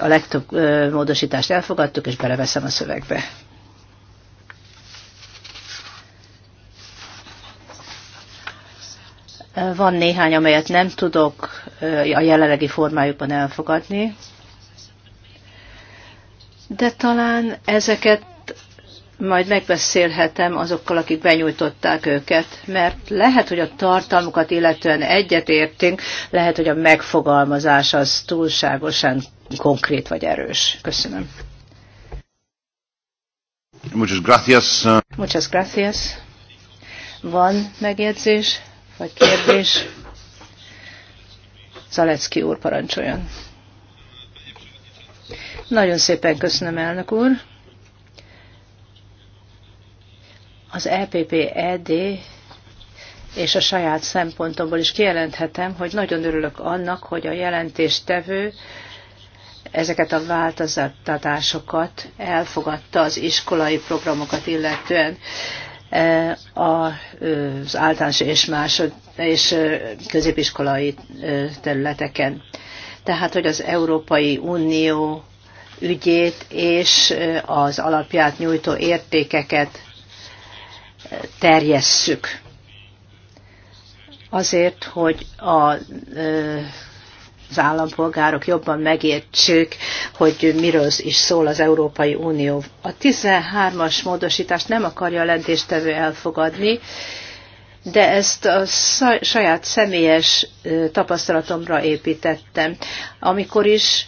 a legtöbb módosítást elfogadtuk, és beleveszem a szövegbe. Van néhány, amelyet nem tudok a jelenlegi formájukban elfogadni, de talán ezeket majd megbeszélhetem azokkal, akik benyújtották őket, mert lehet, hogy a tartalmukat illetően egyetértünk, lehet, hogy a megfogalmazás az túlságosan konkrét vagy erős. Köszönöm. Muchas gracias. Muchas gracias. Van megjegyzés vagy kérdés? Zalecki úr parancsoljon. Nagyon szépen köszönöm, elnök úr. Az EPP-ED és a saját szempontomból is kijelenthetem, hogy nagyon örülök annak, hogy a jelentéstevő ezeket a változtatásokat elfogadta az iskolai programokat illetően e, az általános és másod és középiskolai területeken. Tehát, hogy az Európai Unió ügyét és az alapját nyújtó értékeket terjesszük. Azért, hogy a az állampolgárok jobban megértsük, hogy miről is szól az Európai Unió. A 13-as módosítást nem akarja a jelentéstevő elfogadni, de ezt a saját személyes tapasztalatomra építettem. Amikor is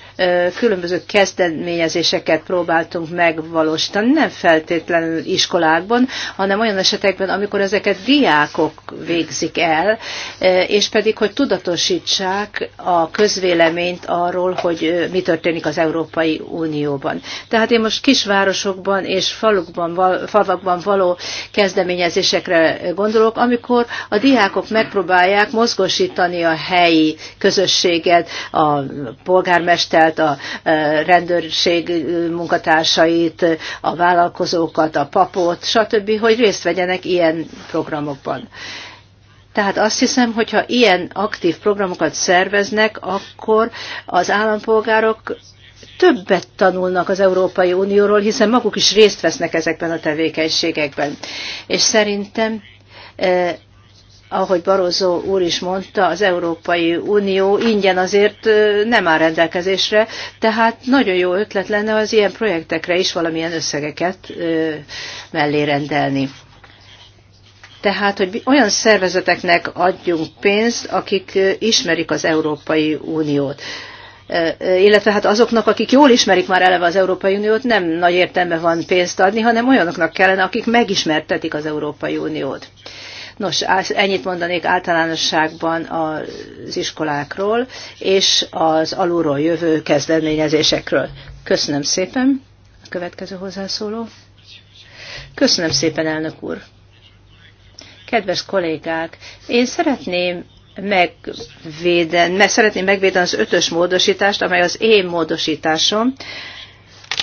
különböző kezdeményezéseket próbáltunk megvalósítani, nem feltétlenül iskolákban, hanem olyan esetekben, amikor ezeket diákok végzik el, és pedig, hogy tudatosítsák a közvéleményt arról, hogy mi történik az Európai Unióban. Tehát én most kisvárosokban és falukban, falvakban való kezdeményezésekre gondolok, amikor amikor a diákok megpróbálják mozgosítani a helyi közösséget, a polgármestert, a e, rendőrség e, munkatársait, a vállalkozókat, a papot, stb., hogy részt vegyenek ilyen programokban. Tehát azt hiszem, hogyha ilyen aktív programokat szerveznek, akkor az állampolgárok többet tanulnak az Európai Unióról, hiszen maguk is részt vesznek ezekben a tevékenységekben. És szerintem E, ahogy Barozó úr is mondta, az Európai Unió ingyen azért e, nem áll rendelkezésre, tehát nagyon jó ötlet lenne az ilyen projektekre is valamilyen összegeket e, mellé rendelni. Tehát, hogy olyan szervezeteknek adjunk pénzt, akik ismerik az Európai Uniót illetve hát azoknak, akik jól ismerik már eleve az Európai Uniót, nem nagy értelme van pénzt adni, hanem olyanoknak kellene, akik megismertetik az Európai Uniót. Nos, ennyit mondanék általánosságban az iskolákról és az alulról jövő kezdeményezésekről. Köszönöm szépen. A következő hozzászóló. Köszönöm szépen, elnök úr. Kedves kollégák, én szeretném megvéden, mert szeretném megvédeni az ötös módosítást, amely az én módosításom,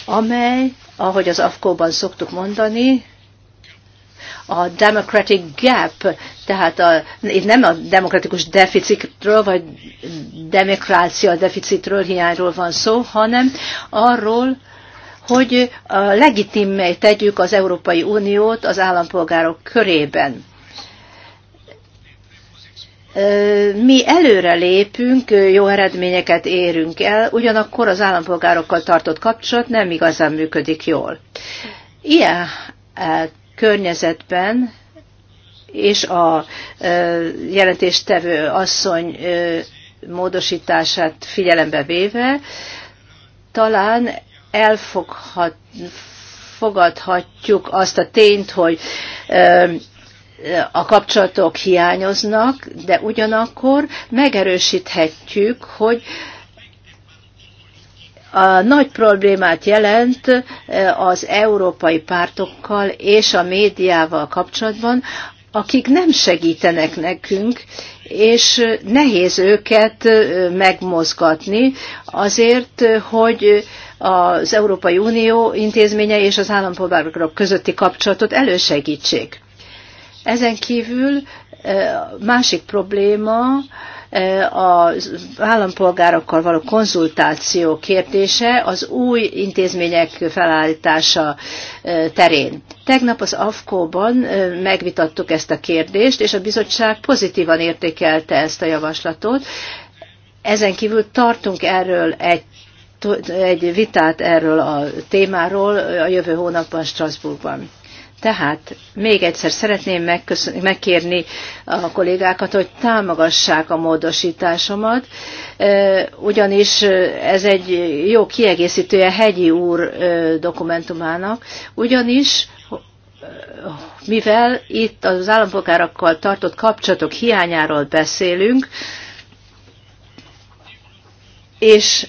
amely, ahogy az AFKO-ban szoktuk mondani, a democratic gap, tehát a, itt nem a demokratikus deficitről, vagy demokrácia deficitről, hiányról van szó, hanem arról, hogy legitimé tegyük az Európai Uniót az állampolgárok körében mi előre lépünk, jó eredményeket érünk el, ugyanakkor az állampolgárokkal tartott kapcsolat nem igazán működik jól. Ilyen hát, környezetben, és a jelentéstevő asszony módosítását figyelembe véve, talán elfogadhatjuk azt a tényt, hogy a kapcsolatok hiányoznak, de ugyanakkor megerősíthetjük, hogy a nagy problémát jelent e, az európai pártokkal és a médiával kapcsolatban, akik nem segítenek nekünk, és nehéz őket e, megmozgatni azért, hogy az Európai Unió intézménye és az állampolgárok közötti kapcsolatot elősegítsék. Ezen kívül e, másik probléma Eh, az állampolgárokkal való konzultáció kérdése az új intézmények felállítása eh, terén. Tegnap az AFKO-ban eh, megvitattuk ezt a kérdést, és a bizottság pozitívan értékelte ezt a javaslatot. Ezen kívül tartunk erről egy egy vitát erről a témáról a jövő hónapban Strasbourgban. Tehát még egyszer szeretném megkérni a kollégákat, hogy támogassák a módosításomat, ugyanis ez egy jó kiegészítője Hegyi úr dokumentumának, ugyanis mivel itt az állampolgárakkal tartott kapcsolatok hiányáról beszélünk, és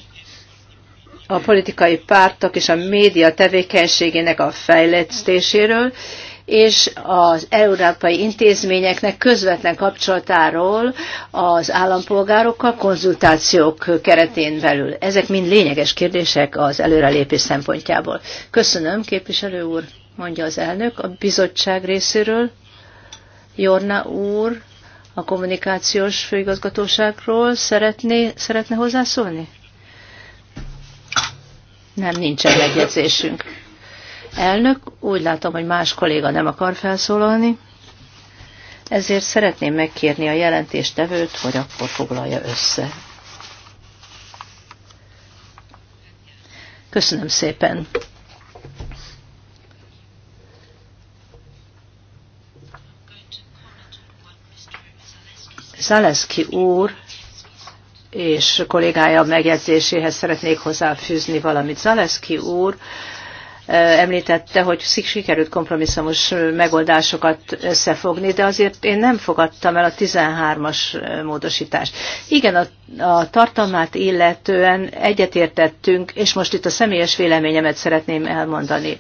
a politikai pártok és a média tevékenységének a fejlesztéséről, és az európai intézményeknek közvetlen kapcsolatáról az állampolgárokkal konzultációk keretén belül. Ezek mind lényeges kérdések az előrelépés szempontjából. Köszönöm, képviselő úr, mondja az elnök. A bizottság részéről Jorna úr a kommunikációs főigazgatóságról szeretné, szeretne hozzászólni? Nem, nincsen megjegyzésünk. Elnök, úgy látom, hogy más kolléga nem akar felszólalni, ezért szeretném megkérni a jelentéstevőt, hogy akkor foglalja össze. Köszönöm szépen. Zaleszki úr és kollégája megjegyzéséhez szeretnék hozzáfűzni valamit. Zaleszki úr említette, hogy sikerült kompromisszumos megoldásokat összefogni, de azért én nem fogadtam el a 13-as módosítást. Igen, a, a tartalmát illetően egyetértettünk, és most itt a személyes véleményemet szeretném elmondani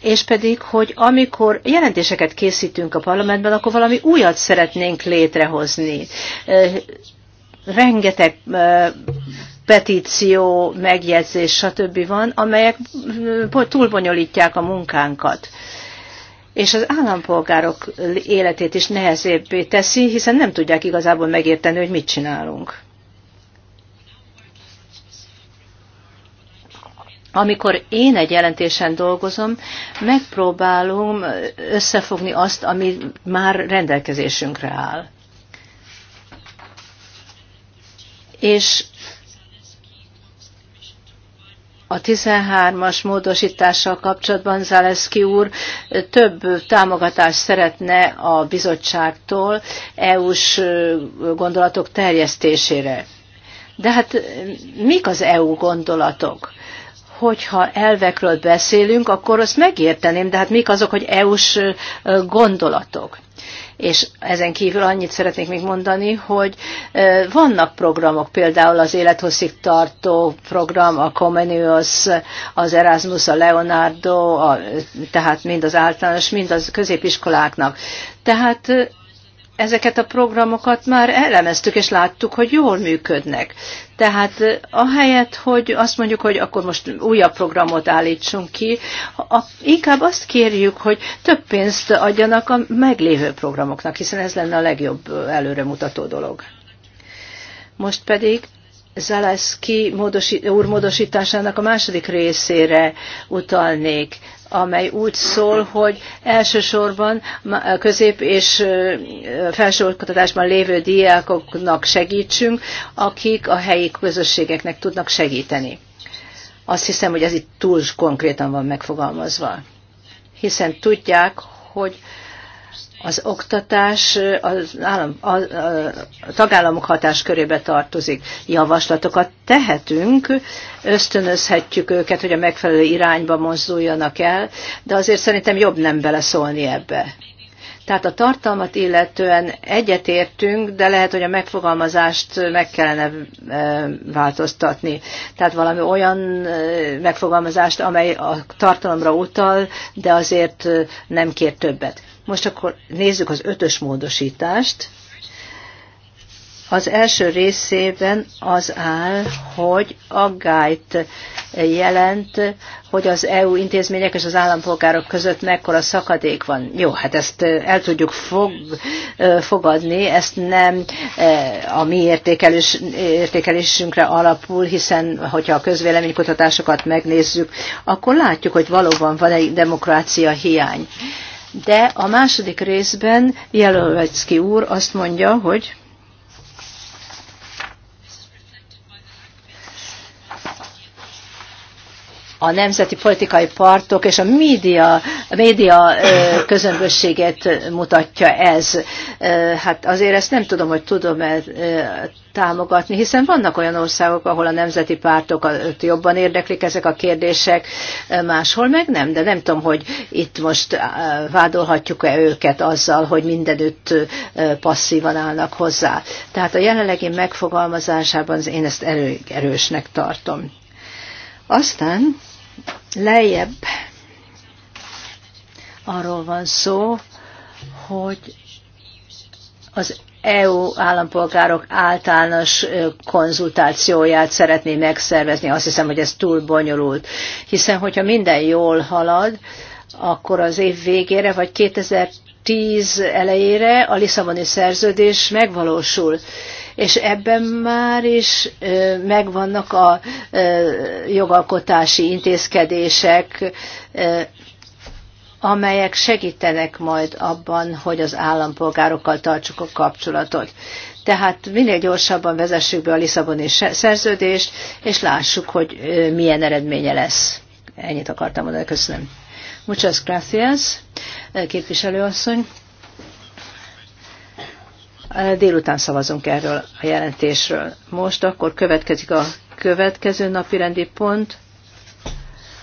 és pedig, hogy amikor jelentéseket készítünk a parlamentben, akkor valami újat szeretnénk létrehozni. Rengeteg petíció, megjegyzés, stb. van, amelyek túlbonyolítják a munkánkat. És az állampolgárok életét is nehezébbé teszi, hiszen nem tudják igazából megérteni, hogy mit csinálunk. amikor én egy jelentésen dolgozom, megpróbálom összefogni azt, ami már rendelkezésünkre áll. És a 13-as módosítással kapcsolatban Zaleszki úr több támogatást szeretne a bizottságtól EU-s gondolatok terjesztésére. De hát mik az EU gondolatok? hogyha elvekről beszélünk, akkor azt megérteném, de hát mik azok, hogy EU-s gondolatok. És ezen kívül annyit szeretnék még mondani, hogy vannak programok, például az élethosszig tartó program, a Comenius, az Erasmus, a Leonardo, a, tehát mind az általános, mind az középiskoláknak. Tehát ezeket a programokat már elemeztük, és láttuk, hogy jól működnek. Tehát eh, ahelyett, hogy azt mondjuk, hogy akkor most újabb programot állítsunk ki, inkább azt kérjük, hogy több pénzt adjanak a meglévő programoknak, hiszen ez lenne a legjobb eh, előremutató dolog. Most pedig Zaleszki módosi, úr módosításának a második részére utalnék, amely úgy szól, hogy elsősorban közép- és felsőoktatásban lévő diákoknak segítsünk, akik a helyi közösségeknek tudnak segíteni. Azt hiszem, hogy ez itt túl konkrétan van megfogalmazva. Hiszen tudják, hogy az oktatás az állam, a, a, a tagállamok hatáskörébe tartozik. Javaslatokat tehetünk, ösztönözhetjük őket, hogy a megfelelő irányba mozduljanak el, de azért szerintem jobb nem beleszólni ebbe. Tehát a tartalmat illetően egyetértünk, de lehet, hogy a megfogalmazást meg kellene e, változtatni. Tehát valami olyan e, megfogalmazást, amely a tartalomra utal, de azért e, nem kér többet. Most akkor nézzük az ötös módosítást. Az első részében az áll, hogy aggályt jelent, hogy az EU intézmények és az állampolgárok között mekkora szakadék van. Jó, hát ezt eh, el tudjuk fog, eh, fogadni, ezt nem eh, a mi értékelés, értékelésünkre alapul, hiszen hogyha a közvéleménykutatásokat megnézzük, akkor látjuk, hogy valóban van egy demokrácia hiány de a második részben Jelölvecki úr azt mondja, hogy a nemzeti politikai partok és a média, a média közömbösséget mutatja ez. Hát azért ezt nem tudom, hogy tudom-e támogatni, hiszen vannak olyan országok, ahol a nemzeti pártokat jobban érdeklik ezek a kérdések, máshol meg nem, de nem tudom, hogy itt most vádolhatjuk-e őket azzal, hogy mindenütt passzívan állnak hozzá. Tehát a jelenlegi megfogalmazásában én ezt erősnek tartom. Aztán lejjebb arról van szó, hogy az EU állampolgárok általános konzultációját szeretné megszervezni. Azt hiszem, hogy ez túl bonyolult, hiszen hogyha minden jól halad, akkor az év végére, vagy 2010 elejére a Lisszaboni szerződés megvalósul és ebben már is megvannak a jogalkotási intézkedések, amelyek segítenek majd abban, hogy az állampolgárokkal tartsuk a kapcsolatot. Tehát minél gyorsabban vezessük be a Lisszaboni szerződést, és lássuk, hogy milyen eredménye lesz. Ennyit akartam mondani, köszönöm. Muchas gracias, képviselőasszony. Délután szavazunk erről a jelentésről. Most akkor következik a következő napi rendi pont.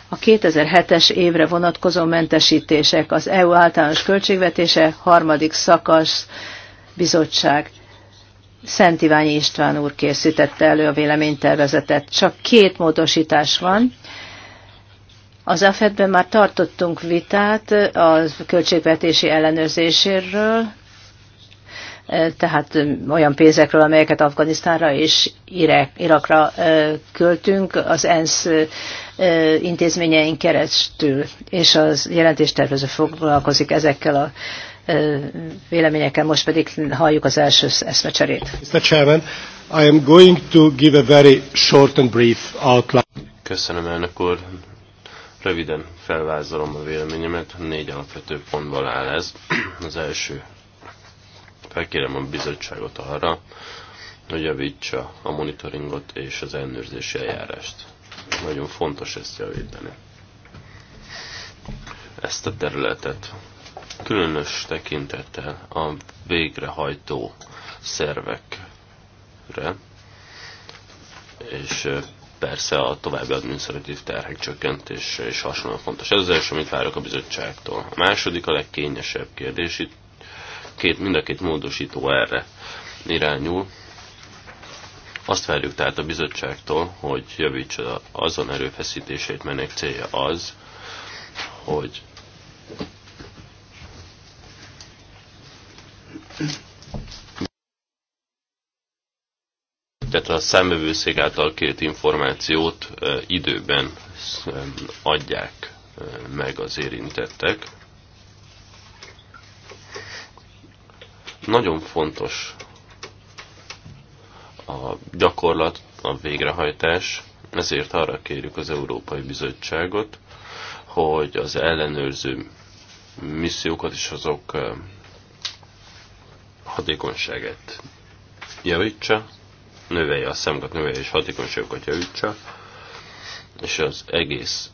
A 2007-es évre vonatkozó mentesítések, az EU általános költségvetése, harmadik szakasz, bizottság. Szent Iványi István úr készítette elő a véleménytervezetet. Csak két módosítás van. Az AFED-ben már tartottunk vitát a költségvetési ellenőrzéséről, tehát olyan pénzekről, amelyeket Afganisztánra és Irakra költünk az ENSZ intézményeink keresztül, és az jelentéstervező foglalkozik ezekkel a véleményekkel, most pedig halljuk az első eszmecserét. Mr. Chairman, I am going to give a very short and brief outline. Köszönöm, elnök úr. Röviden felvázolom a véleményemet, négy alapvető pontból áll ez. Az első felkérem a bizottságot arra, hogy javítsa a monitoringot és az ellenőrzési eljárást. Nagyon fontos ezt javítani. Ezt a területet különös tekintettel a végrehajtó szervekre, és persze a további adminisztratív terhek csökkentése és hasonlóan fontos. Ez az első, amit várok a bizottságtól. A második, a legkényesebb kérdés itt két, mind a két módosító erre irányul. Azt várjuk tehát a bizottságtól, hogy javítsa azon erőfeszítését, melynek célja az, hogy tehát a számövőszék által két információt időben adják meg az érintettek. Nagyon fontos a gyakorlat, a végrehajtás, ezért arra kérjük az Európai Bizottságot, hogy az ellenőrző missziókat és azok hatékonyságát javítsa, növelje a számokat, növelje és hatékonyságokat javítsa, és az egész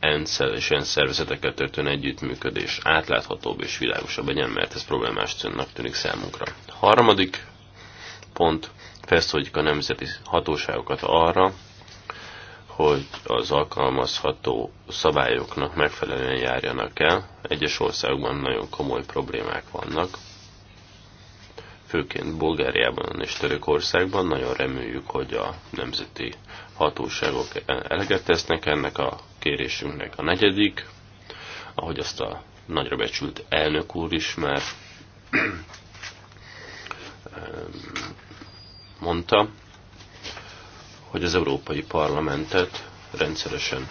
ENSZ és ENSZ szervezetekkel történő együttműködés átláthatóbb és világosabb legyen, mert ez problémás célnak tűnik számunkra. Harmadik pont, felszólítjuk a nemzeti hatóságokat arra, hogy az alkalmazható szabályoknak megfelelően járjanak el. Egyes országokban nagyon komoly problémák vannak, főként Bulgáriában és Törökországban. Nagyon reméljük, hogy a nemzeti hatóságok eleget tesznek ennek a kérésünknek. A negyedik, ahogy azt a nagyra becsült elnök úr is már mondta, hogy az Európai Parlamentet rendszeresen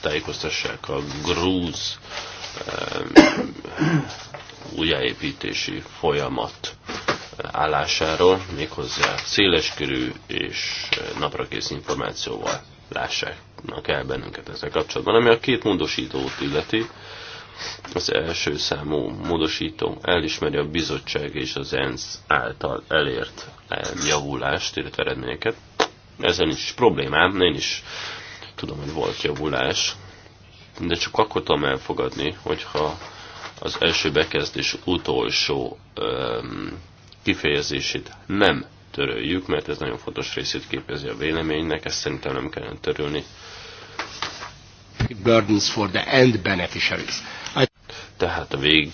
tájékoztassák a grúz újjáépítési folyamat állásáról, méghozzá széleskörű és naprakész információval lássák el bennünket ezzel kapcsolatban. Ami a két módosítót illeti, az első számú módosító elismeri a bizottság és az ENSZ által elért eh, javulást, illetve eredményeket. Ezen is problémám, én is tudom, hogy volt javulás, de csak akkor tudom elfogadni, hogyha az első bekezdés utolsó öm, kifejezését nem töröljük, mert ez nagyon fontos részét képezi a véleménynek, ezt szerintem nem kellene törölni. Burdens for the end beneficiaries. I... Tehát a vég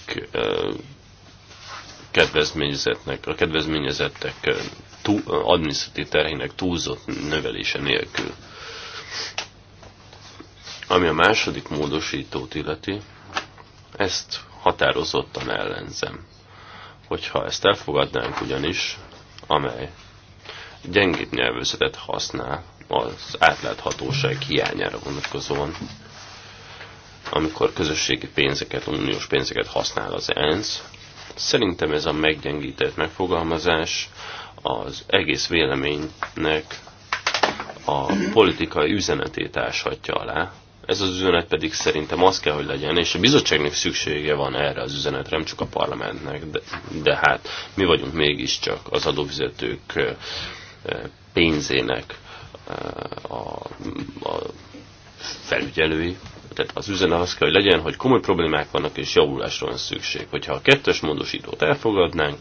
kedvezményezetnek, a kedvezményezettek túl, adminisztratív terhének túlzott növelése nélkül. Ami a második módosítót illeti, ezt határozottan ellenzem. Hogyha ezt elfogadnánk ugyanis, amely gyengébb nyelvezetet használ az átláthatóság hiányára vonatkozóan, amikor közösségi pénzeket, uniós pénzeket használ az ENSZ, szerintem ez a meggyengített megfogalmazás az egész véleménynek a politikai üzenetét áshatja alá, ez az üzenet pedig szerintem az kell, hogy legyen, és a bizottságnak szüksége van erre az üzenetre, nem csak a parlamentnek, de, de hát mi vagyunk mégiscsak az adófizetők pénzének a, a felügyelői. Tehát az üzenet az kell, hogy legyen, hogy komoly problémák vannak és javulásra van szükség. Hogyha a kettes módosítót elfogadnánk,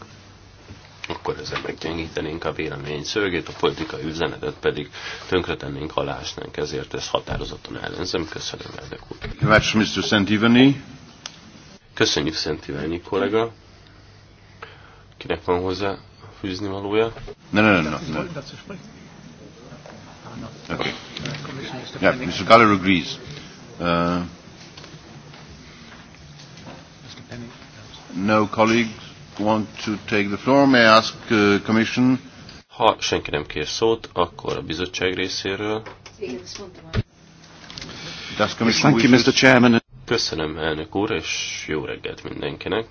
akkor ezzel meggyengítenénk a vélemény szörgét, a politikai üzenetet pedig tönkretennénk, halásnánk, ezért ezt határozottan ellenzem. Köszönöm, elnök úr. Köszönjük Szent Iványi kollega. Kinek van hozzá fűzni valója? Ne, ne, ne, ne. ne. Okay. Yeah, Mr. Galler agrees. Uh, no colleagues? want to take the floor, may I ask uh, Commission? Ha senki nem kér szót, akkor a bizottság részéről. Köszönöm, elnök úr, és jó reggelt mindenkinek.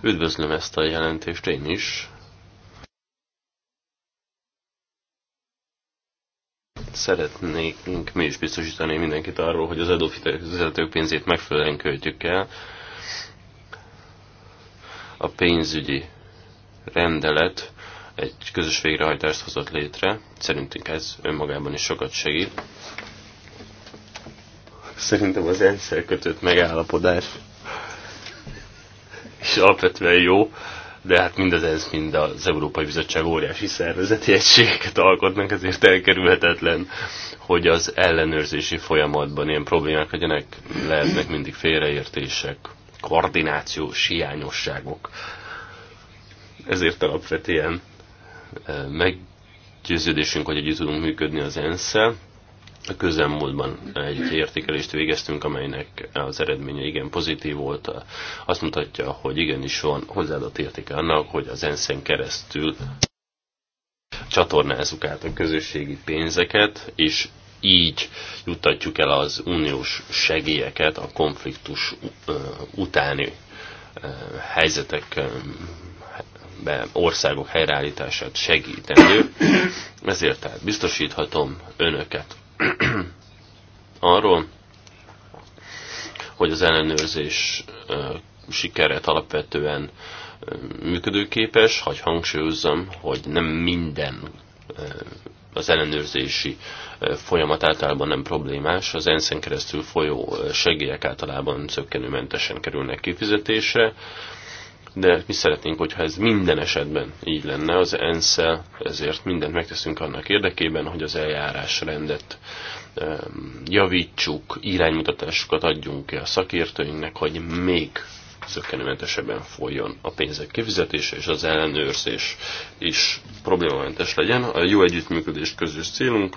Üdvözlöm ezt a jelentést én is, szeretnénk mi is biztosítani mindenkit arról, hogy az adófizetők pénzét megfelelően költjük el. A pénzügyi rendelet egy közös végrehajtást hozott létre. Szerintünk ez önmagában is sokat segít. Szerintem az ENSZ kötött megállapodás és alapvetően jó de hát mindez ez, mind az Európai Bizottság óriási szervezeti egységeket alkotnak, ezért elkerülhetetlen, hogy az ellenőrzési folyamatban ilyen problémák legyenek, lehetnek mindig félreértések, koordinációs hiányosságok. Ezért alapvetően eh, meggyőződésünk, hogy együtt tudunk működni az ensz -szel. A közelmúltban egy értékelést végeztünk, amelynek az eredménye igen pozitív volt. Azt mutatja, hogy igenis van hozzáadott értéke annak, hogy az ENSZ-en keresztül csatornázzuk át a közösségi pénzeket, és így juttatjuk el az uniós segélyeket a konfliktus utáni helyzetekben országok helyreállítását segítendő. Ezért tehát biztosíthatom önöket arról, hogy az ellenőrzés sikeret alapvetően működőképes, hogy hangsúlyozzam, hogy nem minden az ellenőrzési folyamat általában nem problémás, az ENSZ-en keresztül folyó segélyek általában szökkenőmentesen kerülnek kifizetésre, de mi szeretnénk, hogyha ez minden esetben így lenne az ensz ezért mindent megteszünk annak érdekében, hogy az eljárás rendet javítsuk, iránymutatásokat adjunk ki a szakértőinknek, hogy még zökkenőmentesebben folyjon a pénzek kifizetése, és az ellenőrzés is problémamentes legyen. A jó együttműködés közös célunk,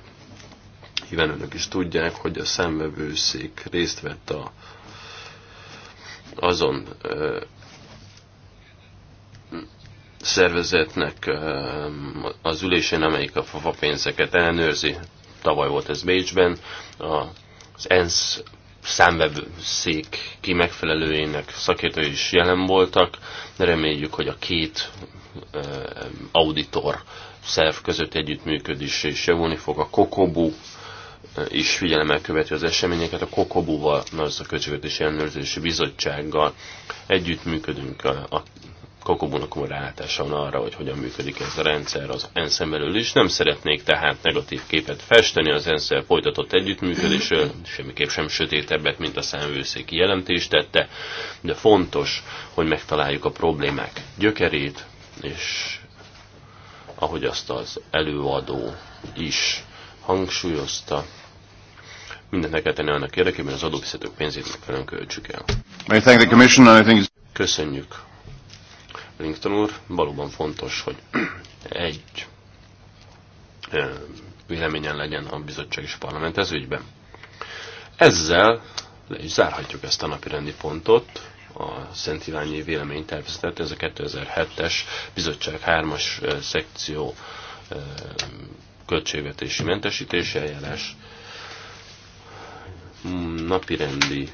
híven önök is tudják, hogy a szemvevőszék részt vett a azon szervezetnek eh, az ülésén, amelyik a FAFA pénzeket ellenőrzi. Tavaly volt ez Bécsben. Az ENSZ számvevőszék ki megfelelőjének szakértői is jelen voltak. Reméljük, hogy a két eh, auditor szerv között együttműködés és javulni fog. A Kokobu eh, is figyelemmel követi az eseményeket. A Kokobuval, az a Költségvetési Ellenőrzési Bizottsággal együttműködünk a Kakobónak a rálátása van arra, hogy hogyan működik ez a rendszer az ensz belül is. Nem szeretnék tehát negatív képet festeni az ensz folytatott együttműködésről, semmiképp sem sötétebbet, mint a számvőszéki jelentést tette, de fontos, hogy megtaláljuk a problémák gyökerét, és ahogy azt az előadó is hangsúlyozta, mindennek kell tenni annak érdekében, az adófizetők pénzét megfelelően költsük el. Köszönjük Linkton úr, valóban fontos, hogy egy véleményen legyen a bizottság és a parlament ez ügyben. Ezzel le is zárhatjuk ezt a napi rendi pontot, a Szent Iványi vélemény ez a 2007-es bizottság 3-as szekció költségvetési mentesítési eljárás hmm, napirendi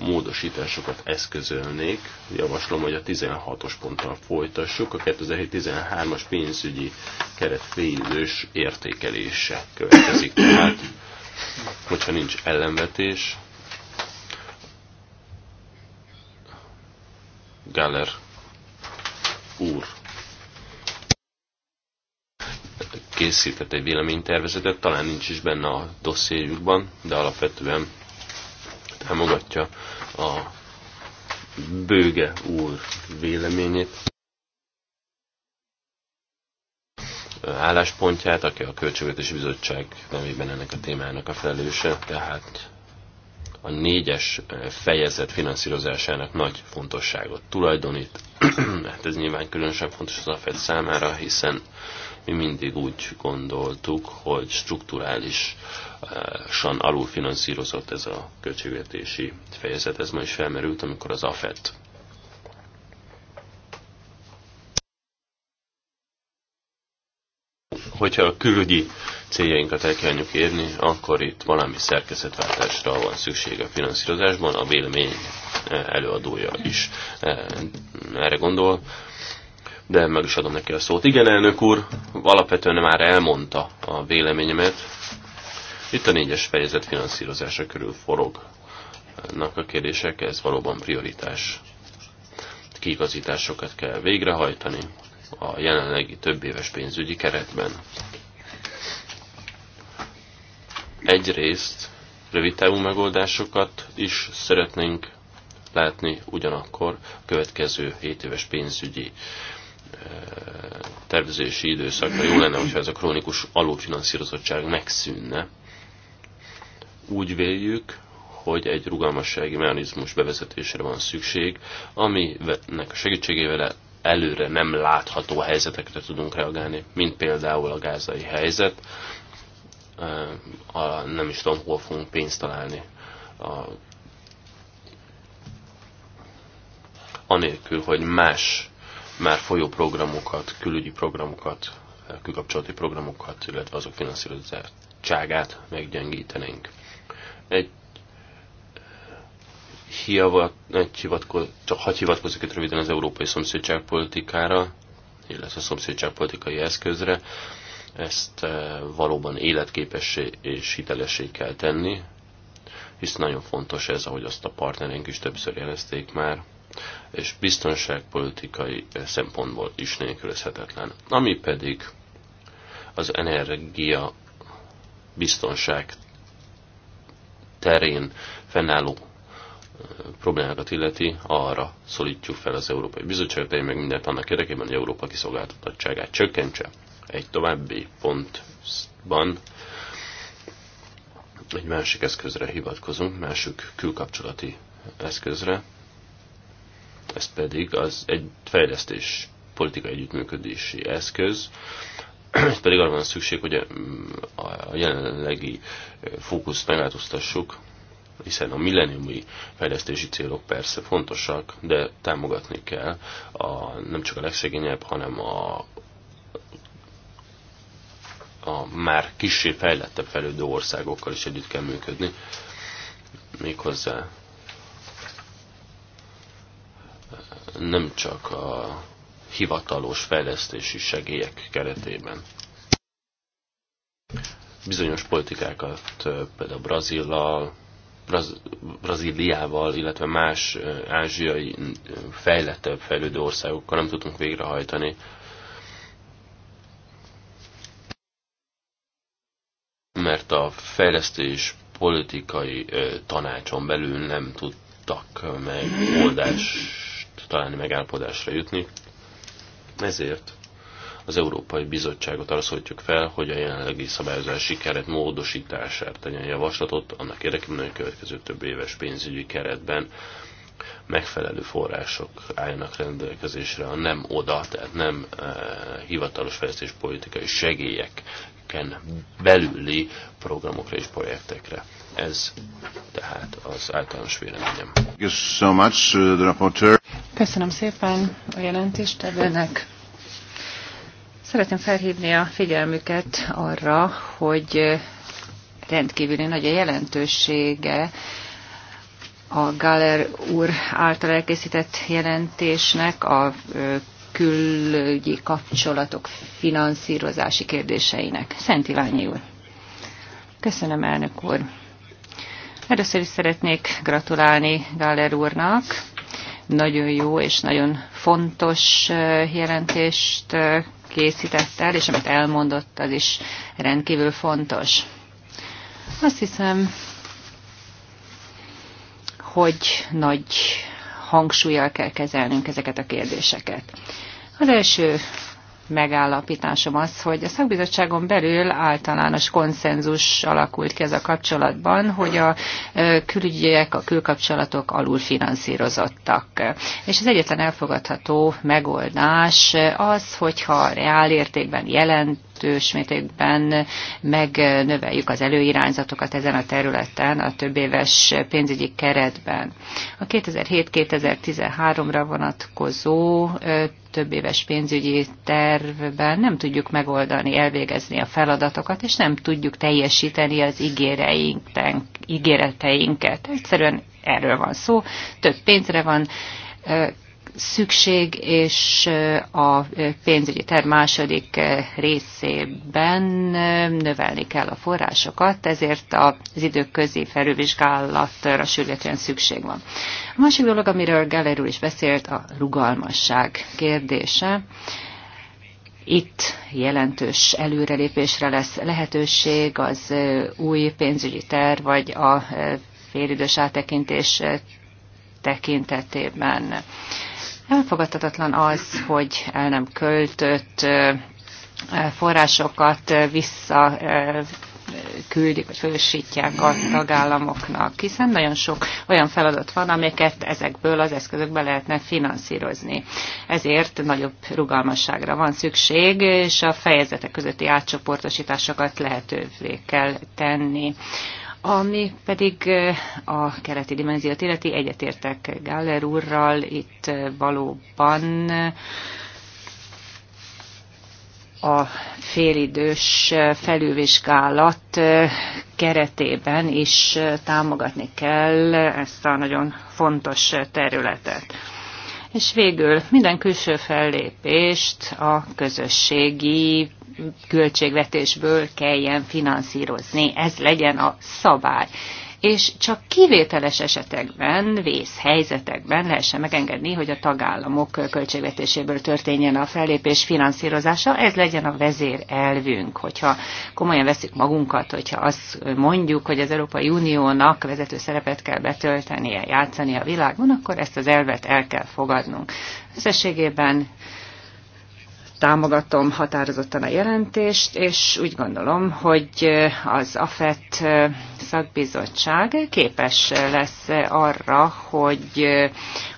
módosításokat eszközölnék. Javaslom, hogy a 16-os ponttal folytassuk. A 2013-as pénzügyi keret félidős értékelése következik. Tehát, hogyha nincs ellenvetés, Galler úr készített egy véleménytervezetet, talán nincs is benne a dossziéjukban, de alapvetően támogatja a bőge úr véleményét, álláspontját, aki a Költségvetési Bizottság nevében ennek a témának a felelőse, tehát a négyes eh, fejezet finanszírozásának nagy fontosságot tulajdonít. hát ez nyilván különösen fontos az AFED számára, hiszen mi mindig úgy gondoltuk, hogy strukturálisan alulfinanszírozott ez a költségvetési fejezet. Ez ma is felmerült, amikor az AFET hogyha a külügyi céljainkat el kell érni, akkor itt valami szerkezetváltásra van szükség a finanszírozásban, a vélemény előadója is eh, erre gondol de meg is adom neki a szót. Igen, elnök úr, alapvetően már elmondta a véleményemet. Itt a négyes fejezet finanszírozása körül forognak a kérdések, ez valóban prioritás. Kiigazításokat kell végrehajtani a jelenlegi több éves pénzügyi keretben. Egyrészt rövid távú megoldásokat is szeretnénk látni, ugyanakkor a következő 7 éves pénzügyi tervezési időszakra. Jó lenne, hogyha ez a krónikus alulfinanszírozottság megszűnne. Úgy véljük, hogy egy rugalmassági mechanizmus bevezetésre van szükség, aminek a segítségével előre nem látható helyzetekre tudunk reagálni, mint például a gázai helyzet. A, nem is tudom, hol fogunk pénzt találni. A, anélkül, hogy más már folyó programokat, külügyi programokat, külkapcsolati programokat, illetve azok finanszírozását meggyengítenénk. Egy hiavat, egy hivatko, csak hat hivatkozik itt röviden az európai szomszédságpolitikára, illetve a szomszédságpolitikai eszközre. Ezt eh, valóban életképessé és hitelessé kell tenni, hisz nagyon fontos ez, ahogy azt a partnerénk is többször jelezték már, és biztonságpolitikai szempontból is nélkülözhetetlen. Ami pedig az energia biztonság terén fennálló problémákat illeti, arra szólítjuk fel az Európai Bizottságot, én meg mindent annak érdekében, hogy Európa kiszolgáltatottságát csökkentse. Egy további pontban egy másik eszközre hivatkozunk, másik külkapcsolati eszközre, ez pedig az egy fejlesztés politika együttműködési eszköz, ez pedig arra van szükség, hogy a jelenlegi eh, fókuszt megváltoztassuk, hiszen a milleniumi fejlesztési célok persze fontosak, de támogatni kell a, nem csak a legszegényebb, hanem a, a már kissé fejlettebb fejlődő országokkal is együtt kell működni, méghozzá nem csak a hivatalos fejlesztési segélyek keretében. Bizonyos politikákat, például Brazillal, Braz, Brazíliával, illetve más ázsiai fejlettebb, fejlődő országokkal nem tudunk végrehajtani. Mert a fejlesztés politikai tanácson belül nem tudtak megoldás találni, megállapodásra jutni. Ezért az Európai Bizottságot arra szólítjuk fel, hogy a jelenlegi szabályozási keret módosítására tegyen javaslatot, annak érdekében, hogy a következő több éves pénzügyi keretben megfelelő források álljanak rendelkezésre a nem oda, tehát nem e, hivatalos fejlesztéspolitikai segélyeken belüli programokra és projektekre. Ez tehát az általános véleményem. Uh, Köszönöm szépen a jelentéstevőnek. Szeretném felhívni a figyelmüket arra, hogy uh, rendkívüli nagy a jelentősége a Galler úr által elkészített jelentésnek a uh, külügyi kapcsolatok finanszírozási kérdéseinek. Szent Iványi úr. Köszönöm, elnök úr. Először is szeretnék gratulálni Galler úrnak. Nagyon jó és nagyon fontos jelentést készített el, és amit elmondott, az is rendkívül fontos. Azt hiszem, hogy nagy hangsúlyjal kell kezelnünk ezeket a kérdéseket. Az első megállapításom az, hogy a szakbizottságon belül általános konszenzus alakult ki ez a kapcsolatban, hogy a külügyek, a külkapcsolatok finanszírozottak. És az egyetlen elfogadható megoldás az, hogyha reálértékben jelent jelentős mértékben megnöveljük az előirányzatokat ezen a területen a többéves pénzügyi keretben. A 2007-2013-ra vonatkozó több éves pénzügyi tervben nem tudjuk megoldani, elvégezni a feladatokat, és nem tudjuk teljesíteni az ígéreteinket. Egyszerűen erről van szó, több pénzre van szükség, és a pénzügyi terv második részében növelni kell a forrásokat, ezért az időközi felülvizsgálatra sürgetően szükség van. A másik dolog, amiről Geller úr is beszélt, a rugalmasság kérdése. Itt jelentős előrelépésre lesz lehetőség az új pénzügyi terv, vagy a félidős áttekintés tekintetében. Elfogadhatatlan az, hogy el nem költött forrásokat vissza küldik, vagy folyosítják a tagállamoknak, hiszen nagyon sok olyan feladat van, amiket ezekből az eszközökbe lehetne finanszírozni. Ezért nagyobb rugalmasságra van szükség, és a fejezetek közötti átcsoportosításokat lehetővé kell tenni. Ami pedig a keleti dimenziót illeti, egyetértek Galler úrral, itt valóban a félidős felülvizsgálat keretében is támogatni kell ezt a nagyon fontos területet. És végül minden külső fellépést a közösségi költségvetésből kelljen finanszírozni. Ez legyen a szabály és csak kivételes esetekben, vészhelyzetekben lehessen megengedni, hogy a tagállamok költségvetéséből történjen a fellépés finanszírozása. Ez legyen a vezér elvünk, hogyha komolyan veszük magunkat, hogyha azt mondjuk, hogy az Európai Uniónak vezető szerepet kell betöltenie, játszani a világon, akkor ezt az elvet el kell fogadnunk. Összességében támogatom határozottan a jelentést, és úgy gondolom, hogy az AFET szakbizottság képes lesz arra, hogy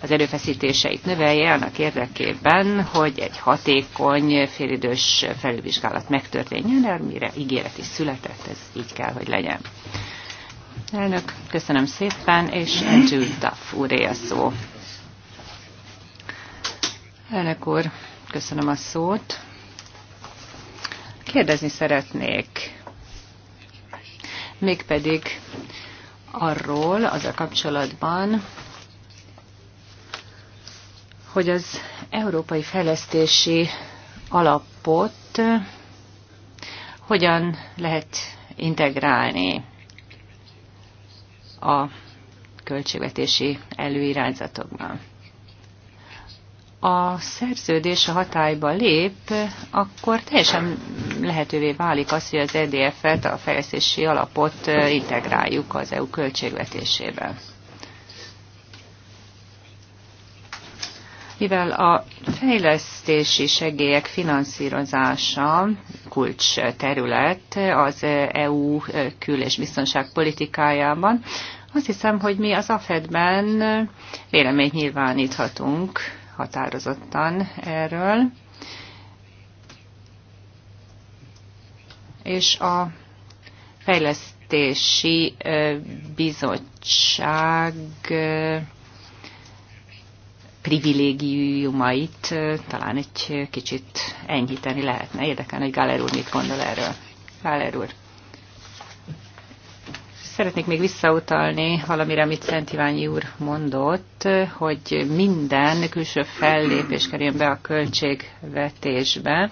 az erőfeszítéseit növelje annak érdekében, hogy egy hatékony félidős felülvizsgálat megtörténjen, amire ígéret is született, ez így kell, hogy legyen. Elnök, köszönöm szépen, és Andrew Duff úré a szó. Elnök úr, Köszönöm a szót. Kérdezni szeretnék, mégpedig arról, az a kapcsolatban, hogy az európai fejlesztési alapot hogyan lehet integrálni a költségvetési előirányzatokban a szerződés a hatályba lép, akkor teljesen lehetővé válik az, hogy az EDF-et, a fejlesztési alapot integráljuk az EU költségvetésébe. Mivel a fejlesztési segélyek finanszírozása kulcs terület az EU kül- és biztonságpolitikájában, azt hiszem, hogy mi az AFED-ben véleményt nyilváníthatunk határozottan erről. És a fejlesztési bizottság privilégiumait talán egy kicsit enyhíteni lehetne. Érdekel, hogy Gáler úr mit gondol erről. Gáler úr. Szeretnék még visszautalni valamire, amit Szent Iványi úr mondott, hogy minden külső fellépés kerüljön be a költségvetésbe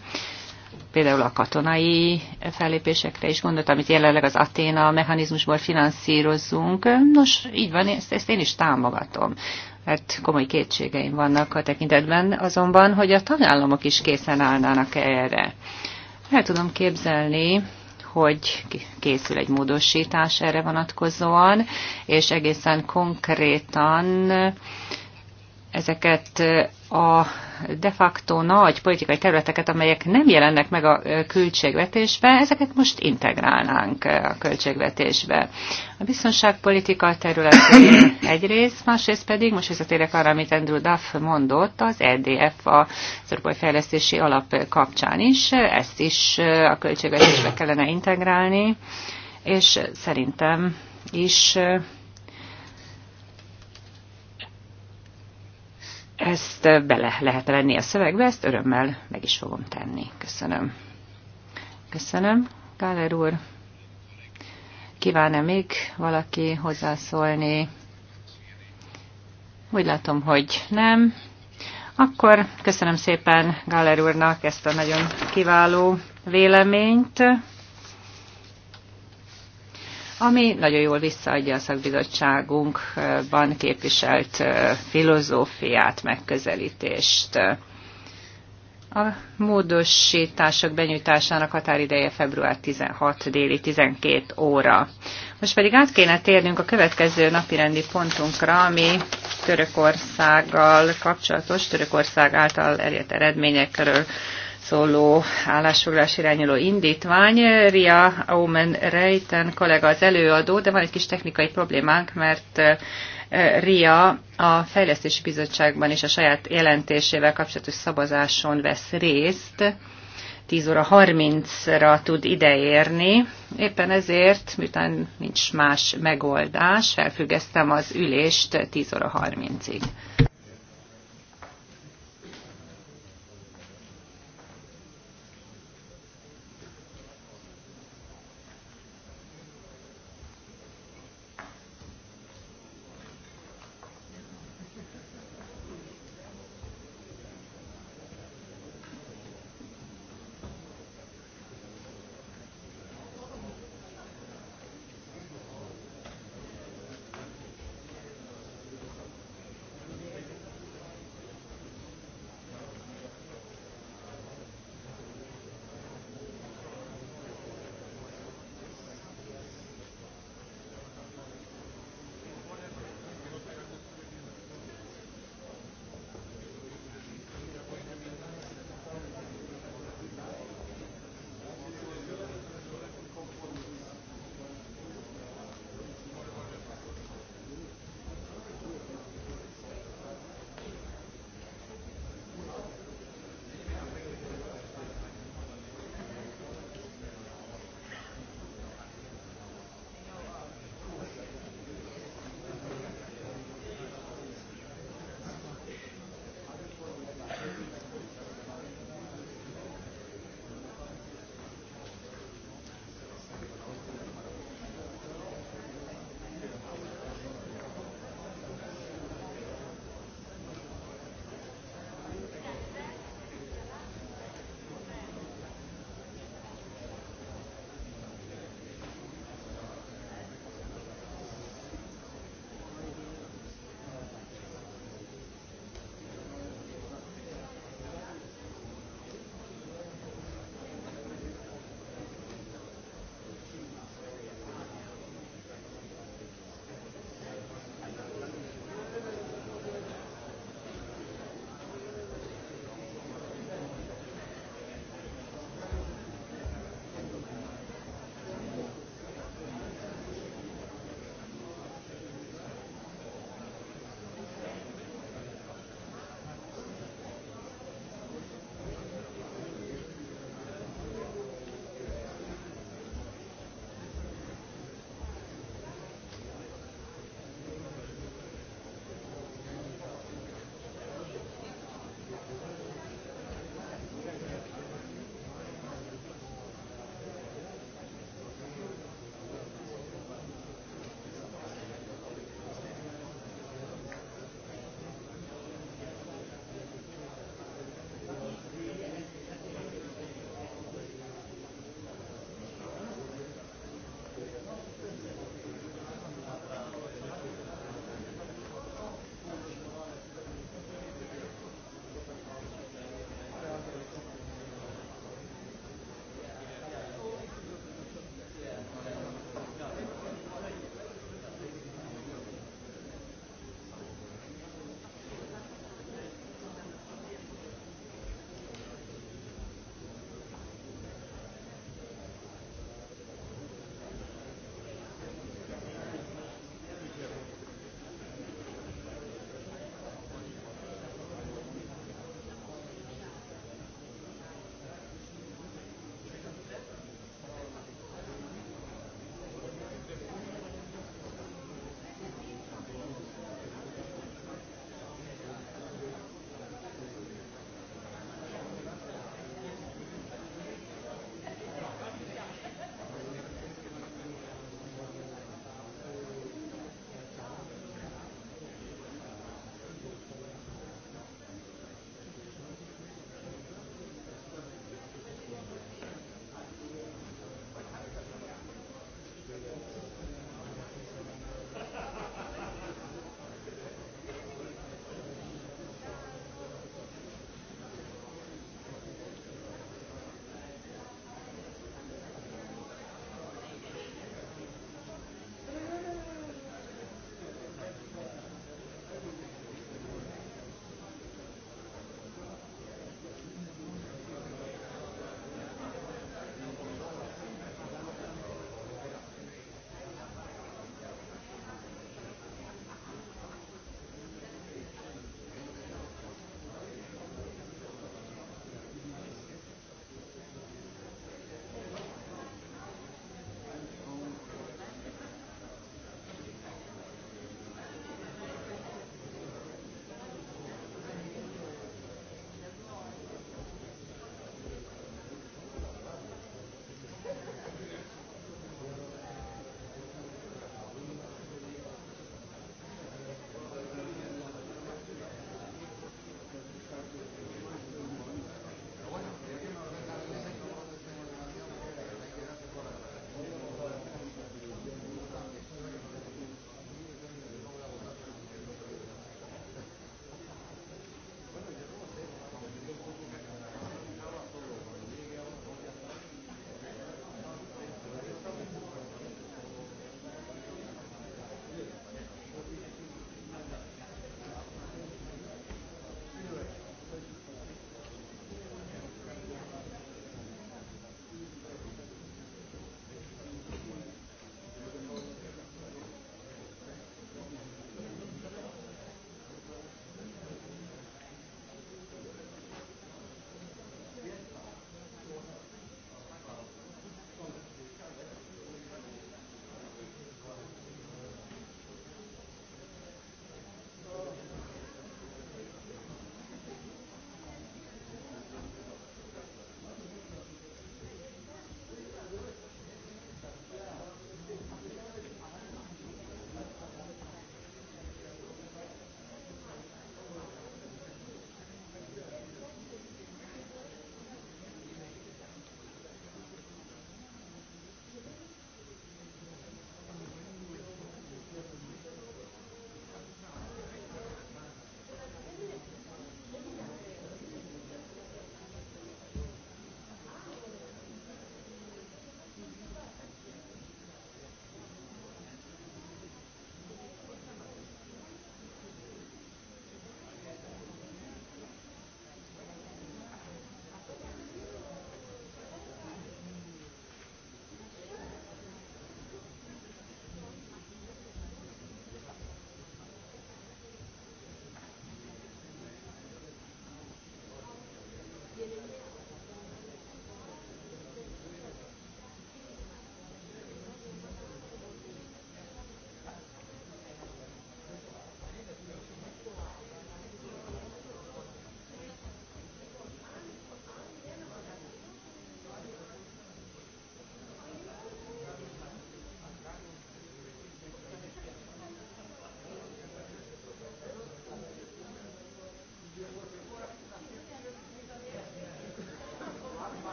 például a katonai fellépésekre is gondolt, amit jelenleg az Aténa mechanizmusból finanszírozunk. Nos, így van, ezt, ezt én is támogatom mert hát komoly kétségeim vannak a tekintetben, azonban, hogy a tagállamok is készen állnának erre. El tudom képzelni, hogy készül egy módosítás erre vonatkozóan, és egészen konkrétan ezeket a de facto nagy politikai területeket, amelyek nem jelennek meg a költségvetésbe, ezeket most integrálnánk a költségvetésbe. A biztonságpolitika területén egyrészt, másrészt pedig, most visszatérek arra, amit Andrew Duff mondott, az EDF, a Európai Fejlesztési Alap kapcsán is, ezt is a költségvetésbe kellene integrálni, és szerintem is ezt bele lehet lenni a szövegbe, ezt örömmel meg is fogom tenni. Köszönöm. Köszönöm, Káler úr. Kíván-e még valaki hozzászólni? Úgy látom, hogy nem. Akkor köszönöm szépen Gáler úrnak ezt a nagyon kiváló véleményt ami nagyon jól visszaadja a szakbizottságunkban képviselt filozófiát, megközelítést. A módosítások benyújtásának határideje február 16 déli 12 óra. Most pedig át kéne térnünk a következő napirendi pontunkra, ami Törökországgal kapcsolatos, Törökország által elért eredményekről szóló állásfoglalás irányuló indítvány. Ria Omen Reiten kollega az előadó, de van egy kis technikai problémánk, mert eh, Ria a Fejlesztési Bizottságban is a saját jelentésével kapcsolatos szavazáson vesz részt. 10 óra 30-ra tud ideérni. Éppen ezért, miután nincs más megoldás, felfüggesztem az ülést 10 óra 30-ig.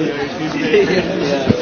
yeah.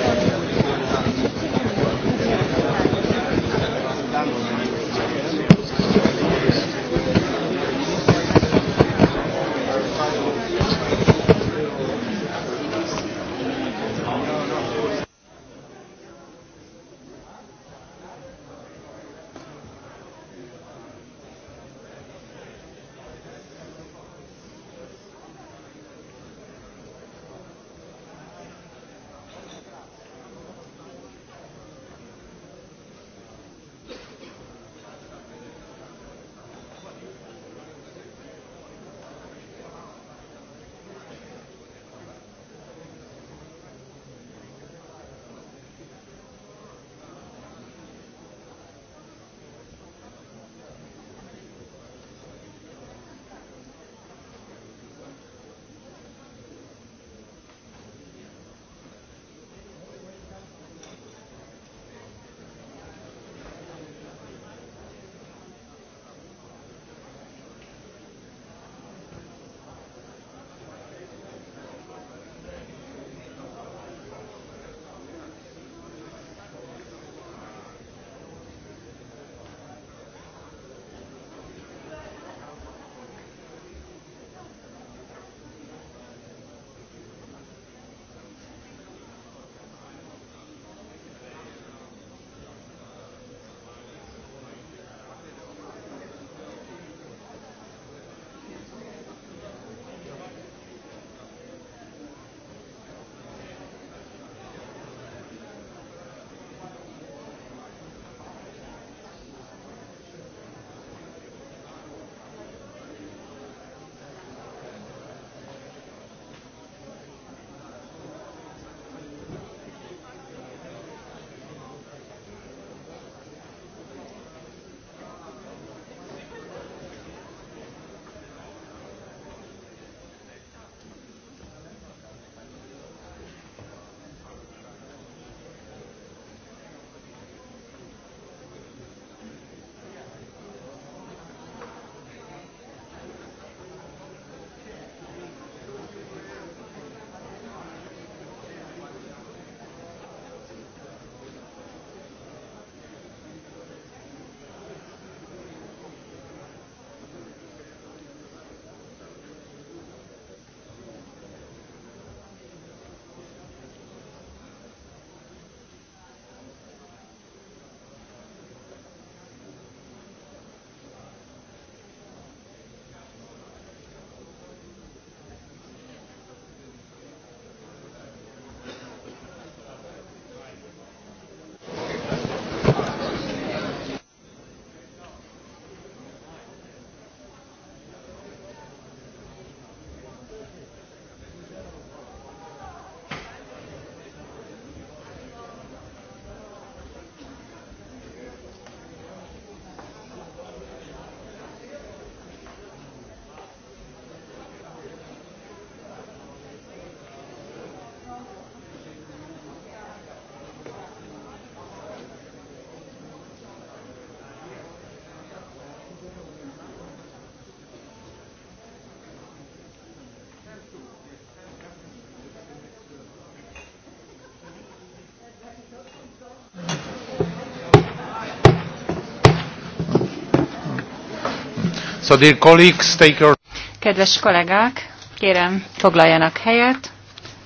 So dear colleagues, take your... Kedves kollégák, kérem foglaljanak helyet,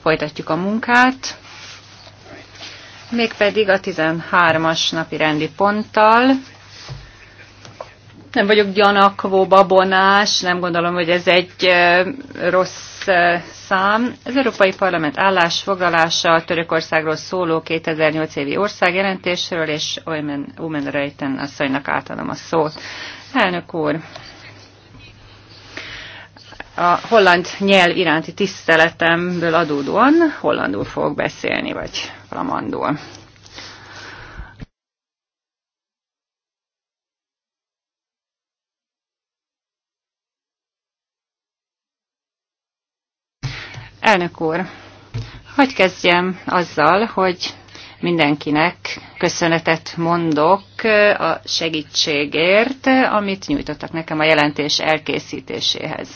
folytatjuk a munkát, mégpedig a 13-as napi rendi ponttal. Nem vagyok gyanakvó, babonás, nem gondolom, hogy ez egy rossz szám. Az Európai Parlament állásfoglalása a Törökországról szóló 2008 évi országjelentésről, és Omen Reiten asszonynak átadom a szót. Elnök úr, a holland nyelv iránti tiszteletemből adódóan hollandul fogok beszélni, vagy flamandul. Elnök úr, hagyj kezdjem azzal, hogy mindenkinek köszönetet mondok a segítségért, amit nyújtottak nekem a jelentés elkészítéséhez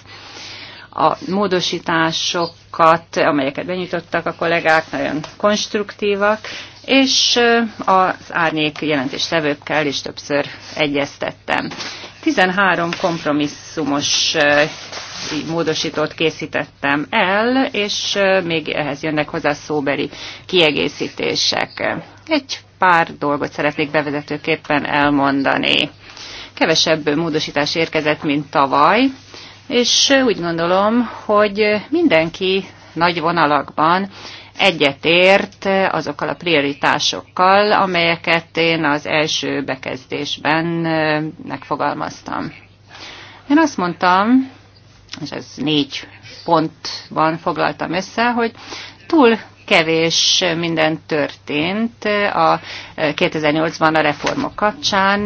a módosításokat, amelyeket benyújtottak a kollégák, nagyon konstruktívak, és az árnyék jelentéstevőkkel is többször egyeztettem. 13 kompromisszumos módosítót készítettem el, és még ehhez jönnek hozzá szóbeli kiegészítések. Egy pár dolgot szeretnék bevezetőképpen elmondani. Kevesebb módosítás érkezett, mint tavaly, és úgy gondolom, hogy mindenki nagy vonalakban egyetért azokkal a prioritásokkal, amelyeket én az első bekezdésben megfogalmaztam. Én azt mondtam, és ez négy pontban foglaltam össze, hogy túl kevés minden történt a 2008-ban a reformok kapcsán,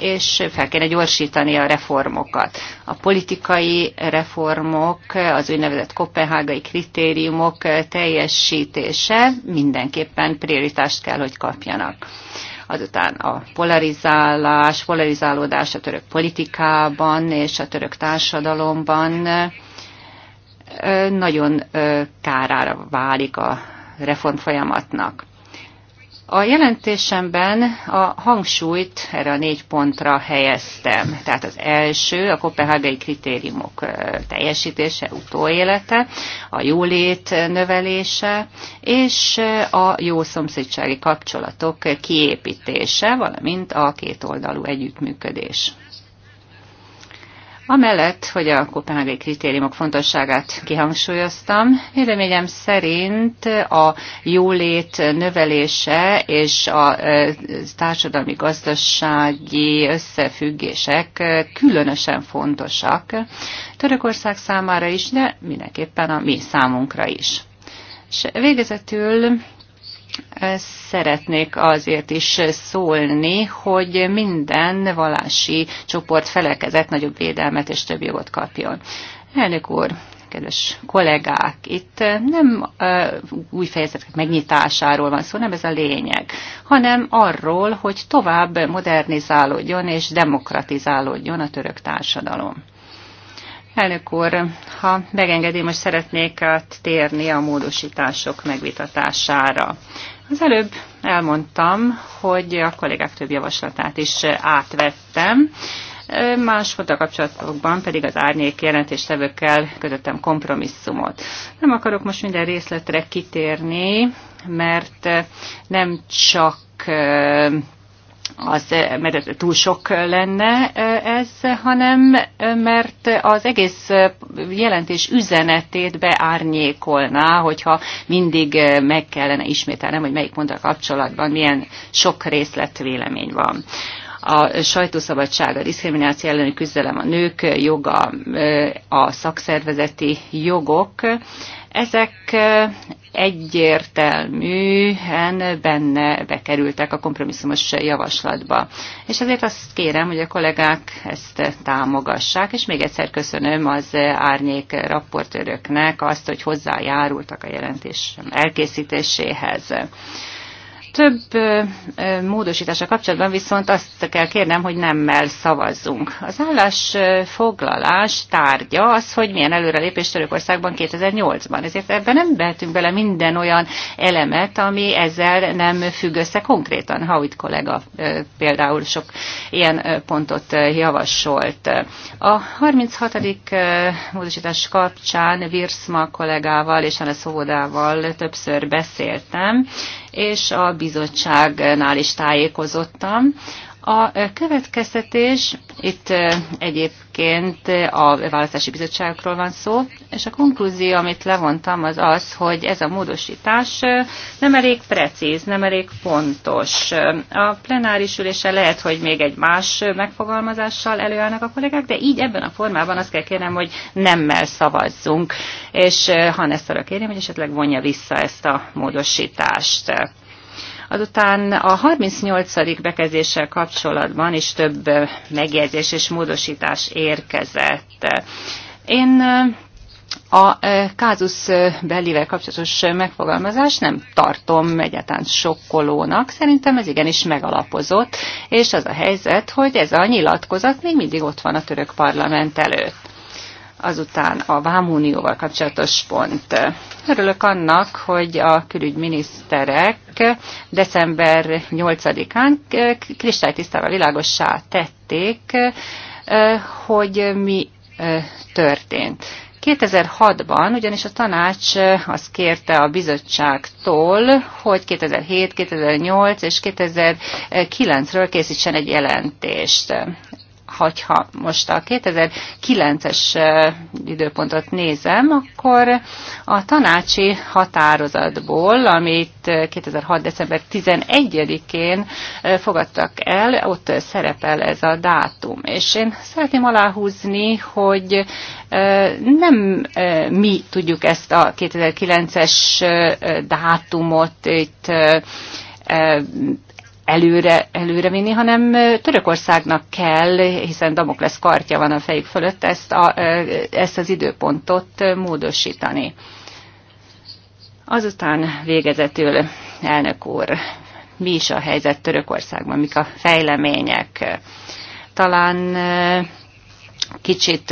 és fel kéne gyorsítani a reformokat. A politikai reformok, az úgynevezett kopenhágai kritériumok teljesítése mindenképpen prioritást kell, hogy kapjanak azután a polarizálás, polarizálódás a török politikában és a török társadalomban nagyon kárára válik a reformfolyamatnak. A jelentésemben a hangsúlyt erre a négy pontra helyeztem. Tehát az első, a kopenhágai kritériumok teljesítése, utóélete, a jólét növelése, és a jó szomszédsági kapcsolatok kiépítése, valamint a kétoldalú együttműködés. Amellett, hogy a kopenhágai kritériumok fontosságát kihangsúlyoztam, véleményem szerint a jólét növelése és a e, társadalmi gazdasági összefüggések különösen fontosak Törökország számára is, de mindenképpen a mi számunkra is. És végezetül Szeretnék azért is szólni, hogy minden valási csoport felekezett nagyobb védelmet és több jogot kapjon. Elnök úr, kedves kollégák, itt nem új fejezetek megnyitásáról van szó, nem ez a lényeg, hanem arról, hogy tovább modernizálódjon és demokratizálódjon a török társadalom. Elnök úr, ha megengedi, most szeretnék térni a módosítások megvitatására. Az előbb elmondtam, hogy a kollégák több javaslatát is átvettem, más kapcsolatokban pedig az árnyék jelentéstevőkkel kötöttem kompromisszumot. Nem akarok most minden részletre kitérni, mert nem csak az, mert túl sok lenne ez, hanem mert az egész jelentés üzenetét beárnyékolná, hogyha mindig meg kellene ismételnem, hogy melyik a kapcsolatban milyen sok részlet vélemény van a sajtószabadság, a diszkrimináció elleni küzdelem, a nők joga, a szakszervezeti jogok. Ezek egyértelműen benne bekerültek a kompromisszumos javaslatba. És ezért azt kérem, hogy a kollégák ezt támogassák, és még egyszer köszönöm az árnyék rapportőröknek azt, hogy hozzájárultak a jelentés elkészítéséhez több módosítása kapcsolatban viszont azt kell kérnem, hogy nemmel szavazzunk. Az állásfoglalás tárgya az, hogy milyen előrelépés Törökországban 2008-ban. Ezért ebben nem vehetünk bele minden olyan elemet, ami ezzel nem függ össze konkrétan. Howitt kollega például sok ilyen pontot javasolt. A 36. módosítás kapcsán Virszma kollégával és Anna Szóvodával többször beszéltem, és a bizottságnál is tájékozottam, a következtetés, itt eh, egyébként eh, a választási bizottságokról van szó, és a konklúzió, amit levontam, az az, hogy ez a módosítás eh, nem elég precíz, nem elég pontos. A plenáris ülésen lehet, hogy még egy más megfogalmazással előállnak a kollégák, de így ebben a formában azt kell kérnem, hogy nemmel szavazzunk, és Hannes arra kérném, hogy esetleg vonja vissza ezt a módosítást. Azután a 38. bekezéssel kapcsolatban is több megjegyzés és módosítás érkezett. Én a kázus belivel kapcsolatos megfogalmazást nem tartom egyáltalán sokkolónak. Szerintem ez igenis megalapozott, és az a helyzet, hogy ez a nyilatkozat még mindig ott van a török parlament előtt azután a Vámunióval kapcsolatos pont. Örülök annak, hogy a külügyminiszterek december 8-án kristálytisztával világossá tették, hogy mi történt. 2006-ban ugyanis a tanács azt kérte a bizottságtól, hogy 2007, 2008 és 2009-ről készítsen egy jelentést. Hogyha most a 2009-es időpontot nézem, akkor a tanácsi határozatból, amit 2006. december 11-én fogadtak el, ott szerepel ez a dátum. És én szeretném aláhúzni, hogy nem mi tudjuk ezt a 2009-es dátumot itt előre, előre vinni, hanem Törökországnak kell, hiszen Damoklesz kartja van a fejük fölött, ezt, a, ezt az időpontot módosítani. Azután végezetül, elnök úr, mi is a helyzet Törökországban, mik a fejlemények. Talán kicsit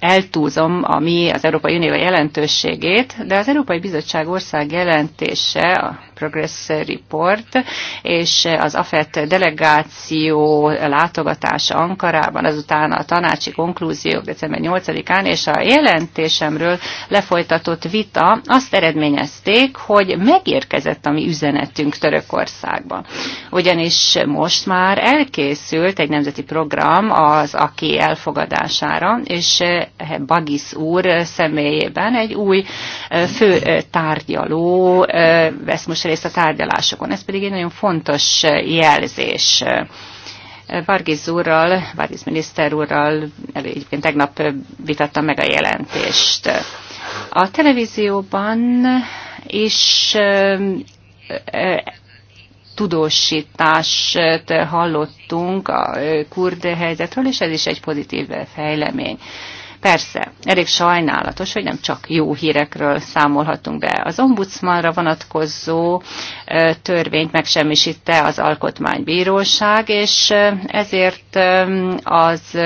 eltúzom a mi az Európai Unió jelentőségét, de az Európai Bizottság ország jelentése, a Progress Report, és az AFET delegáció látogatása Ankarában, azután a tanácsi konklúziók december 8-án, és a jelentésemről lefolytatott vita azt eredményezték, hogy megérkezett a mi üzenetünk Törökországba. Ugyanis most már elkészült egy nemzeti program az aki elfogadására, és Bagis úr személyében egy új fő tárgyaló vesz most vegyenek részt a tárgyalásokon. Ez pedig egy nagyon fontos jelzés. Vargiz úrral, Vargiz miniszter úrral, egyébként tegnap vitattam meg a jelentést. A televízióban is tudósítást hallottunk a kurd helyzetről, és ez is egy pozitív fejlemény. Persze, elég sajnálatos, hogy nem csak jó hírekről számolhatunk be. Az ombudsmanra vonatkozó törvényt megsemmisítte az Alkotmánybíróság, és ezért az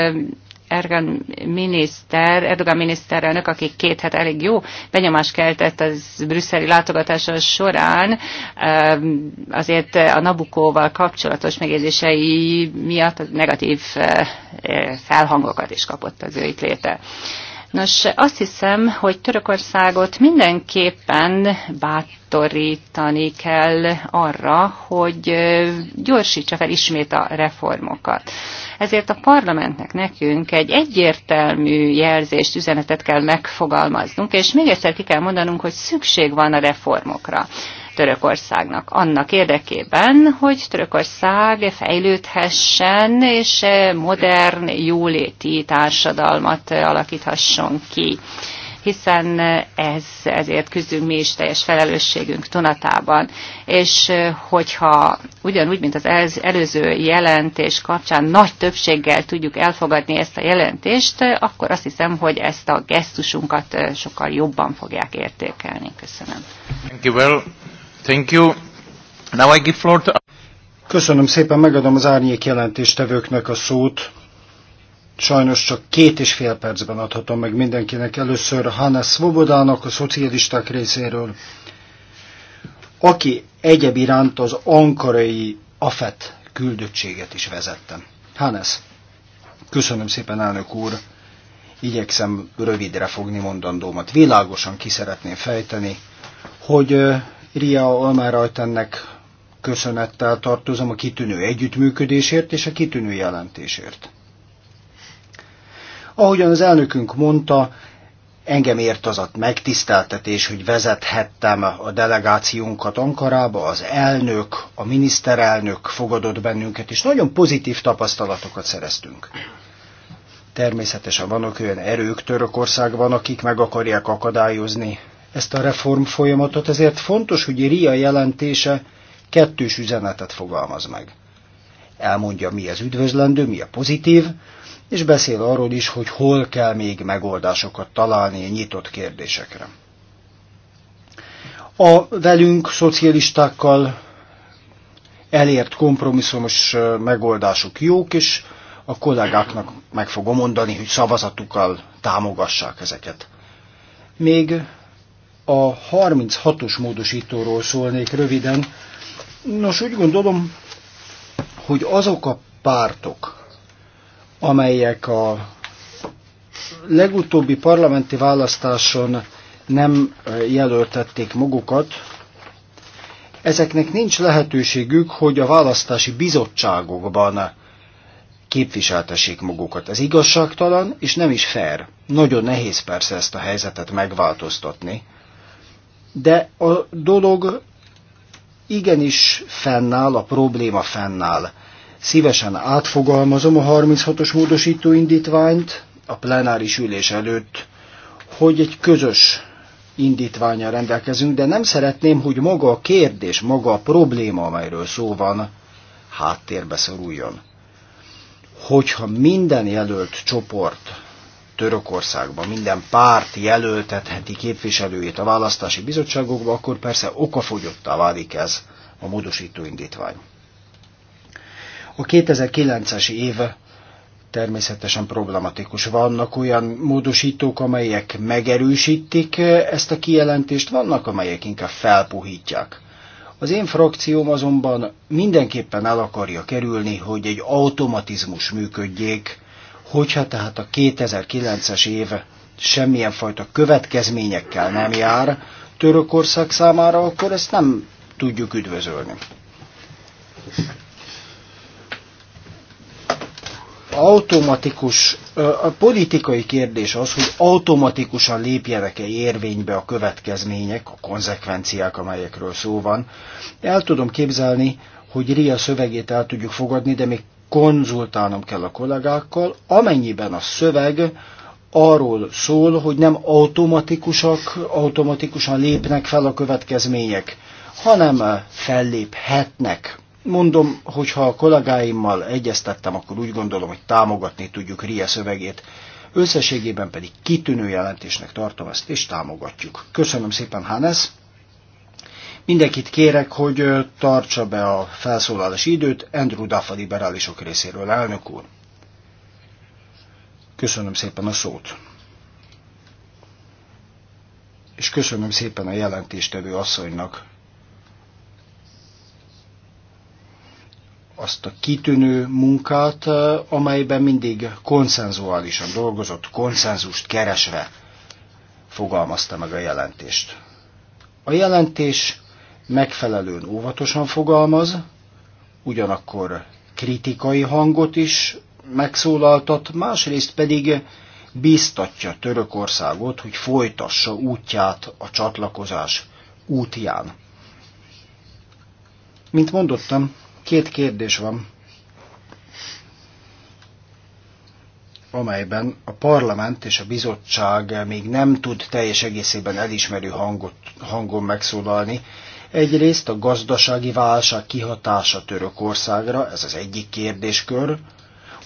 Erdogan miniszter, Erdogan miniszterelnök, aki két hát elég jó benyomást keltett az brüsszeli látogatása során, azért a Nabukóval kapcsolatos megjegyzései miatt negatív eh, felhangokat is kapott az ő itt léte. Nos, azt hiszem, hogy Törökországot mindenképpen bátorítani kell arra, hogy gyorsítsa fel ismét a reformokat. Ezért a parlamentnek nekünk egy egyértelmű jelzést, üzenetet kell megfogalmaznunk, és még egyszer ki kell mondanunk, hogy szükség van a reformokra. Törökországnak annak érdekében, hogy Törökország fejlődhessen és modern, jóléti társadalmat alakíthasson ki hiszen ez, ezért küzdünk mi is teljes felelősségünk tonatában. És hogyha ugyanúgy, mint az előző jelentés kapcsán nagy többséggel tudjuk elfogadni ezt a jelentést, akkor azt hiszem, hogy ezt a gesztusunkat sokkal jobban fogják értékelni. Köszönöm. Thank you well. Thank you. Now I give floor to... Köszönöm szépen, megadom az árnyék jelentéstevőknek a szót. Sajnos csak két és fél percben adhatom meg mindenkinek. Először Hannes Svobodának a szocialisták részéről, aki egyeb iránt az ankarai AFET küldöttséget is vezettem. Hannes, köszönöm szépen, elnök úr. Igyekszem rövidre fogni mondandómat. Világosan ki szeretném fejteni, hogy Ria Almárajtennek köszönettel tartozom a kitűnő együttműködésért és a kitűnő jelentésért. Ahogyan az elnökünk mondta, engem ért az a megtiszteltetés, hogy vezethettem a delegációnkat Ankarába, az elnök, a miniszterelnök fogadott bennünket, és nagyon pozitív tapasztalatokat szereztünk. Természetesen vannak olyan erők Törökországban, akik meg akarják akadályozni ezt a reform folyamatot, ezért fontos, hogy Ria jelentése kettős üzenetet fogalmaz meg. Elmondja, mi az üdvözlendő, mi a pozitív, és beszél arról is, hogy hol kell még megoldásokat találni a nyitott kérdésekre. A velünk, szocialistákkal elért kompromisszumos megoldások jók, és a kollégáknak meg fogom mondani, hogy szavazatukkal támogassák ezeket. Még a 36-os módosítóról szólnék röviden. Nos, úgy gondolom, hogy azok a pártok, amelyek a legutóbbi parlamenti választáson nem jelöltették magukat, ezeknek nincs lehetőségük, hogy a választási bizottságokban képviseltessék magukat. Ez igazságtalan, és nem is fair. Nagyon nehéz persze ezt a helyzetet megváltoztatni de a dolog igenis fennáll, a probléma fennáll. Szívesen átfogalmazom a 36-os módosító indítványt a plenáris ülés előtt, hogy egy közös indítványa rendelkezünk, de nem szeretném, hogy maga a kérdés, maga a probléma, amelyről szó van, háttérbe szoruljon. Hogyha minden jelölt csoport Törökországban minden párt jelöltetheti képviselőjét a választási bizottságokba, akkor persze okafogyottá válik ez a módosító indítvány. A 2009-es év természetesen problematikus. Vannak olyan módosítók, amelyek megerősítik ezt a kijelentést, vannak, amelyek inkább felpuhítják. Az én frakcióm azonban mindenképpen el akarja kerülni, hogy egy automatizmus működjék, hogyha tehát a 2009-es év semmilyen fajta következményekkel nem jár Törökország számára, akkor ezt nem tudjuk üdvözölni. Automatikus, a politikai kérdés az, hogy automatikusan lépjenek-e érvénybe a következmények, a konzekvenciák, amelyekről szó van. El tudom képzelni, hogy Ria szövegét el tudjuk fogadni, de még konzultálnom kell a kollégákkal, amennyiben a szöveg arról szól, hogy nem automatikusak, automatikusan lépnek fel a következmények, hanem felléphetnek. Mondom, hogyha a kollégáimmal egyeztettem, akkor úgy gondolom, hogy támogatni tudjuk Rie szövegét. Összességében pedig kitűnő jelentésnek tartom ezt, és támogatjuk. Köszönöm szépen, Hannes! Mindenkit kérek, hogy tartsa be a felszólalási időt Andrew Duff a liberálisok részéről, elnök úr. Köszönöm szépen a szót. És köszönöm szépen a jelentéstevő asszonynak azt a kitűnő munkát, amelyben mindig konszenzuálisan dolgozott, konszenzust keresve fogalmazta meg a jelentést. A jelentés megfelelően óvatosan fogalmaz, ugyanakkor kritikai hangot is megszólaltat, másrészt pedig biztatja Törökországot, hogy folytassa útját a csatlakozás útján. Mint mondottam, két kérdés van, amelyben a parlament és a bizottság még nem tud teljes egészében elismerő hangot, hangon megszólalni, Egyrészt a gazdasági válság kihatása Törökországra, ez az egyik kérdéskör.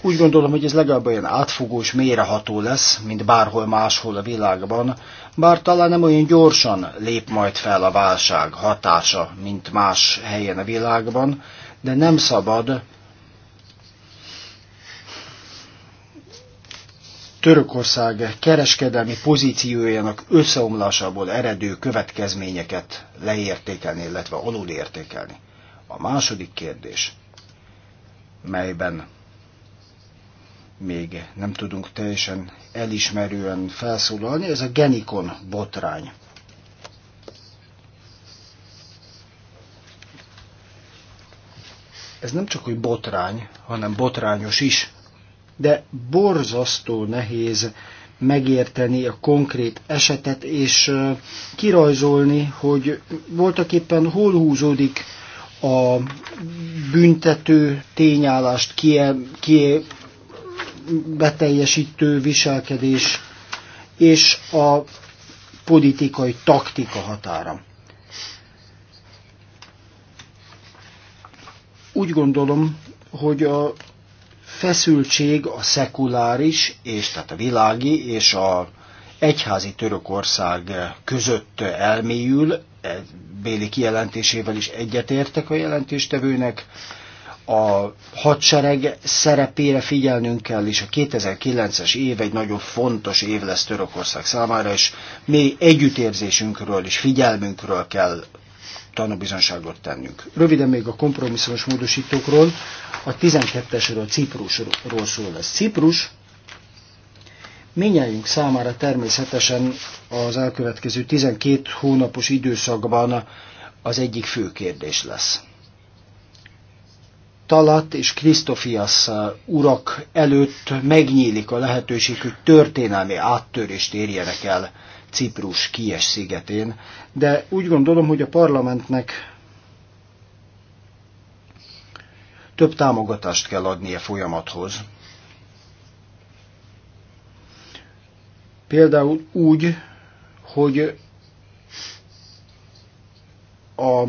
Úgy gondolom, hogy ez legalább olyan átfogó és mélyreható lesz, mint bárhol máshol a világban, bár talán nem olyan gyorsan lép majd fel a válság hatása, mint más helyen a világban, de nem szabad, Törökország kereskedelmi pozíciójának összeomlásából eredő következményeket leértékelni, illetve alulértékelni. A második kérdés, melyben még nem tudunk teljesen elismerően felszólalni, ez a Genikon botrány. Ez nem csak hogy botrány, hanem botrányos is de borzasztó nehéz megérteni a konkrét esetet, és kirajzolni, hogy voltak éppen hol húzódik a büntető tényállást kie, kie beteljesítő viselkedés és a politikai taktika határa. Úgy gondolom, hogy a feszültség a szekuláris, és tehát a világi és a egyházi Törökország között elmélyül, e Béli kijelentésével is egyetértek a jelentéstevőnek, a hadsereg szerepére figyelnünk kell, és a 2009-es év egy nagyon fontos év lesz Törökország számára, és mi együttérzésünkről és figyelmünkről kell tanúbizonságot tennünk. Röviden még a kompromisszumos módosítókról, a 12-esről, Ciprusról szól ez. Ciprus minnyájunk számára természetesen az elkövetkező 12 hónapos időszakban az egyik fő kérdés lesz. Talat és Krisztofiasz urak előtt megnyílik a lehetőség, hogy történelmi áttörést érjenek el Ciprus Kies szigetén, de úgy gondolom, hogy a parlamentnek több támogatást kell adnia folyamathoz. Például úgy, hogy a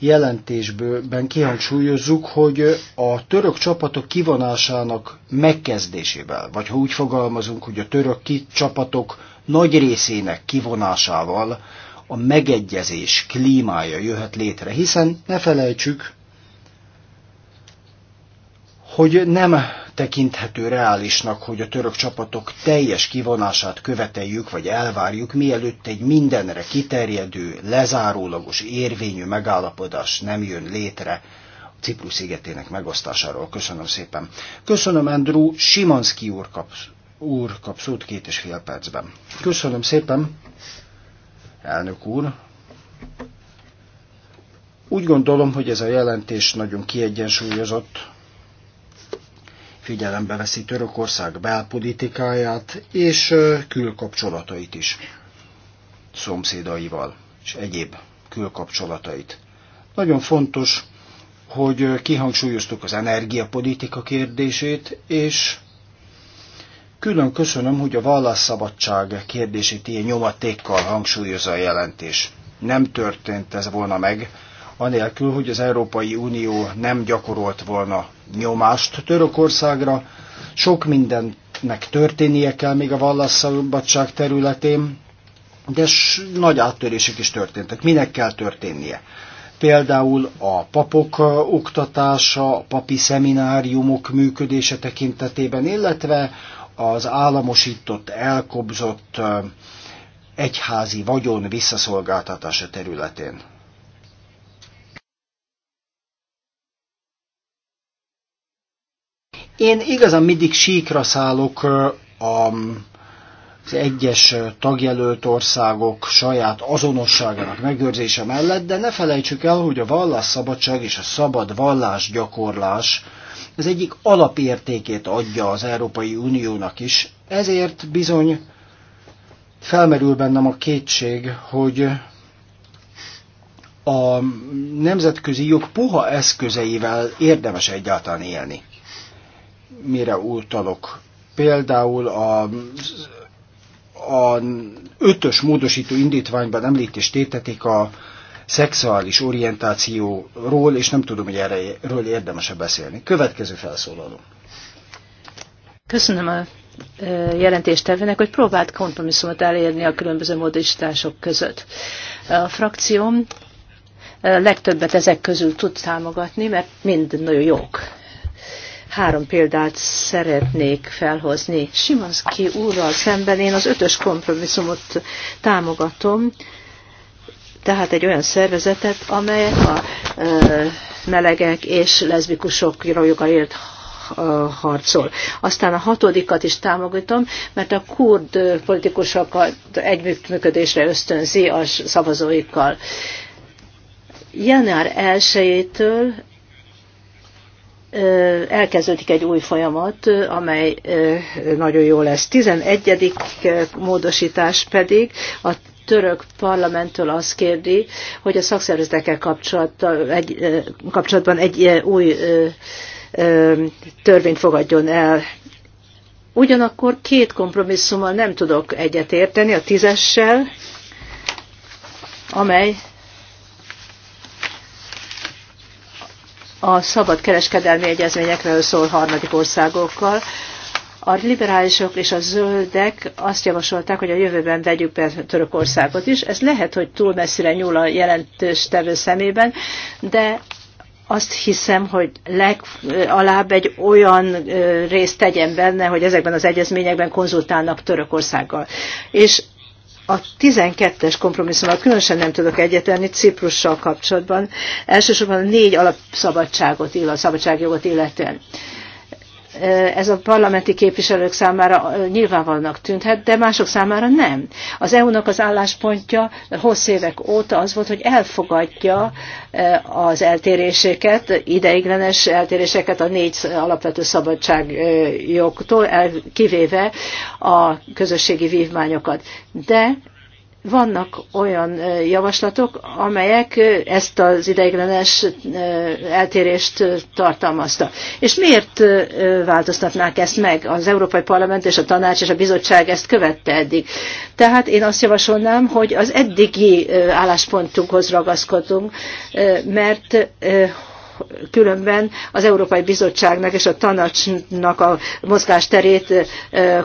jelentésből kihangsúlyozzuk, hogy a török csapatok kivonásának megkezdésével, vagy ha úgy fogalmazunk, hogy a török csapatok nagy részének kivonásával a megegyezés klímája jöhet létre, hiszen ne felejtsük, hogy nem tekinthető reálisnak, hogy a török csapatok teljes kivonását követeljük vagy elvárjuk, mielőtt egy mindenre kiterjedő, lezárólagos érvényű megállapodás nem jön létre a Ciprus szigetének megosztásáról. Köszönöm szépen. Köszönöm, Andrew. Simanski úr kap, úr kap szót két és fél percben. Köszönöm szépen, elnök úr. Úgy gondolom, hogy ez a jelentés nagyon kiegyensúlyozott, figyelembe veszi Törökország belpolitikáját és külkapcsolatait is szomszédaival és egyéb külkapcsolatait. Nagyon fontos, hogy kihangsúlyoztuk az energiapolitika kérdését, és külön köszönöm, hogy a vallásszabadság kérdését ilyen nyomatékkal hangsúlyozza a jelentés. Nem történt ez volna meg, anélkül, hogy az Európai Unió nem gyakorolt volna nyomást Törökországra. Sok mindennek történnie kell még a vallásszabadság területén, de nagy áttörések is történtek. Minek kell történnie? Például a papok oktatása, a papi szemináriumok működése tekintetében, illetve az államosított, elkobzott egyházi vagyon visszaszolgáltatása területén. Én igazán mindig síkra szállok a az egyes tagjelölt országok saját azonosságának megőrzése mellett, de ne felejtsük el, hogy a vallásszabadság és a szabad vallásgyakorlás az egyik alapértékét adja az Európai Uniónak is. Ezért bizony felmerül bennem a kétség, hogy a nemzetközi jog puha eszközeivel érdemes egyáltalán élni mire utalok. Például a, a ötös módosító indítványban említést tétetik a szexuális orientációról, és nem tudom, hogy erről érdemes -e beszélni. Következő felszólaló. Köszönöm a jelentéstervének, hogy próbált kompromisszumot elérni a különböző módosítások között. A frakcióm legtöbbet ezek közül tud támogatni, mert mind nagyon jók. Három példát szeretnék felhozni. Simanszki úrral szemben én az ötös kompromisszumot támogatom, tehát egy olyan szervezetet, amelyek a melegek és leszbikusok jogaért harcol. Aztán a hatodikat is támogatom, mert a kurd politikusokat együttműködésre ösztönzi a szavazóikkal. Január 1-től elkezdődik egy új folyamat, amely nagyon jó lesz. 11. módosítás pedig a török parlamenttől azt kérdi, hogy a szakszervezetekkel kapcsolatban egy, kapcsolatban egy új törvényt fogadjon el. Ugyanakkor két kompromisszummal nem tudok egyetérteni, a tízessel, amely a szabad kereskedelmi egyezményekről szól harmadik országokkal. A liberálisok és a zöldek azt javasolták, hogy a jövőben vegyük be Törökországot is. Ez lehet, hogy túl messzire nyúl a jelentős tevő szemében, de azt hiszem, hogy legalább egy olyan részt tegyen benne, hogy ezekben az egyezményekben konzultálnak Törökországgal. És a 12-es kompromisszumot különösen nem tudok egyetenni Ciprussal kapcsolatban, elsősorban a négy alapszabadságot, a szabadságjogot illetően. Eh, ez a parlamenti képviselők számára eh, nyilvánvalónak tűnhet, de mások számára nem. Az EU-nak az álláspontja hossz évek óta az volt, hogy elfogadja eh, az eltéréseket, ideiglenes eltéréseket a négy alapvető szabadságjogtól, kivéve a közösségi vívmányokat. De vannak olyan javaslatok, amelyek ezt az ideiglenes eltérést tartalmazta. És miért változtatnák ezt meg? Az Európai Parlament és a Tanács és a Bizottság ezt követte eddig. Tehát én azt javasolnám, hogy az eddigi álláspontunkhoz ragaszkodunk, mert különben az Európai Bizottságnak és a tanácsnak a mozgásterét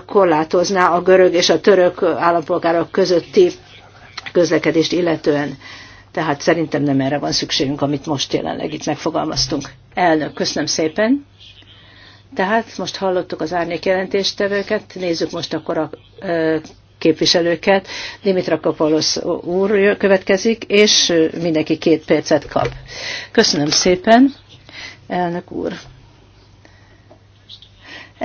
korlátozná a görög és a török állampolgárok közötti közlekedést illetően. Tehát szerintem nem erre van szükségünk, amit most jelenleg itt megfogalmaztunk. Elnök, köszönöm szépen. Tehát most hallottuk az árnyék jelentéstevőket, nézzük most akkor a képviselőket. Dimitra Kapalosz úr következik, és mindenki két percet kap. Köszönöm szépen, elnök úr.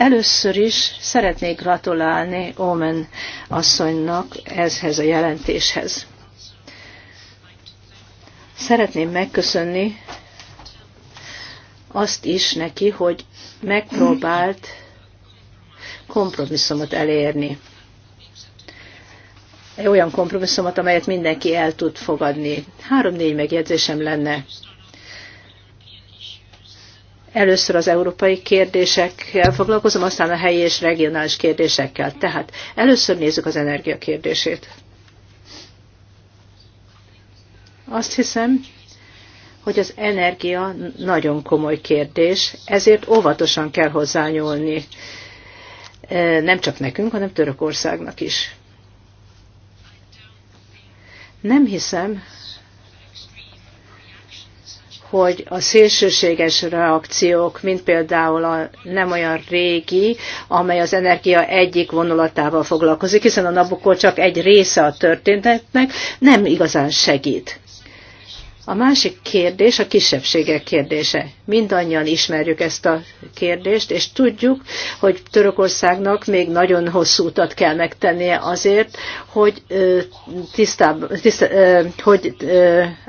Először is szeretnék gratulálni Omen asszonynak ezhez a jelentéshez. Szeretném megköszönni azt is neki, hogy megpróbált kompromisszumot elérni. Olyan kompromisszumot, amelyet mindenki el tud fogadni. Három-négy megjegyzésem lenne. Először az európai kérdésekkel foglalkozom, aztán a helyi és regionális kérdésekkel. Tehát először nézzük az energia kérdését. Azt hiszem, hogy az energia nagyon komoly kérdés, ezért óvatosan kell hozzányúlni. Nem csak nekünk, hanem Törökországnak is. Nem hiszem, hogy a szélsőséges reakciók, mint például a nem olyan régi, amely az energia egyik vonulatával foglalkozik, hiszen a Nabukó csak egy része a történetnek, nem igazán segít. A másik kérdés a kisebbségek kérdése. Mindannyian ismerjük ezt a kérdést, és tudjuk, hogy Törökországnak még nagyon hosszú utat kell megtennie azért, hogy, tisztább, tiszt, hogy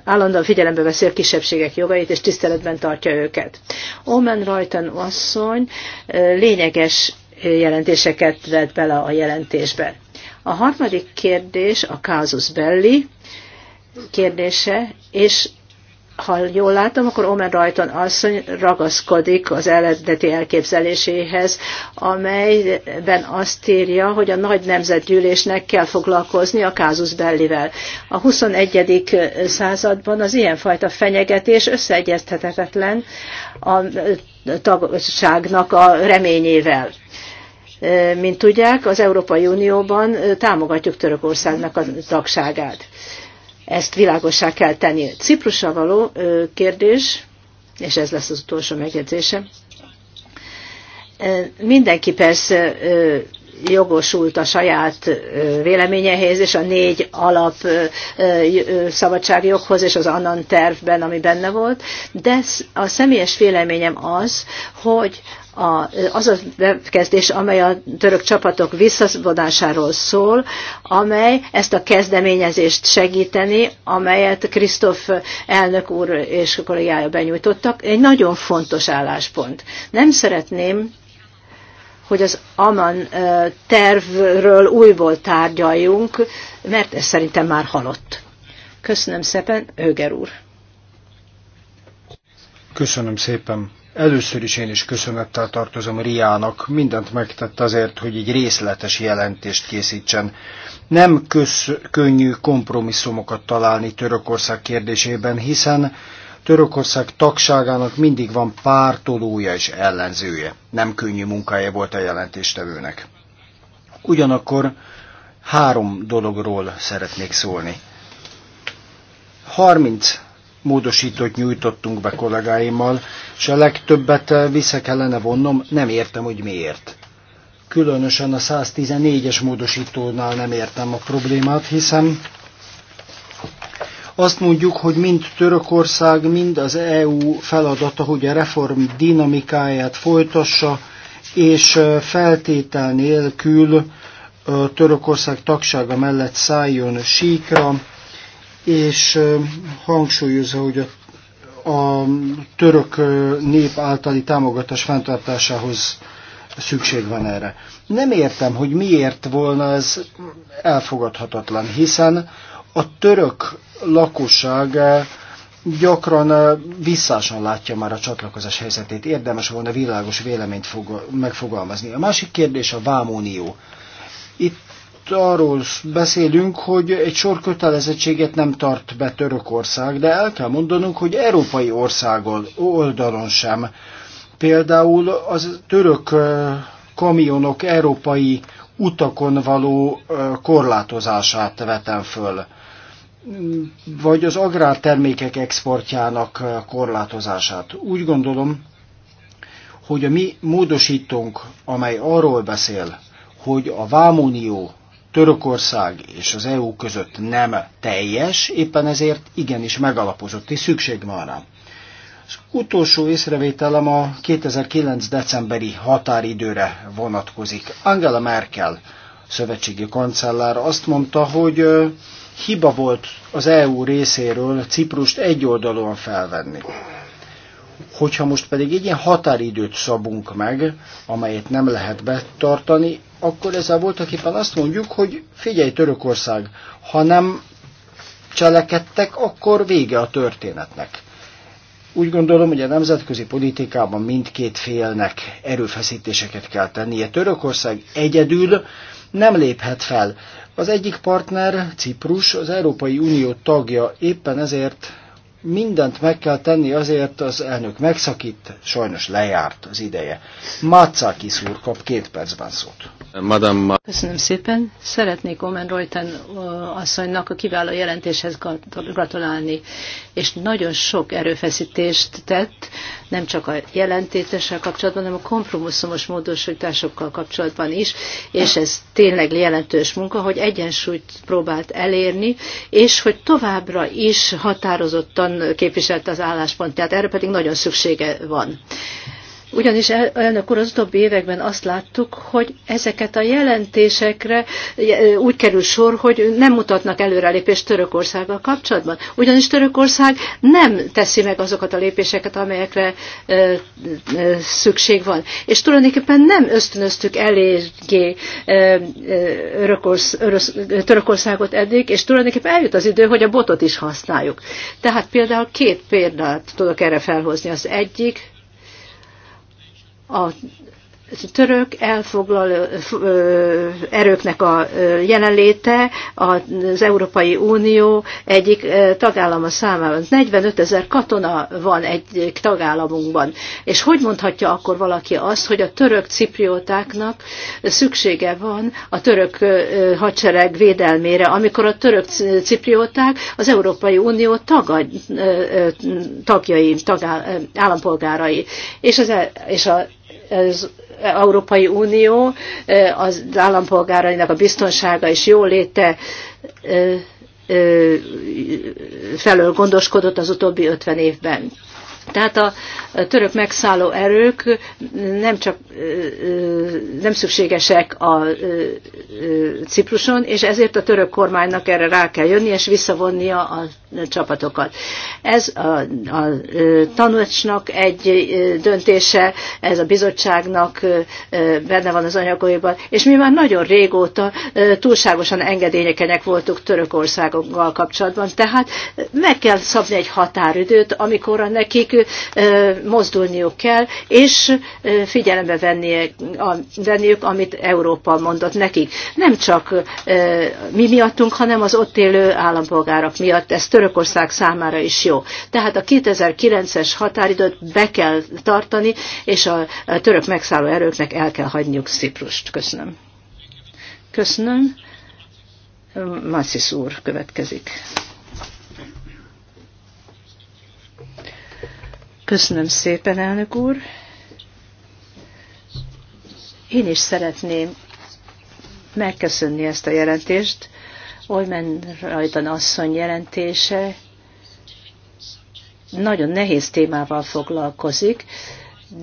állandóan figyelembe veszi a kisebbségek jogait, és tiszteletben tartja őket. Omen Rajten asszony lényeges jelentéseket vett bele a jelentésbe. A harmadik kérdés a kázus belli, kérdése, és ha jól látom, akkor Omen Rajton asszony ragaszkodik az eredeti elképzeléséhez, amelyben azt írja, hogy a nagy nemzetgyűlésnek kell foglalkozni a kázus bellivel. A 21. században az ilyenfajta fenyegetés összeegyeztethetetlen a tagságnak a reményével. Mint tudják, az Európai Unióban támogatjuk Törökországnak a tagságát ezt világosá kell tenni. Ciprusra való kérdés, és ez lesz az utolsó megjegyzésem. Mindenki persze jogosult a saját véleményehez és a négy alap szabadságjoghoz és az annan tervben, ami benne volt, de a személyes véleményem az, hogy a, az a kezdés, amely a török csapatok visszavonásáról szól, amely ezt a kezdeményezést segíteni, amelyet Krisztof elnök úr és kollégája benyújtottak. Egy nagyon fontos álláspont. Nem szeretném, hogy az Aman tervről újból tárgyaljunk, mert ez szerintem már halott. Köszönöm szépen, Öger úr. Köszönöm szépen. Először is én is köszönettel tartozom Riának, mindent megtett azért, hogy egy részletes jelentést készítsen. Nem köz, könnyű kompromisszumokat találni Törökország kérdésében, hiszen Törökország tagságának mindig van pártolója és ellenzője. Nem könnyű munkája volt a jelentéstevőnek. Ugyanakkor három dologról szeretnék szólni. 30 módosítót nyújtottunk be kollégáimmal, és a legtöbbet eh, vissza kellene vonnom, nem értem, hogy miért. Különösen a 114-es módosítónál nem értem a problémát, hiszen azt mondjuk, hogy mind Törökország, mind az EU feladata, hogy a reform dinamikáját folytassa, és eh, feltétel nélkül eh, Törökország tagsága mellett szálljon síkra, és hangsúlyozza, hogy a a török nép általi támogatás fenntartásához szükség van erre. Nem értem, hogy miért volna ez elfogadhatatlan, hiszen a török lakosság gyakran visszásan látja már a csatlakozás helyzetét. Érdemes volna világos véleményt fog, megfogalmazni. A másik kérdés a vámónió. Itt arról beszélünk, hogy egy sor kötelezettséget nem tart be Törökország, de el kell mondanunk, hogy európai országon oldalon sem. Például az török kamionok európai utakon való korlátozását vetem föl, vagy az agrártermékek exportjának korlátozását. Úgy gondolom, hogy a mi módosítónk, amely arról beszél, hogy a vámunió Törökország és az EU között nem teljes, éppen ezért igenis megalapozott és szükség van rá. Az utolsó észrevételem a 2009. decemberi határidőre vonatkozik. Angela Merkel, szövetségi kancellár azt mondta, hogy hiba volt az EU részéről Ciprust egyoldalúan felvenni. Hogyha most pedig egy ilyen határidőt szabunk meg, amelyet nem lehet betartani, akkor ezzel voltak éppen azt mondjuk, hogy figyelj Törökország, ha nem cselekedtek, akkor vége a történetnek. Úgy gondolom, hogy a nemzetközi politikában mindkét félnek erőfeszítéseket kell tennie. Törökország egyedül nem léphet fel. Az egyik partner, Ciprus, az Európai Unió tagja, éppen ezért mindent meg kell tenni azért, az elnök megszakít, sajnos lejárt az ideje. Mátszáki szúr kap két percben szót. Köszönöm szépen. Szeretnék Omen Reuten asszonynak a kiváló jelentéshez gratulálni, és nagyon sok erőfeszítést tett, nem csak a jelentétessel kapcsolatban, hanem a kompromisszumos módosításokkal kapcsolatban is, és ez tényleg jelentős munka, hogy egyensúlyt próbált elérni, és hogy továbbra is határozottan képviselte az álláspontját, erre pedig nagyon szüksége van. Ugyanis elnök úr, az utóbbi években azt láttuk, hogy ezeket a jelentésekre úgy kerül sor, hogy nem mutatnak előrelépést Törökországgal kapcsolatban. Ugyanis Törökország nem teszi meg azokat a lépéseket, amelyekre szükség van. És tulajdonképpen nem ösztönöztük eléggé Törökországot eddig, és tulajdonképpen eljut az idő, hogy a botot is használjuk. Tehát például két példát tudok erre felhozni. Az egyik, a török elfoglal erőknek a jelenléte az Európai Unió egyik tagállama számában. 45 ezer katona van egy tagállamunkban. És hogy mondhatja akkor valaki azt, hogy a török cipriótáknak szüksége van a török hadsereg védelmére, amikor a török ciprióták az Európai Unió taga, tagjai, tagá, állampolgárai. És, az, e, és a az Európai Unió az állampolgárainak a biztonsága és jóléte felől gondoskodott az utóbbi 50 évben. Tehát a török megszálló erők nem csak nem szükségesek a Cipruson, és ezért a török kormánynak erre rá kell jönni, és visszavonnia a csapatokat. Ez a, a tanulcsnak egy döntése, ez a bizottságnak benne van az anyagaiban, és mi már nagyon régóta túlságosan engedényekenek voltunk törökországokkal kapcsolatban, tehát meg kell szabni egy határidőt, amikor a nekik mozdulniuk kell, és figyelembe venniük, amit Európa mondott nekik. Nem csak mi miattunk, hanem az ott élő állampolgárok miatt. Ez Törökország számára is jó. Tehát a 2009-es határidőt be kell tartani, és a török megszálló erőknek el kell hagyniuk Ciprust. Köszönöm. Köszönöm. Masszis úr következik. Köszönöm szépen, elnök úr. Én is szeretném megköszönni ezt a jelentést. Olymen Rajtan asszony jelentése nagyon nehéz témával foglalkozik,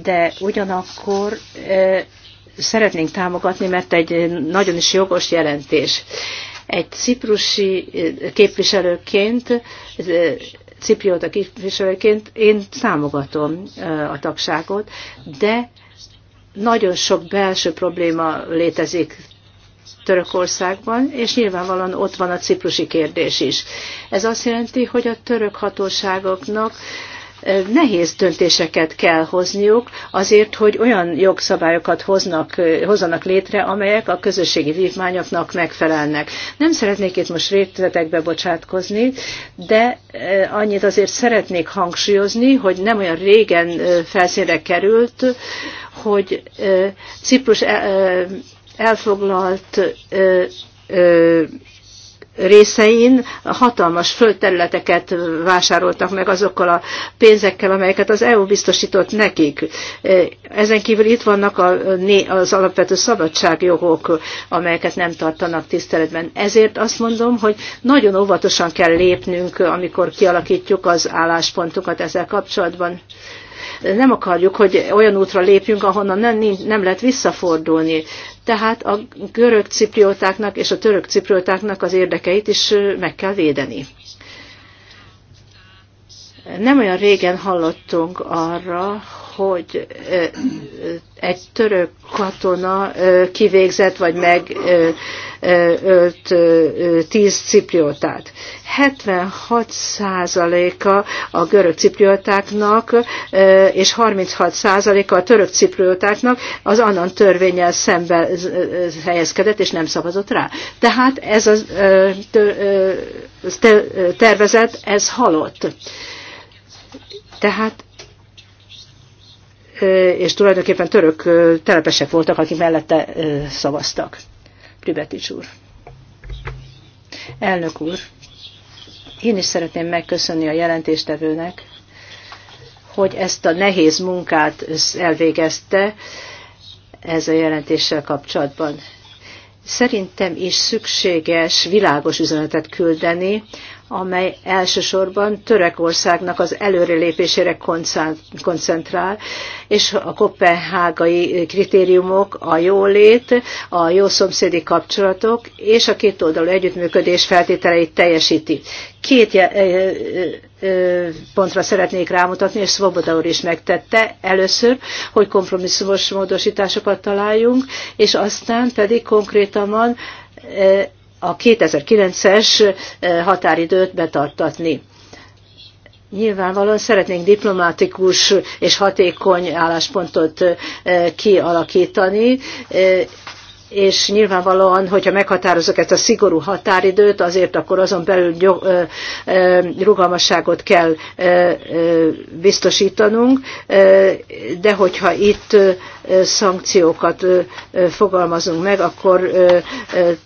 de ugyanakkor szeretnénk támogatni, mert egy nagyon is jogos jelentés. Egy ciprusi képviselőként cipriota képviselőként én támogatom a tagságot, de nagyon sok belső probléma létezik Törökországban, és nyilvánvalóan ott van a ciprusi kérdés is. Ez azt jelenti, hogy a török hatóságoknak nehéz döntéseket kell hozniuk azért, hogy olyan jogszabályokat hoznak, hozzanak létre, amelyek a közösségi vívmányoknak megfelelnek. Nem szeretnék itt most részletekbe bocsátkozni, de annyit azért szeretnék hangsúlyozni, hogy nem olyan régen felszínre került, hogy Ciprus elfoglalt részein hatalmas földterületeket vásároltak meg azokkal a pénzekkel, amelyeket az EU biztosított nekik. Ezen kívül itt vannak az alapvető szabadságjogok, amelyeket nem tartanak tiszteletben. Ezért azt mondom, hogy nagyon óvatosan kell lépnünk, amikor kialakítjuk az álláspontokat ezzel kapcsolatban. Nem akarjuk, hogy olyan útra lépjünk, ahonnan nem, nem lehet visszafordulni. Tehát a görög cipriótáknak és a török cipriótáknak az érdekeit is meg kell védeni. Nem olyan régen hallottunk arra, hogy egy török katona kivégzett vagy megölt tíz cipriótát. 76%-a a görög cipriotáknak és 36%-a a török cipriotáknak az annan törvényel szembe helyezkedett és nem szavazott rá. Tehát ez a tervezet, ez halott. Tehát és tulajdonképpen török telepesek voltak, akik mellette szavaztak. Pribetics úr. Elnök úr, én is szeretném megköszönni a jelentéstevőnek, hogy ezt a nehéz munkát elvégezte ez a jelentéssel kapcsolatban. Szerintem is szükséges világos üzenetet küldeni amely elsősorban Törökországnak az előrelépésére koncentrál, és a kopenhágai kritériumok a jólét, a jó szomszédi kapcsolatok és a két oldalú együttműködés feltételeit teljesíti. Két pontra szeretnék rámutatni, és Svoboda úr is megtette először, hogy kompromisszumos módosításokat találjunk, és aztán pedig konkrétan a 2009-es eh, határidőt betartatni. Nyilvánvalóan szeretnénk diplomatikus és hatékony álláspontot eh, kialakítani, eh, és nyilvánvalóan, hogyha meghatározok ezt a szigorú határidőt, azért akkor azon belül rugalmasságot kell biztosítanunk, de hogyha itt szankciókat fogalmazunk meg, akkor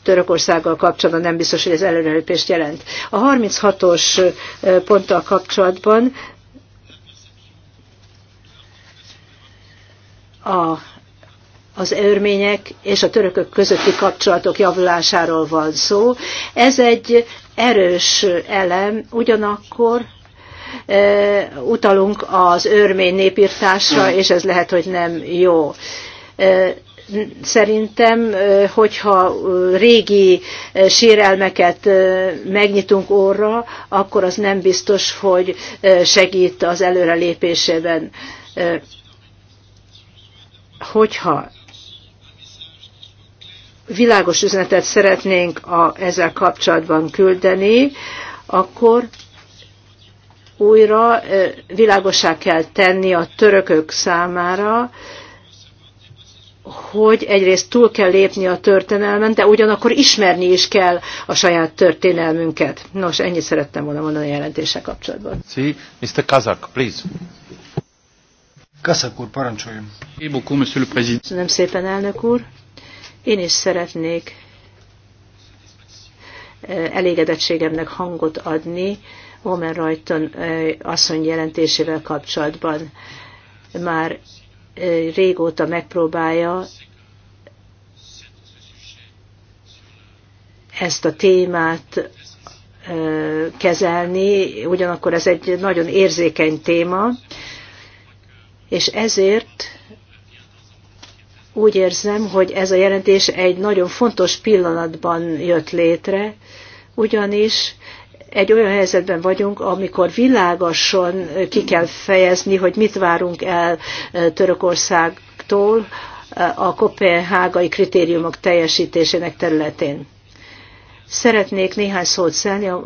Törökországgal kapcsolatban nem biztos, hogy ez előrelépést jelent. A 36-os ponttal kapcsolatban a az örmények és a törökök közötti kapcsolatok javulásáról van szó. Ez egy erős elem, ugyanakkor e, utalunk az örmény népírtásra, és ez lehet, hogy nem jó. E, szerintem, e, hogyha régi sérelmeket megnyitunk óra, akkor az nem biztos, hogy segít az előrelépésében. Hogyha világos üzenetet szeretnénk a, ezzel kapcsolatban küldeni, akkor újra világosá kell tenni a törökök számára, hogy egyrészt túl kell lépni a történelmen, de ugyanakkor ismerni is kell a saját történelmünket. Nos, ennyit szerettem volna mondani a jelentéssel kapcsolatban. Sí, Mr. Kazak, please. Kazak úr, parancsoljon. Köszönöm szépen, elnök úr. Én is szeretnék elégedettségemnek hangot adni omen Rajton asszony jelentésével kapcsolatban. Már régóta megpróbálja ezt a témát kezelni, ugyanakkor ez egy nagyon érzékeny téma, és ezért úgy érzem, hogy ez a jelentés egy nagyon fontos pillanatban jött létre, ugyanis egy olyan helyzetben vagyunk, amikor világosan ki kell fejezni, hogy mit várunk el Törökországtól a kopenhágai kritériumok teljesítésének területén. Szeretnék néhány szót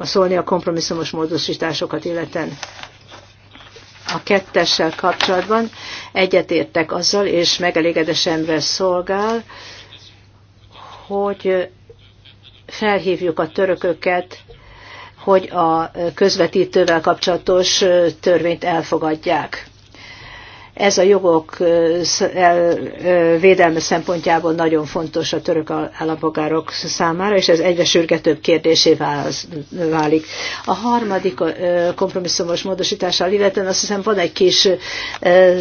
szólni a kompromisszumos módosításokat illeten a kettessel kapcsolatban egyetértek azzal, és megelégedésemre szolgál, hogy felhívjuk a törököket, hogy a közvetítővel kapcsolatos törvényt elfogadják. Ez a jogok védelme szempontjából nagyon fontos a török állampolgárok számára, és ez egyre sürgetőbb kérdésé válik. A harmadik kompromisszumos módosítással illetően azt hiszem van egy kis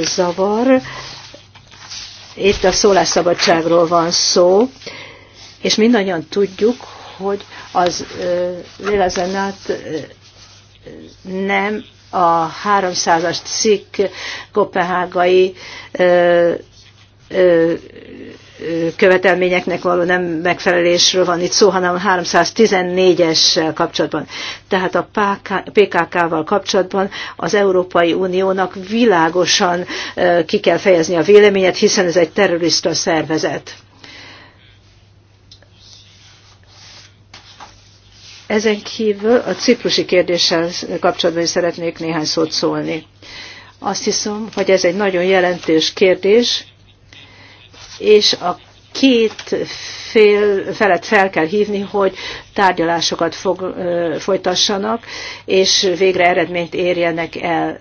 zavar. Itt a szólásszabadságról van szó, és mindannyian tudjuk, hogy az lélezenát nem a 300-as cikk kopenhágai követelményeknek való nem megfelelésről van itt szó, hanem 314 es kapcsolatban. Tehát a PKK-val kapcsolatban az Európai Uniónak világosan ki kell fejezni a véleményet, hiszen ez egy terrorista szervezet. Ezen kívül a ciprusi kérdéssel kapcsolatban is szeretnék néhány szót szólni. Azt hiszem, hogy ez egy nagyon jelentős kérdés, és a két fél felett fel kell hívni, hogy tárgyalásokat fog, folytassanak, és végre eredményt érjenek el.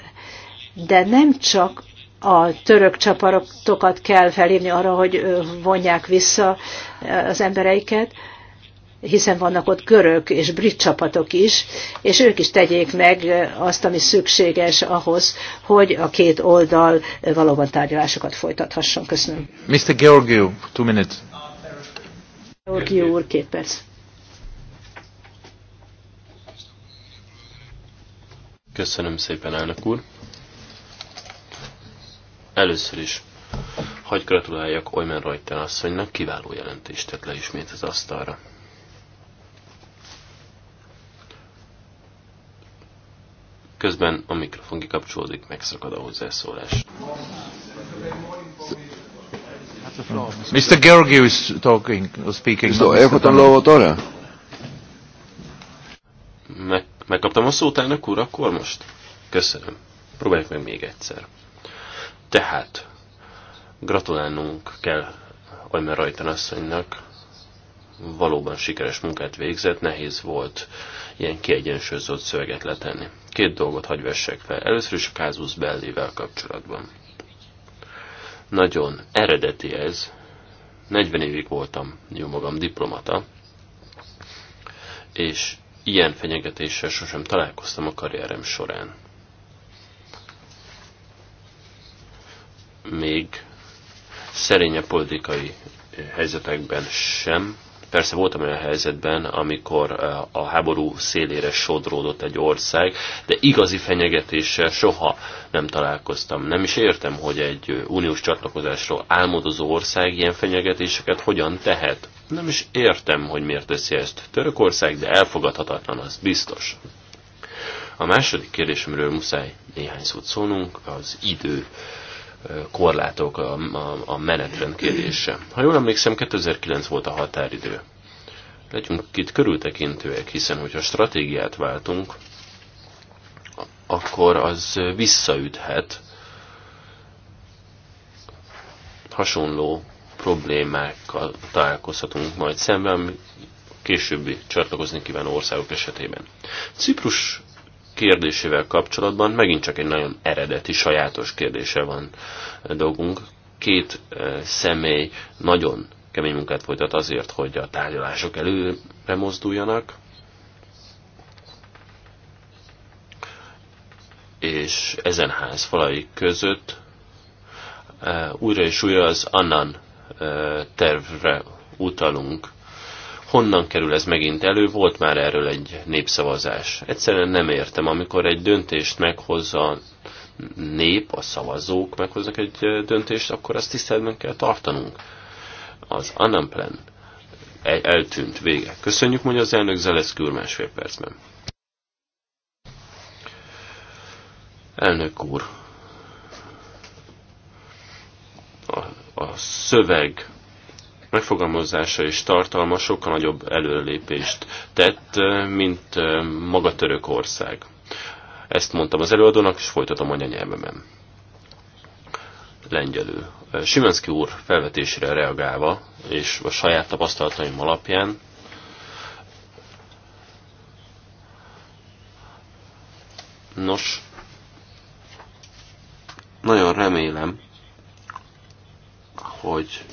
De nem csak a török csapatokat kell felhívni arra, hogy vonják vissza az embereiket, hiszen vannak ott görög és brit csapatok is, és ők is tegyék meg azt, ami szükséges ahhoz, hogy a két oldal valóban tárgyalásokat folytathasson. Köszönöm. Mr. Georgiou, two minutes. Georgiou úr, két perc. Köszönöm szépen, elnök úr. Először is hagyj gratuláljak Oymen Rajten asszonynak, kiváló jelentést tett le ismét az asztalra. Közben a mikrofon kikapcsolódik, megszakad a hozzászólás. Mr. Georgiou is talking, speaking. So, elkaptam lovat arra? Meg, megkaptam a szót elnök úr, akkor most? Köszönöm. Próbáljuk meg még egyszer. Tehát, gratulálnunk kell Ajmer Rajtan asszonynak. Valóban sikeres munkát végzett, nehéz volt uh, ilyen kiegyensúlyozott szöveget letenni. Két dolgot hagy vessek fel. Először is a Kázus bellével kapcsolatban. Nagyon eredeti ez. 40 évig voltam jó magam diplomata, és ilyen fenyegetéssel sosem találkoztam a karrierem során. Még szerénye politikai helyzetekben sem Persze voltam olyan helyzetben, amikor a háború szélére sodródott egy ország, de igazi fenyegetéssel soha nem találkoztam. Nem is értem, hogy egy uniós csatlakozásról álmodozó ország ilyen fenyegetéseket hogyan tehet. Nem is értem, hogy miért teszi ezt Törökország, de elfogadhatatlan az biztos. A második kérdésemről muszáj néhány szót szólnunk, az idő korlátok, a, a, a menetrend kérdése. Ha jól emlékszem, 2009 volt a határidő. Legyünk itt körültekintőek, hiszen hogyha stratégiát váltunk, akkor az visszaüthet hasonló problémákkal találkozhatunk majd szemben későbbi csatlakozni kívánó országok esetében. Ciprus kérdésével kapcsolatban megint csak egy nagyon eredeti, sajátos kérdése van dolgunk. Két személy nagyon kemény munkát folytat azért, hogy a tárgyalások előre mozduljanak, és ezen ház falai között újra és újra az Annan tervre utalunk. Honnan kerül ez megint elő? Volt már erről egy népszavazás. Egyszerűen nem értem, amikor egy döntést meghozza nép, a szavazók meghoznak egy döntést, akkor azt tiszteletben kell tartanunk. Az Anamplen eltűnt, vége. Köszönjük, mondja az elnök Zeleszki úr másfél percben. Elnök úr, a, a szöveg megfogalmazása és tartalma sokkal nagyobb előlépést tett, mint maga Törökország. Ezt mondtam az előadónak, és folytatom anyanyelvemen. Lengyelő. Simenszki úr felvetésére reagálva, és a saját tapasztalataim alapján Nos, nagyon remélem, hogy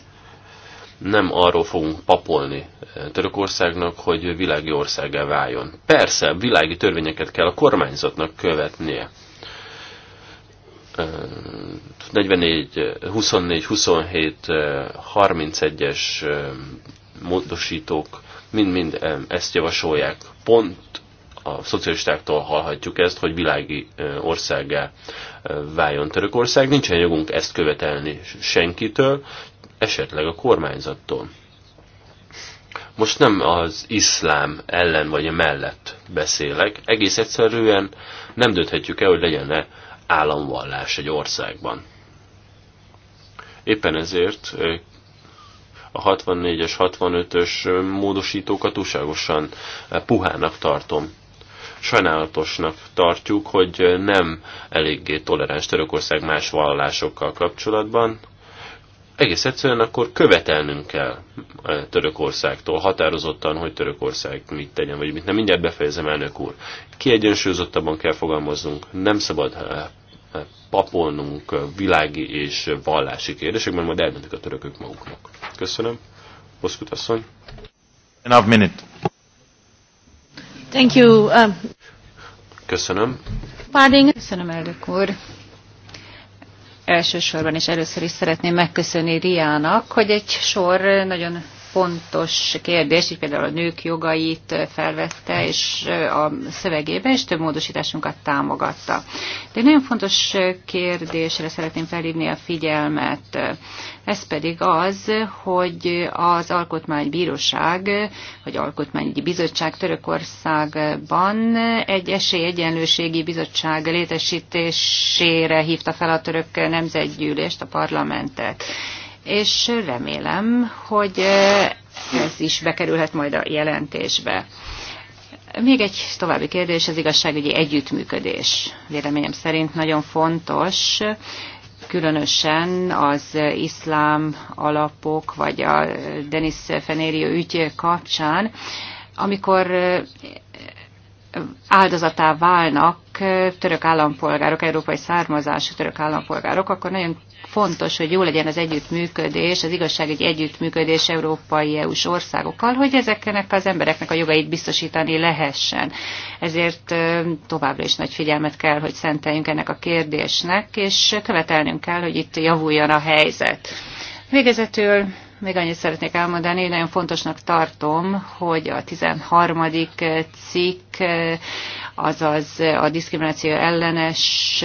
nem arról fogunk papolni eh, Törökországnak, hogy világi országgá váljon. Persze, világi törvényeket kell a kormányzatnak követnie. 44, 24, 27, 31-es módosítók mind-mind eh, ezt javasolják. Pont a szocialistáktól hallhatjuk ezt, hogy világi eh, országgá váljon Törökország. Nincsen jogunk ezt követelni senkitől, esetleg a kormányzattól. Most nem az iszlám ellen vagy a mellett beszélek, egész egyszerűen nem dönthetjük el, hogy legyen-e államvallás egy országban. Éppen ezért a 64-es, 65-ös módosítókat túlságosan puhának tartom. Sajnálatosnak tartjuk, hogy nem eléggé toleráns Törökország más vallásokkal kapcsolatban, egész egyszerűen akkor követelnünk kell eh, Törökországtól határozottan, hogy Törökország mit tegyen, vagy mit nem. Mindjárt befejezem, elnök úr. Kiegyensúlyozottabban kell fogalmaznunk, nem szabad eh, eh, papolnunk világi és vallási kérdésekben, majd eldöntik a törökök maguknak. Köszönöm. Boszkut asszony. Enough minute. Thank you. Um... Köszönöm. Páding. Köszönöm, elnök úr elsősorban és először is szeretném megköszönni Riának, hogy egy sor nagyon fontos kérdés, így például a nők jogait felvette és a szövegében és több módosításunkat támogatta. De egy nagyon fontos kérdésre szeretném felhívni a figyelmet. Ez pedig az, hogy az Alkotmánybíróság, vagy Alkotmányügyi Bizottság Törökországban egy esélyegyenlőségi bizottság létesítésére hívta fel a török nemzetgyűlést, a parlamentet és remélem, hogy ez is bekerülhet majd a jelentésbe. Még egy további kérdés, az igazságügyi együttműködés. Véleményem szerint nagyon fontos, különösen az iszlám alapok, vagy a Denis Fenérió ügy kapcsán, amikor áldozatá válnak török állampolgárok, európai származású török állampolgárok, akkor nagyon fontos, hogy jó legyen az együttműködés, az igazság egy együttműködés európai EU-s országokkal, hogy ezeknek az embereknek a jogait biztosítani lehessen. Ezért továbbra is nagy figyelmet kell, hogy szenteljünk ennek a kérdésnek, és követelnünk kell, hogy itt javuljon a helyzet. Végezetül még annyit szeretnék elmondani, nagyon fontosnak tartom, hogy a 13. cikk, azaz a diszkrimináció ellenes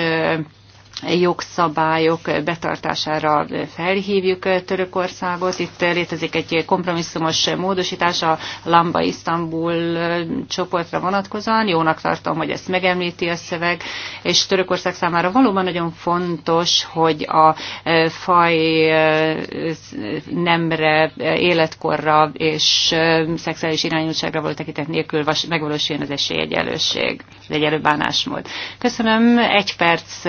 jogszabályok betartására felhívjuk Törökországot. Itt létezik egy kompromisszumos módosítás a Lamba Isztambul csoportra vonatkozóan. Jónak tartom, hogy ezt megemlíti a szöveg, és Törökország számára valóban nagyon fontos, hogy a faj nemre, életkorra és szexuális irányultságra volt tekintet nélkül megvalósuljon az esélyegyelőség, az egyelő bánásmód. Köszönöm, egy perc,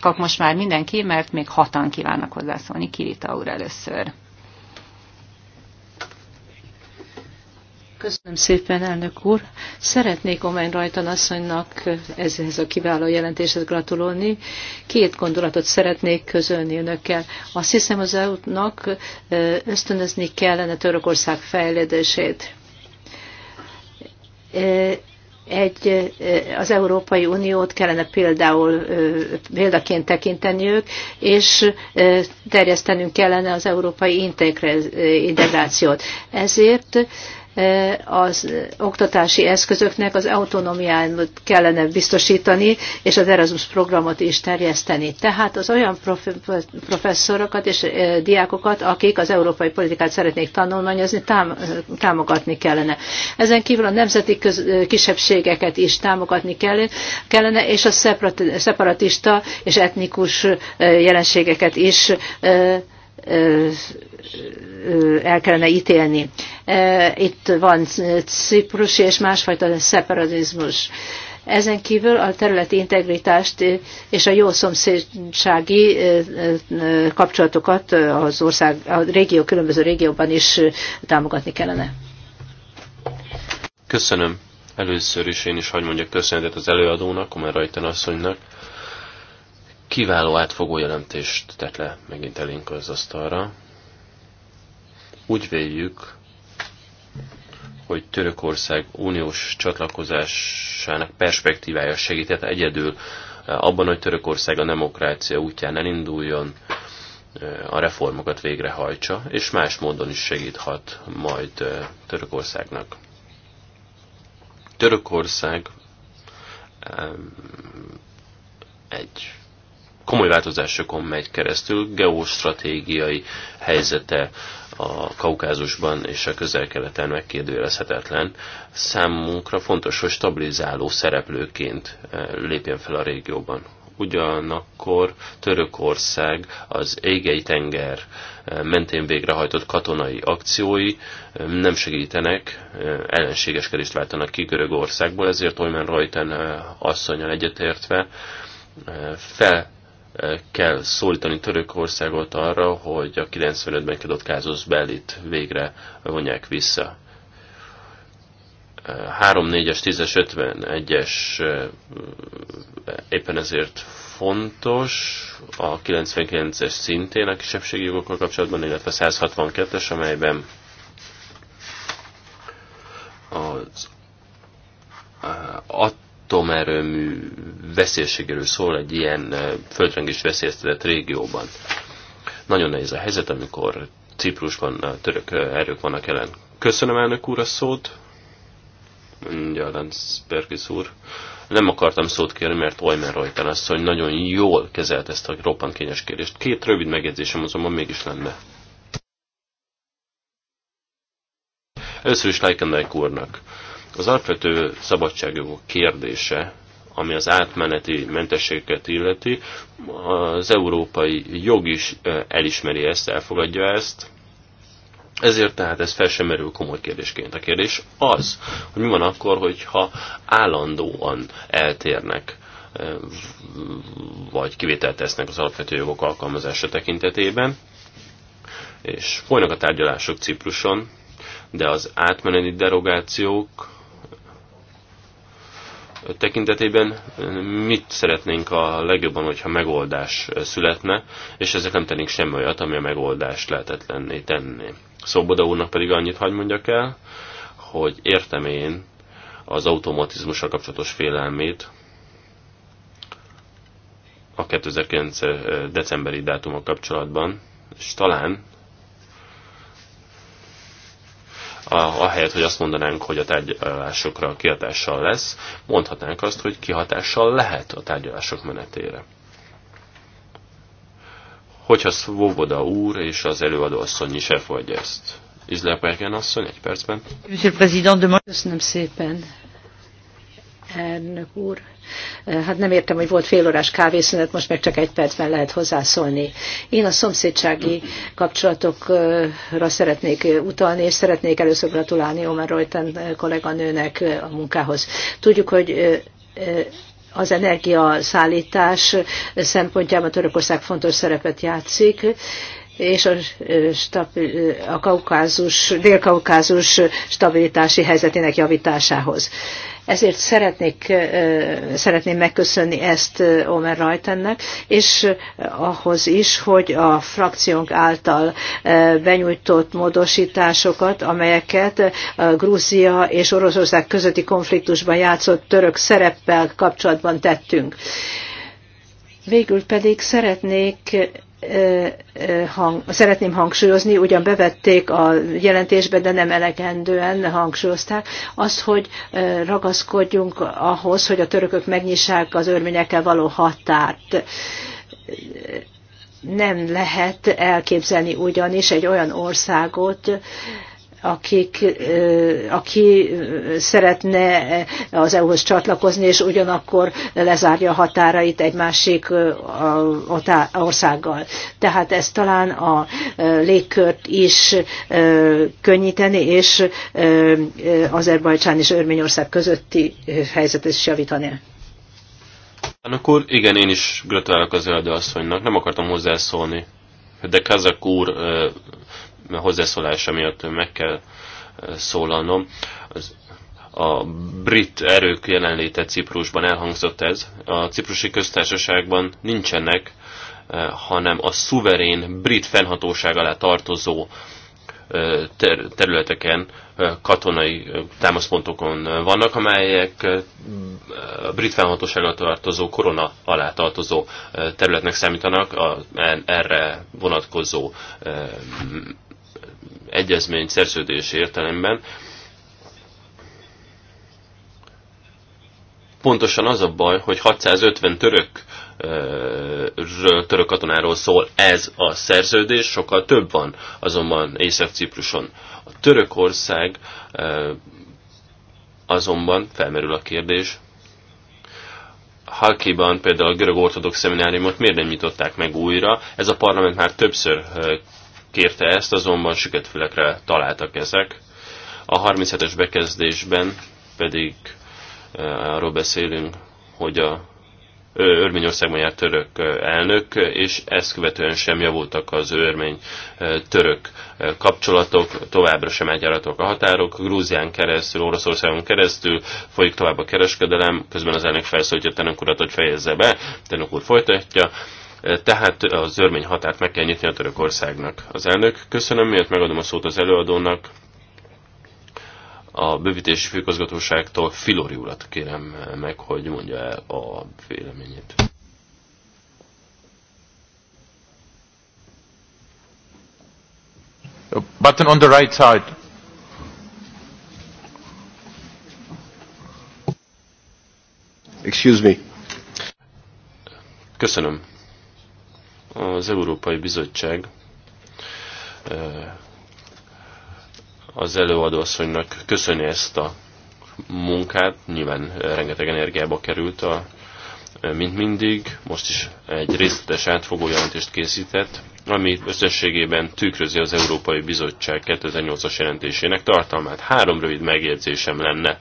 kap kapok most már mindenki, mert még hatan kívánnak hozzászólni. Kirita úr először. Köszönöm szépen, elnök úr. Szeretnék Omen Rajtan asszonynak ezhez a kiváló jelentéshez gratulolni. Két gondolatot szeretnék közölni önökkel. Azt hiszem az EU-nak ösztönözni kellene Törökország fejlődését egy, az Európai Uniót kellene például példaként ők, és terjesztenünk kellene az európai integrációt. Ezért E, az oktatási eszközöknek az autonómiát kellene biztosítani, és az Erasmus programot is terjeszteni. Tehát az olyan professzorokat és e, diákokat, akik az európai politikát szeretnék tanulmányozni, támogatni kellene. Ezen kívül a nemzeti e, kisebbségeket is támogatni kellene, és a szeparatista és etnikus jelenségeket is el kellene ítélni. Itt van ciprusi és másfajta szeparatizmus. Ezen kívül a területi integritást és a jó szomszédsági kapcsolatokat az ország, a régió, különböző régióban is támogatni kellene. Köszönöm. Először is én is hagyd mondjak köszönetet az előadónak, Komár Rajten asszonynak. Kiváló átfogó jelentést tett le megint elénk az asztalra. Úgy véljük, hogy Törökország uniós csatlakozásának perspektívája segített egyedül eh, abban, hogy Törökország a demokrácia útján elinduljon, eh, a reformokat végrehajtsa, és más módon is segíthat majd eh, Törökországnak. Törökország egy komoly változásokon megy keresztül, geostratégiai helyzete a Kaukázusban és a közel-keleten megkérdőjelezhetetlen. Számunkra fontos, hogy stabilizáló szereplőként eh, lépjen fel a régióban. Ugyanakkor Törökország az égei tenger eh, mentén végrehajtott katonai akciói eh, nem segítenek, ellenségeskedést váltanak ki Görögországból, ezért Oymen Reuten asszonyal egyetértve fel kell szólítani Törökországot arra, hogy a 95-ben kiadott kázusz belit végre vonják vissza. 3-4-es, 10-es, 51-es éppen ezért fontos, a 99-es szintén a kisebbségi jogokkal kapcsolatban, illetve 162-es, amelyben az atomerőmű veszélyességéről szól egy ilyen földrengés veszélyeztetett régióban. Nagyon nehéz a helyzet, amikor Ciprusban török erők vannak jelen. Köszönöm elnök úr a szót. Mondja Landsbergis úr. Nem akartam szót kérni, mert Olymer Reuten azt, hogy nagyon jól kezelt ezt a roppant kényes kérdést. Két rövid megjegyzésem azonban mégis lenne. Először is Leikendijk úrnak az alapvető szabadságjogok kérdése, ami az átmeneti mentességeket illeti, az európai jog is elismeri ezt, elfogadja ezt, ezért tehát ez fel sem merül komoly kérdésként. A kérdés az, hogy mi van akkor, hogyha állandóan eltérnek vagy kivételt tesznek az alapvető jogok alkalmazása tekintetében, és folynak a tárgyalások Cipruson, de az átmeneti derogációk tekintetében mit szeretnénk a legjobban, hogyha megoldás születne, és ezek nem tennénk semmi olyat, ami a megoldást lehetetlenné tenni. Szoboda úrnak pedig annyit hagy mondjak el, hogy értem én az automatizmussal kapcsolatos félelmét, a 2009 decemberi dátumok kapcsolatban, és talán ahelyett, hogy azt mondanánk, hogy a tárgyalásokra kihatással lesz, mondhatnánk azt, hogy kihatással lehet a tárgyalások menetére. Hogyha Svoboda úr és az előadó asszony is elfogadja ezt. Izleperken asszony, egy percben. Köszönöm szépen, elnök úr. Hát nem értem, hogy volt órás kávészünet, most meg csak egy percben lehet hozzászólni. Én a szomszédsági kapcsolatokra szeretnék utalni, és szeretnék először gratulálni Omar Reuten kolléganőnek a munkához. Tudjuk, hogy az energiaszállítás szempontjában Törökország fontos szerepet játszik, és a, a kaukázus, dél-kaukázus stabilitási helyzetének javításához. Ezért szeretnék, szeretném megköszönni ezt Omer Rajtennek, és ahhoz is, hogy a frakciónk által benyújtott módosításokat, amelyeket a Grúzia és Oroszország közötti konfliktusban játszott török szereppel kapcsolatban tettünk. Végül pedig szeretnék hang, szeretném hangsúlyozni, ugyan bevették a jelentésbe, de nem elegendően hangsúlyozták, az, hogy ragaszkodjunk ahhoz, hogy a törökök megnyissák az örményekkel való határt. Nem lehet elképzelni ugyanis egy olyan országot, akik, aki szeretne az EU-hoz csatlakozni, és ugyanakkor lezárja a határait egy másik országgal. Tehát ez talán a légkört is könnyíteni, és Azerbajcsán és Örményország közötti helyzetet is javítani. Akkor igen, én is gratulálok az előadó asszonynak, nem akartam hozzászólni. De Kazak úr mert hozzászólása miatt meg kell eh, szólalnom. Az, a brit erők jelenléte Ciprusban elhangzott ez. A ciprusi köztársaságban nincsenek, eh, hanem a szuverén brit fennhatóság alá tartozó eh, területeken, katonai támaszpontokon vannak, amelyek a brit alá tartozó, korona alá tartozó területnek számítanak, a erre vonatkozó egyezmény szerződés értelemben pontosan az a baj, hogy 650 török török katonáról szól ez a szerződés, sokkal több van azonban Észak-Cipruson. A Törökország azonban felmerül a kérdés, Halkiban például a görög ortodox szemináriumot miért nem nyitották meg újra? Ez a parlament már többször kérte ezt, azonban süketfülekre találtak ezek. A 37-es bekezdésben pedig eh, arról beszélünk, hogy a Örményországban járt török eh, elnök, és ezt követően sem javultak az örmény eh, török kapcsolatok, továbbra sem egyáratok a határok, Grúzián keresztül, Oroszországon keresztül folyik tovább a kereskedelem, közben az elnök felszólítja Tenök urat, hogy fejezze be, Tenök úr folytatja, tehát a zörmény határt meg kell nyitni a Törökországnak. Az elnök, köszönöm, miért megadom a szót az előadónak. A bővítési főigazgatóságtól Filori urat kérem meg, hogy mondja el a véleményét. button on the right side. Excuse me. Köszönöm az Európai Bizottság az előadóasszonynak köszöni ezt a munkát, nyilván rengeteg energiába került, a, mint mindig, most is egy részletes átfogó jelentést készített, ami összességében tükrözi az Európai Bizottság 2008-as jelentésének tartalmát. Három rövid megjegyzésem lenne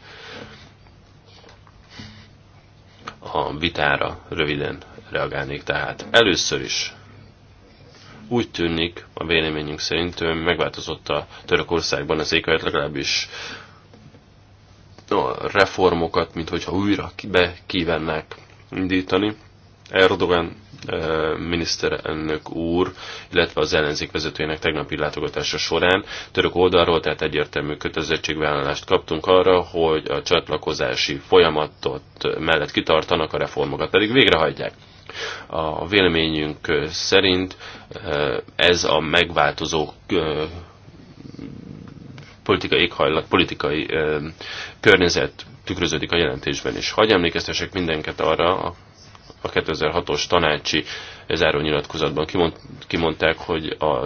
a vitára röviden reagálnék tehát. Először is úgy tűnik, a véleményünk szerint megváltozott a Törökországban az éghajlat legalábbis a reformokat, mint hogyha újra be kívánnák indítani. Erdogan miniszterelnök úr, illetve az ellenzék vezetőjének tegnapi látogatása során török oldalról, tehát egyértelmű kötelezettségvállalást kaptunk arra, hogy a csatlakozási folyamatot mellett kitartanak, a reformokat pedig végrehajtják. A véleményünk szerint ez a megváltozó politikai éghajlat, politikai környezet tükröződik a jelentésben is. Hagy emlékeztesek mindenket arra, a 2006-os tanácsi záró nyilatkozatban kimondták, hogy a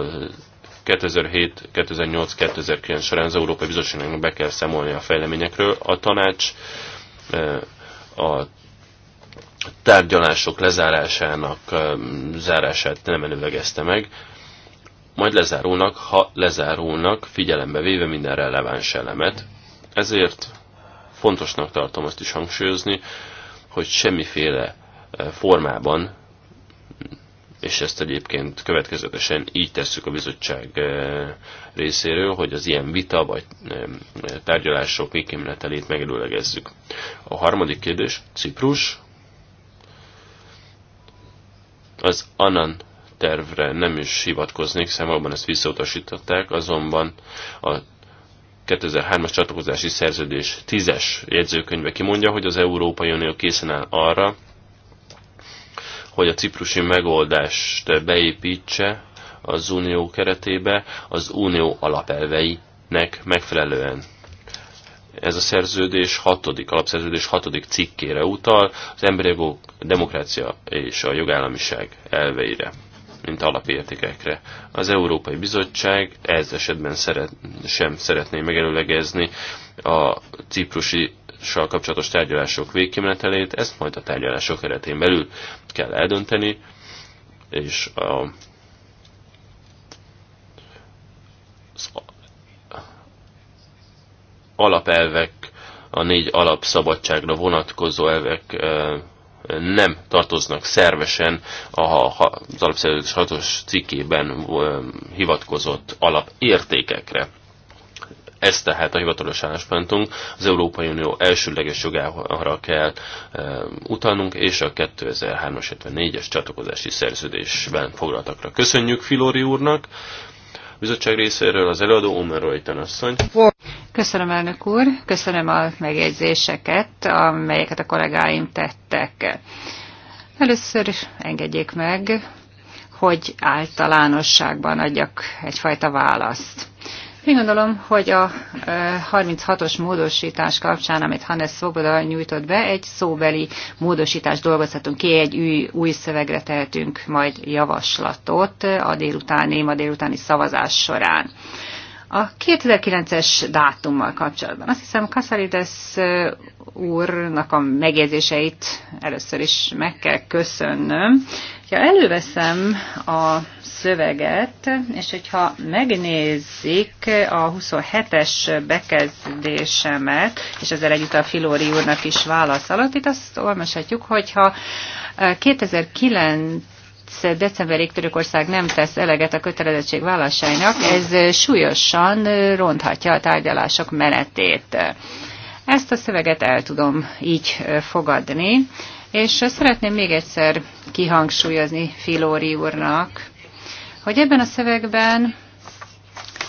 2007, 2008, 2009 során az Európai Bizottságnak be kell számolni a fejleményekről. A tanács a tárgyalások lezárásának zárását nem előlegezte meg, majd lezárulnak, ha lezárulnak, figyelembe véve minden releváns elemet. Ezért fontosnak tartom azt is hangsúlyozni, hogy semmiféle formában, és ezt egyébként következetesen így tesszük a bizottság részéről, hogy az ilyen vita vagy tárgyalások végkémletelét megelőlegezzük. A harmadik kérdés, Ciprus, az Anan tervre nem is hivatkoznék, hiszen valóban ezt visszautasították, azonban a 2003-as csatlakozási szerződés 10-es jegyzőkönyve kimondja, hogy az Európai Unió készen áll arra, hogy a ciprusi megoldást beépítse az unió keretébe az unió alapelveinek megfelelően ez a szerződés hatodik, alapszerződés hatodik cikkére utal, az emberi jogok, demokrácia és a jogállamiság elveire, mint alapértékekre. Az Európai Bizottság ez esetben szeret, sem szeretné megelőlegezni a ciprusi kapcsolatos tárgyalások végkimenetelét, ezt majd a tárgyalások keretén belül kell eldönteni, és a alapelvek, a négy alapszabadságra vonatkozó elvek nem tartoznak szervesen az alapszerződés 6-os cikkében hivatkozott alapértékekre. Ez tehát a hivatalos álláspontunk. Az Európai Unió elsőleges jogára kell e, utalnunk, és a 2003-as 74-es csatlakozási szerződésben foglaltakra. Köszönjük Filori úrnak! bizottság részéről az előadó Omer Rojten asszony. Köszönöm, elnök úr, köszönöm a megjegyzéseket, amelyeket a kollégáim tettek. Először is engedjék meg, hogy általánosságban adjak egyfajta választ. Én gondolom, hogy a 36-os módosítás kapcsán, amit Hannes Szoboda nyújtott be, egy szóbeli módosítást dolgozhatunk ki, egy új, új szövegre tehetünk majd javaslatot a délutáni, ma délutáni szavazás során. A 2009-es dátummal kapcsolatban azt hiszem Kaszarides úrnak a megjegyzéseit először is meg kell köszönnöm. Ha előveszem a szöveget, és hogyha megnézik a 27-es bekezdésemet, és ezzel együtt a Filóri úrnak is válasz alatt, itt azt olvashatjuk, hogyha 2009 eh, decemberig Törökország nem tesz eleget a kötelezettség válaszainak, ez eh, súlyosan eh, ronthatja a tárgyalások menetét. Ezt a szöveget el tudom így fogadni, és szeretném még egyszer kihangsúlyozni Filóri úrnak, hogy ebben a szövegben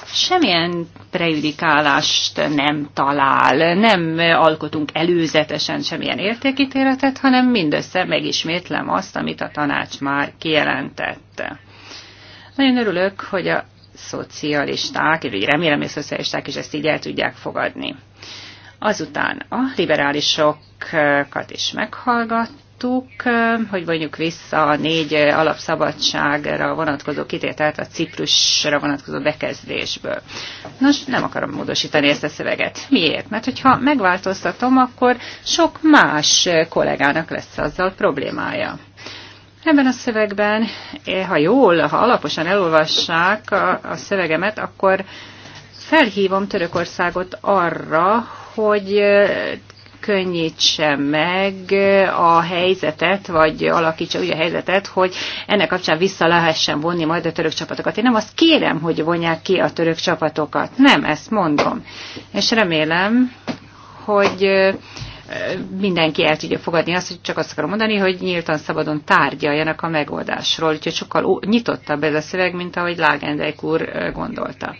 semmilyen prejudikálást nem talál, nem alkotunk előzetesen semmilyen értékítéletet, hanem mindössze megismétlem azt, amit a tanács már kijelentette. Nagyon örülök, hogy a szocialisták, vagy remélem, hogy a szocialisták is ezt így el tudják fogadni. Azután a liberálisokat is meghallgat, elfogadtuk, hogy mondjuk vissza a négy alapszabadságra vonatkozó kitételt a Ciprusra vonatkozó bekezdésből. Nos, nem akarom módosítani ezt a szöveget. Miért? Mert hogyha megváltoztatom, akkor sok más kollégának lesz azzal problémája. Ebben a szövegben, eh, ha jól, ha alaposan elolvassák a, a szövegemet, akkor felhívom Törökországot arra, hogy eh, könnyítse meg a helyzetet, vagy alakítsa úgy a helyzetet, hogy ennek kapcsán vissza lehessen vonni majd a török csapatokat. Én nem azt kérem, hogy vonják ki a török csapatokat. Nem, ezt mondom. És remélem, hogy mindenki el tudja fogadni azt, hogy csak azt akarom mondani, hogy nyíltan szabadon tárgyaljanak a megoldásról, úgyhogy sokkal nyitottabb ez a szöveg, mint ahogy Lágendejk úr gondolta.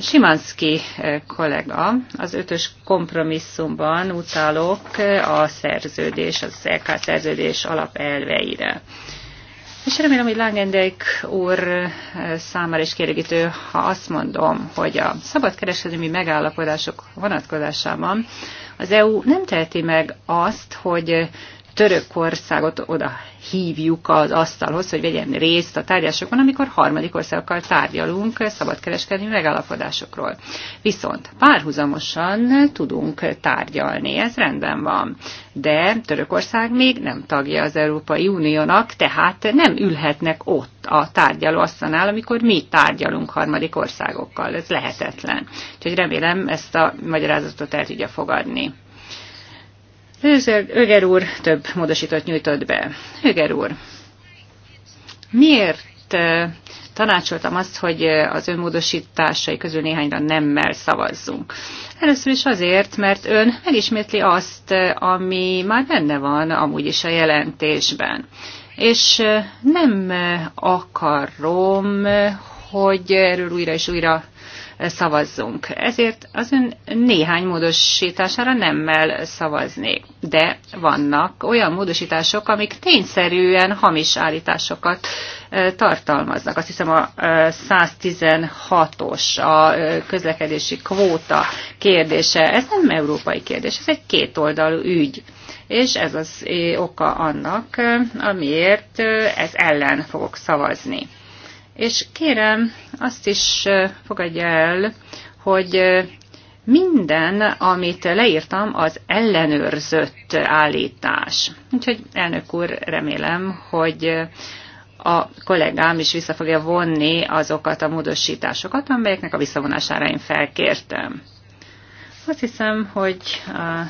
Simanski eh, kollega az ötös kompromisszumban utalok eh, a szerződés, az LK szerződés alapelveire. És remélem, hogy Langendijk úr eh, számára is kérgítő, ha azt mondom, hogy a szabadkereskedelmi megállapodások vonatkozásában az EU nem teheti meg azt, hogy Törökországot oda hívjuk az asztalhoz, hogy vegyen részt a tárgyásokon, amikor harmadik országokkal tárgyalunk szabadkereskedelmi megállapodásokról. Viszont párhuzamosan tudunk tárgyalni, ez rendben van. De Törökország még nem tagja az Európai Uniónak, tehát nem ülhetnek ott a tárgyaló asztalnál, amikor mi tárgyalunk harmadik országokkal. Ez lehetetlen. Úgyhogy remélem ezt a magyarázatot el tudja fogadni. Öger úr több módosítót nyújtott be. Öger úr, miért tanácsoltam azt, hogy az ön módosításai közül néhányra nemmel szavazzunk. Először is azért, mert ön megismétli azt, ami már benne van amúgy is a jelentésben. És nem akarom, hogy erről újra és újra szavazzunk. Ezért az ön néhány módosítására mell szavazni, De vannak olyan módosítások, amik tényszerűen hamis állításokat tartalmaznak. Azt hiszem a 116-os a közlekedési kvóta kérdése, ez nem európai kérdés, ez egy kétoldalú ügy. És ez az oka annak, amiért ez ellen fogok szavazni. És kérem, azt is fogadja el, hogy minden, amit leírtam, az ellenőrzött állítás. Úgyhogy elnök úr, remélem, hogy a kollégám is vissza fogja vonni azokat a módosításokat, amelyeknek a visszavonására én felkértem. Azt hiszem, hogy a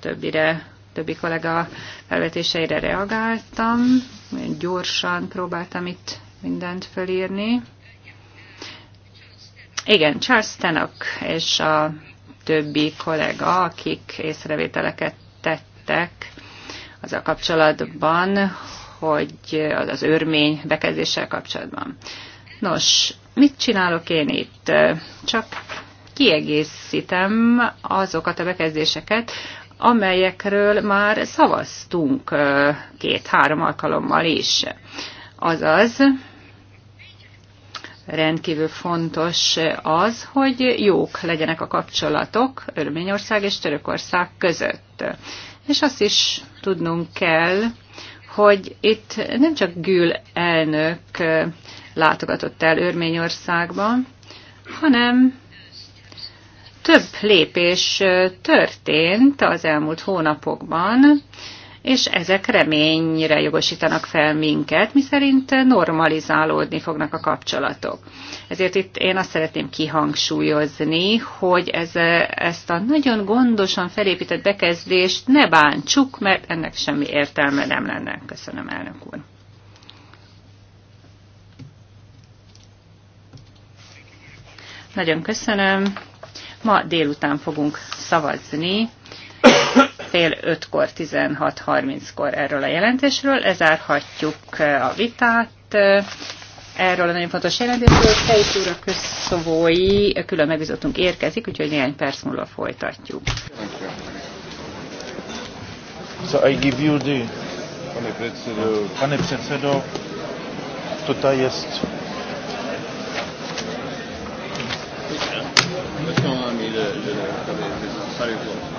többire, többi kollega felvetéseire reagáltam, gyorsan próbáltam itt mindent felírni. Igen, Charles tenok és a többi kollega, akik észrevételeket tettek az a kapcsolatban, hogy az, az örmény bekezdéssel kapcsolatban. Nos, mit csinálok én itt? Csak kiegészítem azokat a bekezdéseket, amelyekről már szavaztunk két-három alkalommal is. Azaz, rendkívül fontos az, hogy jók legyenek a kapcsolatok Örményország és Törökország között. És azt is tudnunk kell, hogy itt nem csak Gül elnök látogatott el Örményországba, hanem több lépés történt az elmúlt hónapokban, és ezek reményre jogosítanak fel minket, miszerint normalizálódni fognak a kapcsolatok. Ezért itt én azt szeretném kihangsúlyozni, hogy ez, ezt a nagyon gondosan felépített bekezdést ne bántsuk, mert ennek semmi értelme nem lenne. Köszönöm, elnök úr. Nagyon köszönöm. Ma délután fogunk szavazni fél ötkor, 16.30-kor erről a jelentésről. Lezárhatjuk eh, a vitát eh, erről a nagyon fontos jelentésről. Fejt úr a közszavói külön megbizottunk érkezik, úgyhogy néhány perc múlva folytatjuk. So I give you the... Pane předsedo. Pane předsedo, toto je... Köszönöm, amire, amire, amire, amire,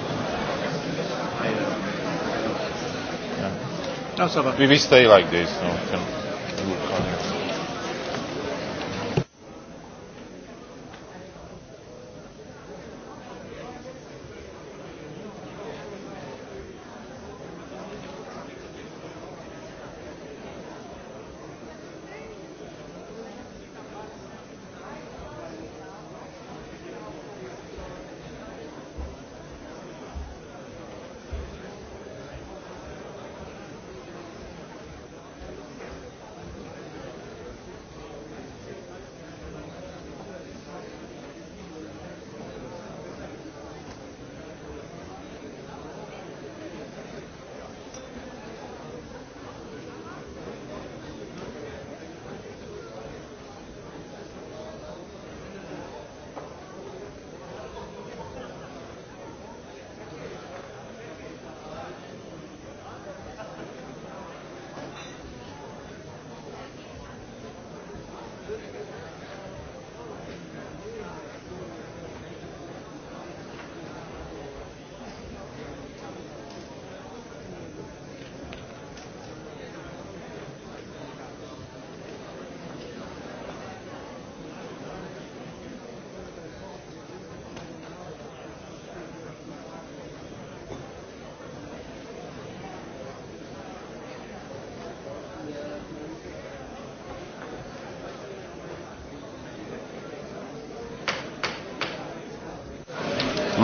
Yeah. No, so we stay like this. No, can,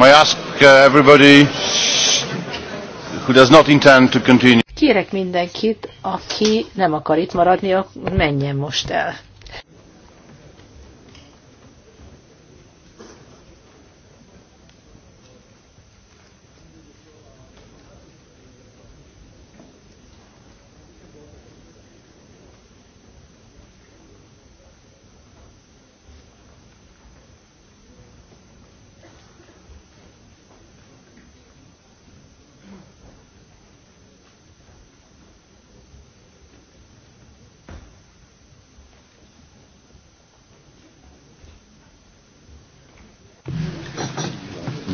I ask uh, everybody who does not intend to continue. Kérek mindenkit, aki nem akar itt maradni, menjen most el.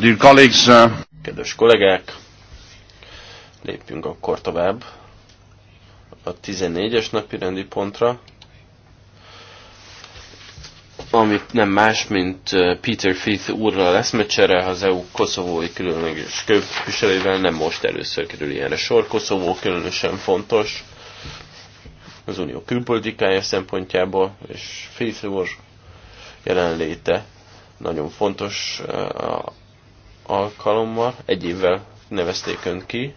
Dear colleagues, uh, Kedves kollégák, lépjünk akkor tovább a 14-es napi rendi pontra, ami nem más, mint uh, Peter Fith úrral meccsere, az EU koszovói különleges képviselővel, nem most először kerül ilyenre sor. Koszovó különösen fontos az unió külpolitikája szempontjából, és Fith úr jelenléte nagyon fontos uh, alkalommal, egy évvel nevezték önt ki,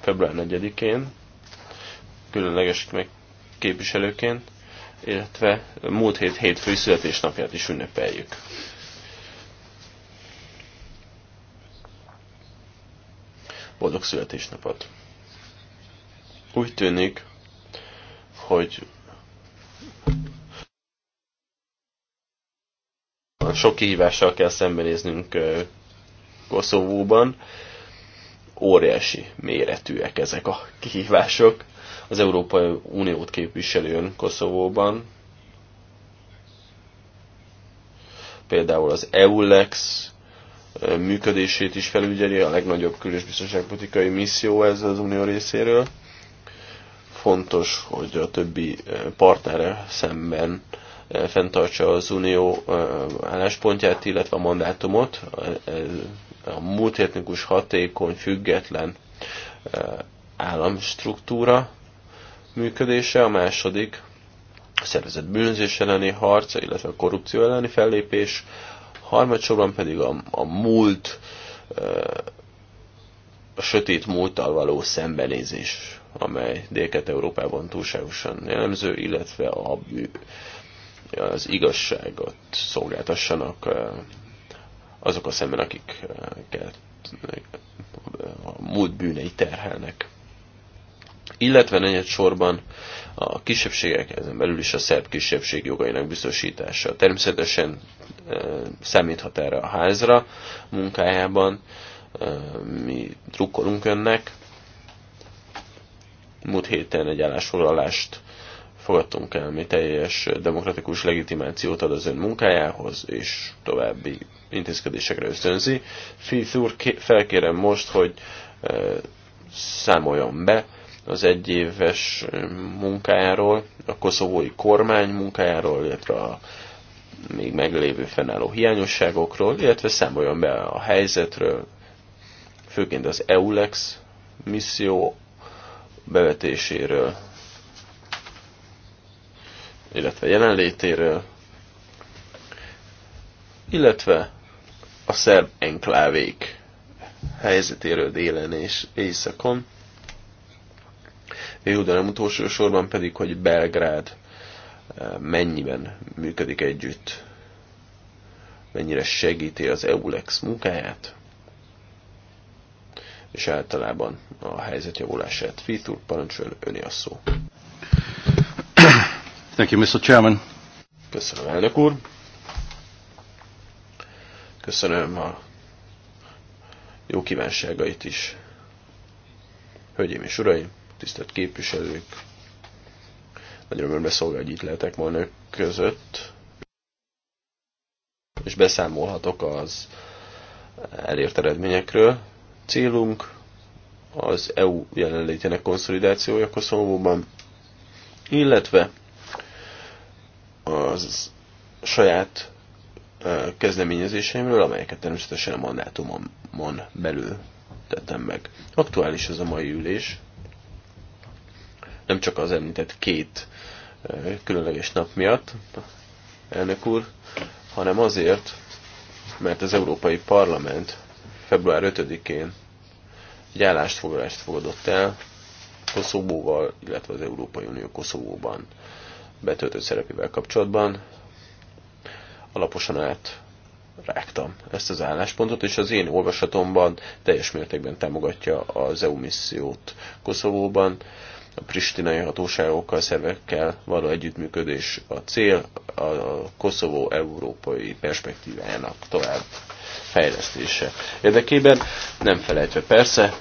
február 4-én, különleges meg képviselőként, illetve múlt hét hétfői születésnapját is ünnepeljük. Boldog születésnapot! Úgy tűnik, hogy sok kihívással kell szembenéznünk Koszovóban. Óriási méretűek ezek a kihívások. Az Európai Uniót képviselőn Koszovóban. Például az EULEX működését is felügyeli, a legnagyobb külös biztonságpolitikai misszió ez az unió részéről. Fontos, hogy a többi partnere szemben fenntartsa az unió álláspontját, illetve a mandátumot, a multietnikus, hatékony, független államstruktúra működése, a második a szervezett bűnözés elleni harca, illetve a korrupció elleni fellépés, harmadsorban pedig a, a múlt, a sötét múlttal való szembenézés, amely Délket-Európában túlságosan jellemző, illetve a az igazságot szolgáltassanak azok a szemben, akiket a múlt bűnei terhelnek. Illetve negyed sorban a kisebbségek, ezen belül is a szerb kisebbség jogainak biztosítása. Természetesen számíthat erre a házra munkájában, mi drukkolunk önnek. Múlt héten egy állásfoglalást fogadtunk el, ami teljes demokratikus legitimációt ad az ön munkájához, és további intézkedésekre ösztönzi. Fifth úr, felkérem most, hogy e, számoljon be az egyéves munkájáról, a koszovói kormány munkájáról, illetve a még meglévő fennálló hiányosságokról, illetve számoljon be a helyzetről, főként az EULEX misszió bevetéséről, illetve jelenlétéről, illetve a szerb enklávék helyzetéről délen és éjszakon. Végül, de nem utolsó sorban pedig, hogy Belgrád eh, mennyiben működik együtt, mennyire segíti az EULEX munkáját, és általában a helyzet javulását. Fitur, parancsoljon öni a szó. Thank you, Mr. Chairman. Köszönöm, elnök úr. Köszönöm a jó kívánságait is. Hölgyeim és uraim, tisztelt képviselők, nagyon örömmel szolgál, hogy itt lehetek ma önök között, és beszámolhatok az elért eredményekről. Célunk az EU jelenlétének konszolidációja Koszovóban, illetve az saját kezdeményezéseimről, amelyeket természetesen a mandátumon belül tettem meg. Aktuális ez a mai ülés, nem csak az említett két különleges nap miatt, elnök úr, hanem azért, mert az Európai Parlament február 5-én egy állásfoglalást fogadott el Koszovóval, illetve az Európai Unió Koszovóban betöltő szerepével kapcsolatban alaposan át rágtam ezt az álláspontot, és az én olvasatomban teljes mértékben támogatja az EU missziót Koszovóban. A pristinai hatóságokkal, szervekkel való együttműködés a cél a Koszovó európai perspektívájának tovább fejlesztése. Érdekében nem felejtve persze,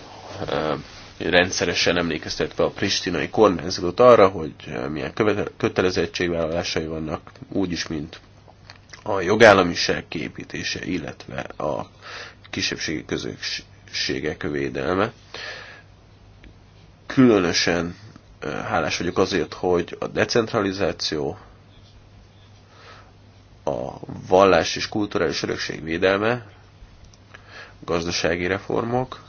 rendszeresen emlékeztetve a pristinai kormányzatot arra, hogy eh, milyen kötelezettségvállalásai vannak, úgyis, mint a jogállamiság képítése, illetve a kisebbségi közösségek védelme. Különösen eh, hálás vagyok azért, hogy a decentralizáció, a vallás és kulturális örökség védelme, gazdasági reformok,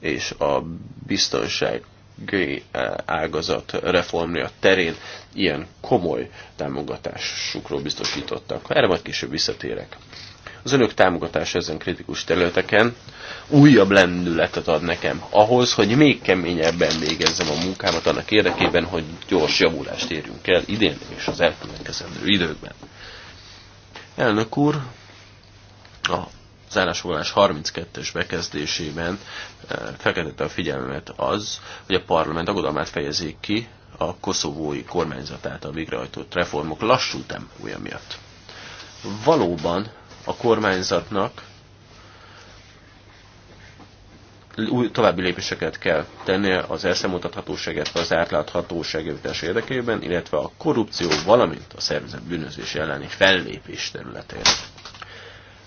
és a biztonsági e, ágazat reformja terén ilyen komoly támogatásukról biztosítottak. Erre majd később visszatérek. Az önök támogatása ezen kritikus területeken újabb lendületet ad nekem ahhoz, hogy még keményebben végezzem a munkámat annak érdekében, hogy gyors javulást érjünk el idén és az elkövetkezendő időkben. Elnök úr, a az állásfoglalás 32-es bekezdésében eh, felkeltette a figyelmet az, hogy a parlament aggodalmát fejezik ki a koszovói kormányzat által végrehajtott reformok lassú tempója miatt. Valóban a kormányzatnak új további lépéseket kell tennie az elszámoltathatóság, az átláthatóság javítása érdekében, illetve a korrupció, valamint a szervezet bűnözés elleni fellépés területén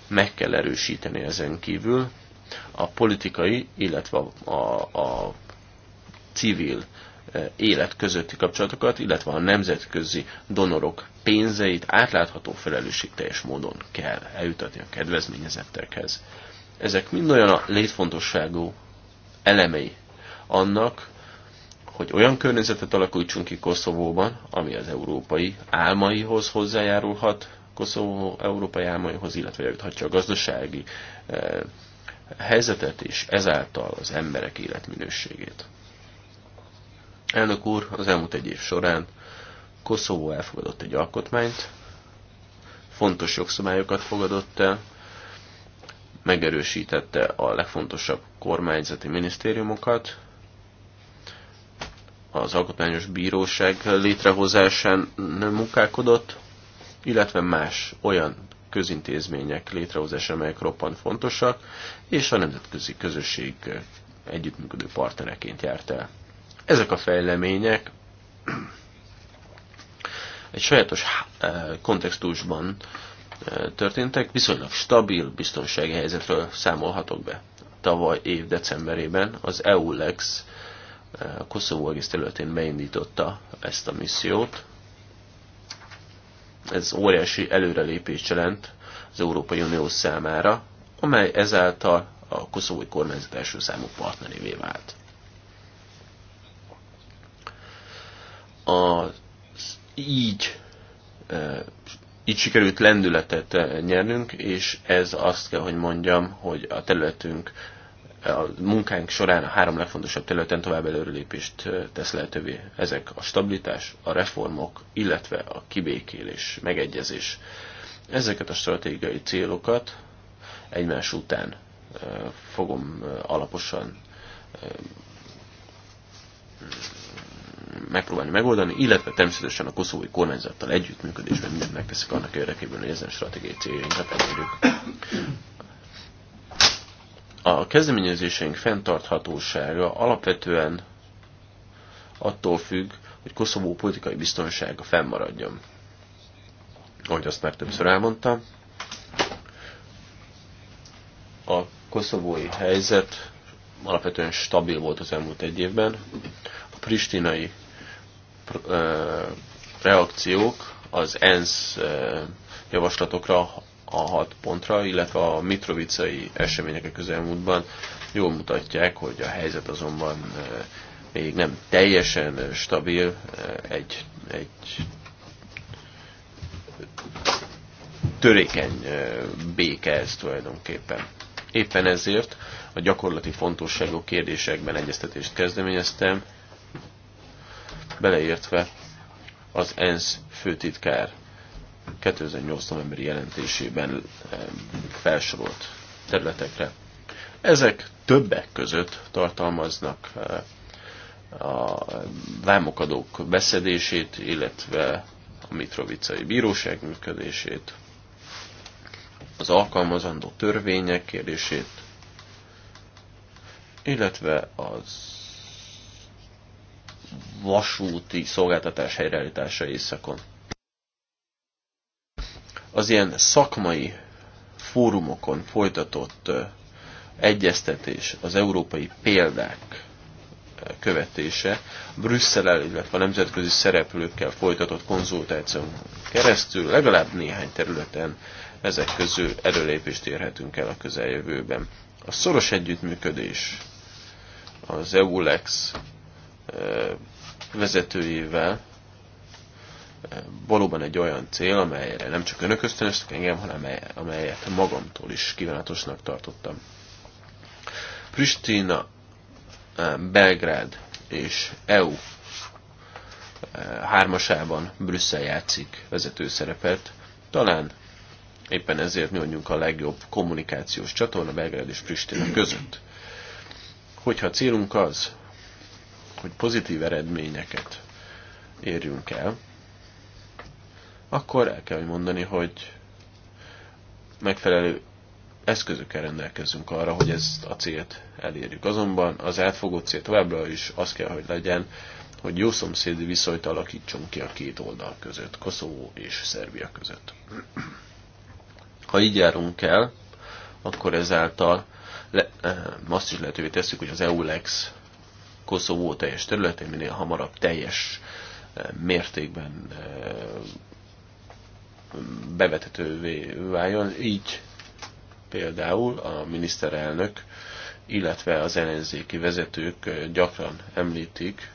meg kell erősíteni ezen kívül a politikai, illetve a, a civil e, élet közötti kapcsolatokat, illetve a nemzetközi donorok pénzeit átlátható felelősségteljes módon kell eljutatni a kedvezményezettekhez. Ezek mind olyan a létfontosságú elemei annak, hogy olyan környezetet alakítsunk ki Koszovóban, ami az európai álmaihoz hozzájárulhat, Koszovó európai álmaihoz, illetve juthatja a gazdasági eh, helyzetet és ezáltal az emberek életminőségét. Elnök úr, az elmúlt egy év során Koszovó elfogadott egy alkotmányt, fontos jogszabályokat fogadott el, megerősítette a legfontosabb kormányzati minisztériumokat, az alkotmányos bíróság létrehozásán munkálkodott, illetve más olyan közintézmények létrehozása, amelyek roppant fontosak, és a nemzetközi közösség eh, együttműködő partnereként járt el. Ezek a fejlemények egy sajátos eh, kontextusban eh, történtek, viszonylag stabil biztonsági helyzetről számolhatok be. Tavaly év decemberében az EULEX Koszovó egész területén beindította ezt a missziót, ez óriási előrelépés jelent az Európai Unió számára, amely ezáltal a koszovói kormányzat első számú partnerévé vált. A, így e, így sikerült lendületet e, nyernünk, és ez azt kell, hogy mondjam, hogy a területünk a munkánk során a három legfontosabb területen tovább előrelépést tesz lehetővé. Ezek a stabilitás, a reformok, illetve a kibékélés, megegyezés. Ezeket a stratégiai célokat egymás után fogom alaposan megpróbálni megoldani, illetve természetesen a koszovói kormányzattal együttműködésben mindent megteszek annak érdekében, hogy ezen stratégiai céljainkat elérjük. A kezdeményezéseink fenntarthatósága alapvetően attól függ, hogy Koszovó politikai biztonsága fennmaradjon. Ahogy azt már többször elmondtam, a koszovói helyzet alapvetően stabil volt az elmúlt egy évben. A pristinai eh, reakciók az ENSZ eh, javaslatokra a hat pontra, illetve a mitrovicai események a közelmúltban jól mutatják, hogy a helyzet azonban eh, még nem teljesen stabil, eh, egy, egy törékeny eh, béke ez tulajdonképpen. Éppen ezért a gyakorlati fontosságú kérdésekben egyeztetést kezdeményeztem, beleértve az ENSZ főtitkár 2008. novemberi jelentésében eh, felsorolt területekre. Ezek többek között tartalmaznak eh, a vámokadók beszedését, illetve a Mitrovicai Bíróság működését, az alkalmazandó törvények kérdését, illetve az vasúti szolgáltatás helyreállítása északon az ilyen szakmai fórumokon folytatott egyeztetés, az európai példák követése, Brüsszel, illetve a nemzetközi szereplőkkel folytatott konzultáción keresztül legalább néhány területen ezek közül erőlépést érhetünk el a közeljövőben. A szoros együttműködés az EULEX vezetőjével valóban egy olyan cél, amelyre nem csak önök ösztönöztek engem, hanem amelyet magamtól is kívánatosnak tartottam. Pristina, eh, Belgrád és EU eh, hármasában Brüsszel játszik vezető szerepet. Talán éppen ezért mi vagyunk a legjobb kommunikációs csatorna Belgrád és Pristina között. Hogyha a célunk az, hogy pozitív eredményeket érjünk el, akkor el kell mondani, hogy megfelelő eszközökkel rendelkezünk arra, hogy ezt a célt elérjük. Azonban az elfogó cél továbbra is az kell, hogy legyen, hogy jó szomszédi viszonyt alakítsunk ki a két oldal között, Koszovó és Szerbia között. Ha így járunk el, akkor ezáltal le, eh, azt is lehetővé tesszük, hogy az EULEX Koszovó teljes területén minél hamarabb teljes eh, mértékben eh, bevethetővé váljon, így például a miniszterelnök, illetve az ellenzéki vezetők gyakran említik,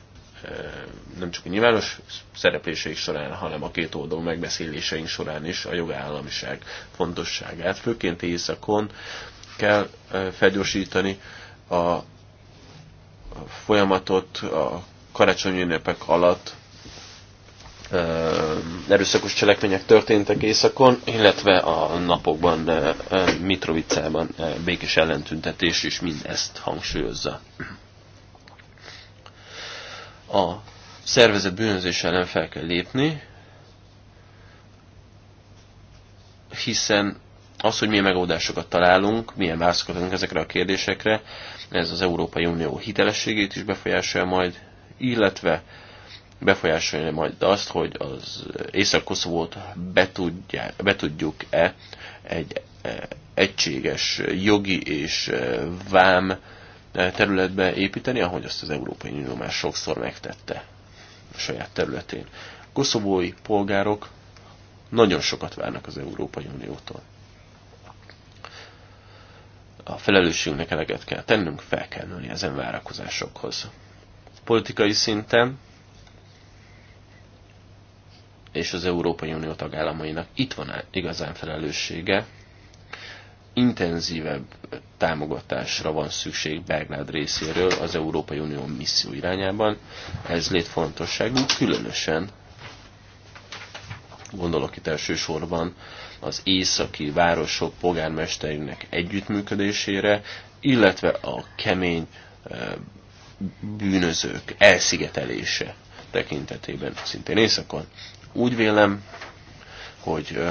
nem csak a nyilvános szerepléseik során, hanem a két oldalú megbeszéléseink során is a jogállamiság fontosságát. Főként éjszakon kell felgyorsítani a folyamatot a karácsonyi ünnepek alatt erőszakos cselekmények történtek éjszakon, illetve a napokban Mitrovicában békés ellentüntetés is mind ezt hangsúlyozza. A szervezet bűnözés ellen fel kell lépni, hiszen az, hogy milyen megoldásokat találunk, milyen válaszokat adunk ezekre a kérdésekre, ez az Európai Unió hitelességét is befolyásolja majd, illetve befolyásolja majd azt, hogy az Észak-Koszovót be tudjuk-e egy e, egységes jogi és e, vám e, területbe építeni, ahogy azt az Európai Unió már sokszor megtette a saját területén. Koszovói polgárok nagyon sokat várnak az Európai Uniótól. A felelősségünknek eleget kell tennünk, fel kell nőni ezen várakozásokhoz. Politikai szinten és az Európai Unió tagállamainak itt van igazán felelőssége, intenzívebb támogatásra van szükség Belgrád részéről az Európai Unió misszió irányában. Ez létfontosságú, különösen gondolok itt elsősorban az északi városok polgármesterének együttműködésére, illetve a kemény bűnözők elszigetelése tekintetében, szintén északon. Úgy vélem, hogy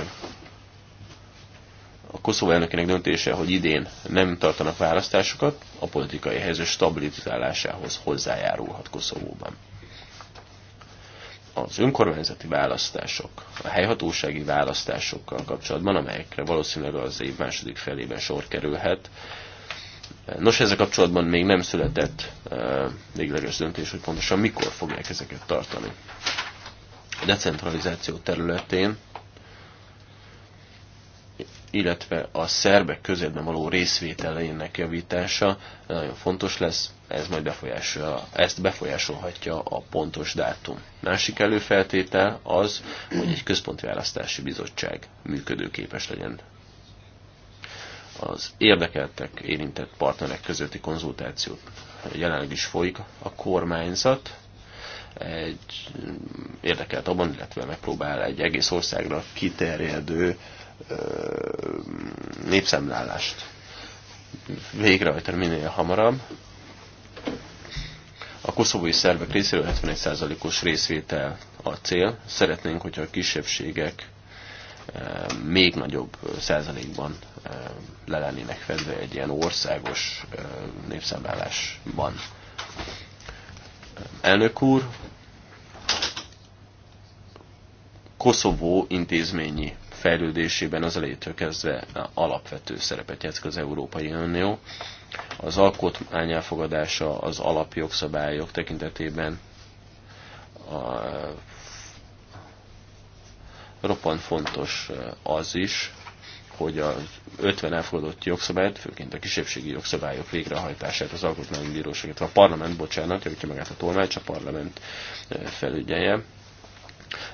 a Koszovó elnökének döntése, hogy idén nem tartanak választásokat, a politikai helyzet stabilizálásához hozzájárulhat Koszovóban. Az önkormányzati választások, a helyhatósági választásokkal kapcsolatban, amelyekre valószínűleg az év második felében sor kerülhet, Nos, ezzel kapcsolatban még nem született végleges döntés, hogy pontosan mikor fogják ezeket tartani decentralizáció területén, illetve a szerbek közében való részvételének javítása nagyon fontos lesz, ez majd befolyásolja, ezt befolyásolhatja a pontos dátum. Másik előfeltétel az, hogy egy központi választási bizottság működőképes legyen. Az érdekeltek, érintett partnerek közötti konzultáció jelenleg is folyik, a kormányzat egy mm, érdekelt abban, illetve megpróbál egy egész országra kiterjedő népszemlálást végrehajtani minél hamarabb. A koszovói szervek részéről 71%-os részvétel a cél. Szeretnénk, hogyha a kisebbségek még nagyobb százalékban le lennének fedve egy ilyen országos népszámlálásban. Elnök úr, Koszovó intézményi fejlődésében az elétől kezdve alapvető szerepet játszik az Európai Unió. Az alkotmány elfogadása az alapjogszabályok tekintetében a, roppant fontos eh, az is, hogy az 50 elfogadott jogszabályt, főként a kisebbségi jogszabályok végrehajtását az alkotmánybíróság, illetve a parlament, bocsánat, javítja magát a tolmács, a parlament e, felügyelje,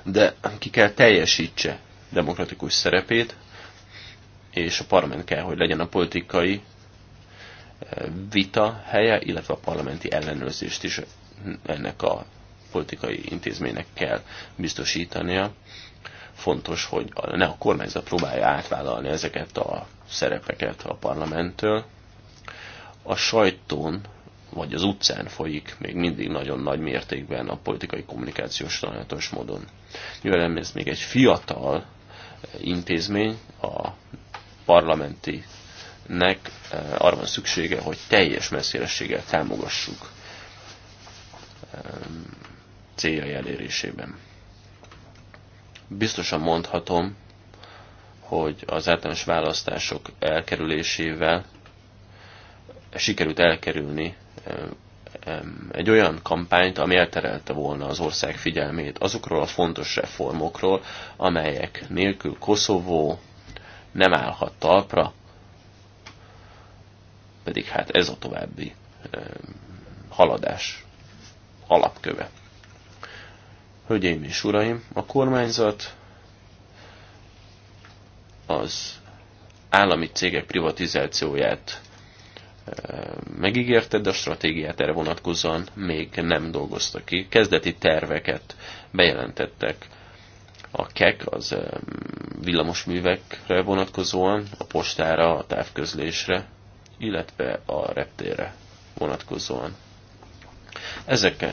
de ki kell teljesítse demokratikus szerepét, és a parlament kell, hogy legyen a politikai e, vita helye, illetve a parlamenti ellenőrzést is ennek a politikai intézménynek kell biztosítania fontos, hogy ne a kormányzat próbálja átvállalni ezeket a szerepeket a parlamenttől. A sajtón vagy az utcán folyik még mindig nagyon nagy mértékben a politikai kommunikációs tanálatos módon. Mivel ez még egy fiatal eh, intézmény, a parlamenti nek eh, arra van szüksége, hogy teljes messzélességgel támogassuk eh, céljai elérésében. Biztosan mondhatom, hogy az általános választások elkerülésével eh, sikerült elkerülni eh, egy olyan kampányt, ami elterelte volna az ország figyelmét azokról a fontos reformokról, amelyek nélkül Koszovó nem állhat talpra, pedig hát ez a további haladás alapköve. Hölgyeim és uraim, a kormányzat az állami cégek privatizációját eh, megígérte, de a stratégiát erre vonatkozóan még nem dolgozta ki. Kezdeti terveket bejelentettek a KEK, az eh, villamosművekre vonatkozóan, a postára, a távközlésre, illetve a reptérre vonatkozóan. Ezek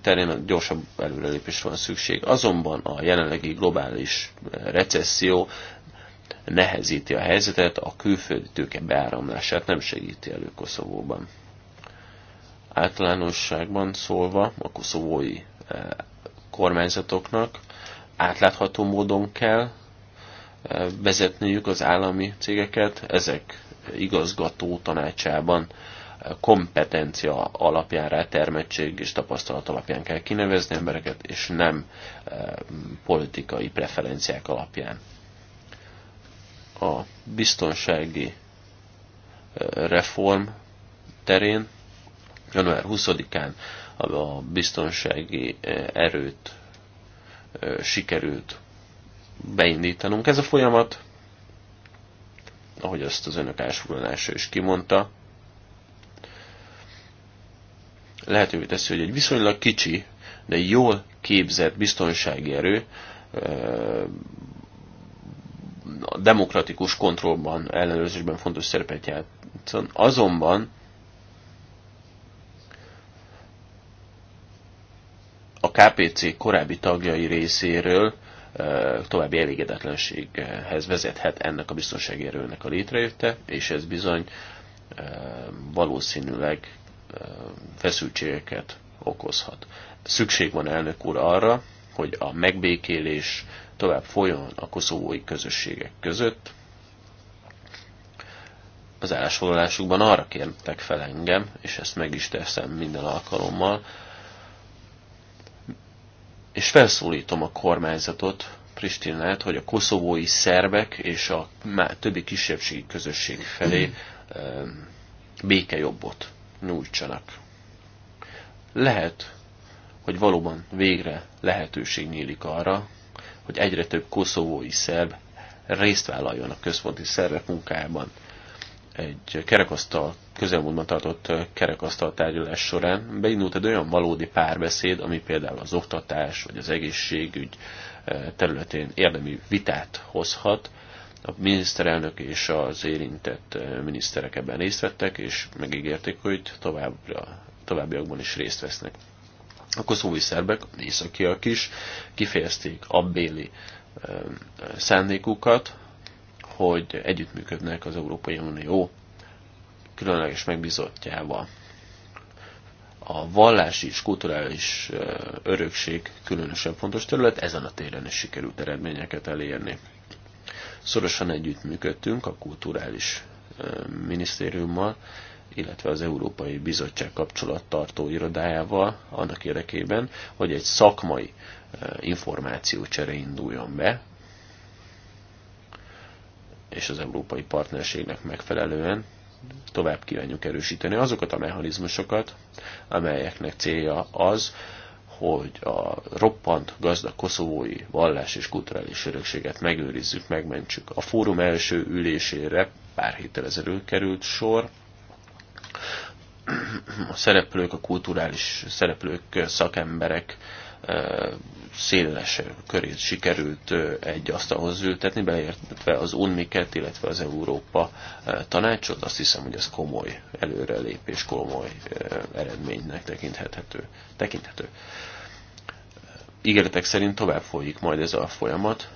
terén gyorsabb előrelépésre van szükség. Azonban a jelenlegi globális recesszió nehezíti a helyzetet, a külföldi tőke beáramlását nem segíti elő Koszovóban. Általánosságban szólva a koszovói eh, kormányzatoknak átlátható módon kell eh, vezetniük az állami cégeket, ezek igazgató tanácsában kompetencia alapján, rátermettség és tapasztalat alapján kell kinevezni embereket, és nem eh, politikai preferenciák alapján. A biztonsági eh, reform terén január 20-án a biztonsági eh, erőt sikerült beindítanunk. Ez a folyamat, ahogy azt az önök ásulása is kimondta, lehetővé teszi, hogy egy viszonylag kicsi, de jól képzett biztonsági erő a demokratikus kontrollban, ellenőrzésben fontos szerepet játszon. Azonban a KPC korábbi tagjai részéről további elégedetlenséghez vezethet ennek a biztonsági erőnek a létrejötte, és ez bizony valószínűleg feszültségeket okozhat. Szükség van elnök úr arra, hogy a megbékélés tovább folyjon a koszovói közösségek között. Az állásfoglalásukban arra kértek fel engem, és ezt meg is teszem minden alkalommal, és felszólítom a kormányzatot, Pristinát, hogy a koszovói szerbek és a többi kisebbségi közösség felé béke jobbot nyújtsanak. Lehet, hogy valóban végre lehetőség nyílik arra, hogy egyre több koszovói szerb részt vállaljon a központi szervek munkájában. Egy kerekasztal, közelmúltban tartott kerekasztal tárgyalás során beindult egy olyan valódi párbeszéd, ami például az oktatás vagy az egészségügy eh, területén érdemi vitát hozhat, a miniszterelnök és az érintett eh, miniszterek ebben részt vettek, és megígérték, hogy továbbra, továbbiakban is részt vesznek. A koszovói szerbek, északiak is kifejezték béli eh, szándékukat, hogy együttműködnek az Európai Unió különleges megbizottjával. A vallási és kulturális eh, örökség különösen fontos terület, ezen a téren is sikerült eredményeket elérni. Szorosan együttműködtünk a kulturális minisztériummal, illetve az Európai Bizottság kapcsolattartó irodájával annak érdekében, hogy egy szakmai információcsere induljon be, és az európai partnerségnek megfelelően tovább kívánjuk erősíteni azokat a mechanizmusokat, amelyeknek célja az, hogy a roppant gazda koszovói vallás és kulturális örökséget megőrizzük, megmentsük. A fórum első ülésére pár héttel ezelőtt került sor. A szereplők, a kulturális szereplők, szakemberek széles körét sikerült egy asztalhoz ültetni, beleértve az UNMIKET, illetve az Európa tanácsot. Azt hiszem, hogy ez komoly előrelépés, komoly eredménynek tekinthető. tekinthető. Ígéretek szerint tovább folyik majd ez a folyamat,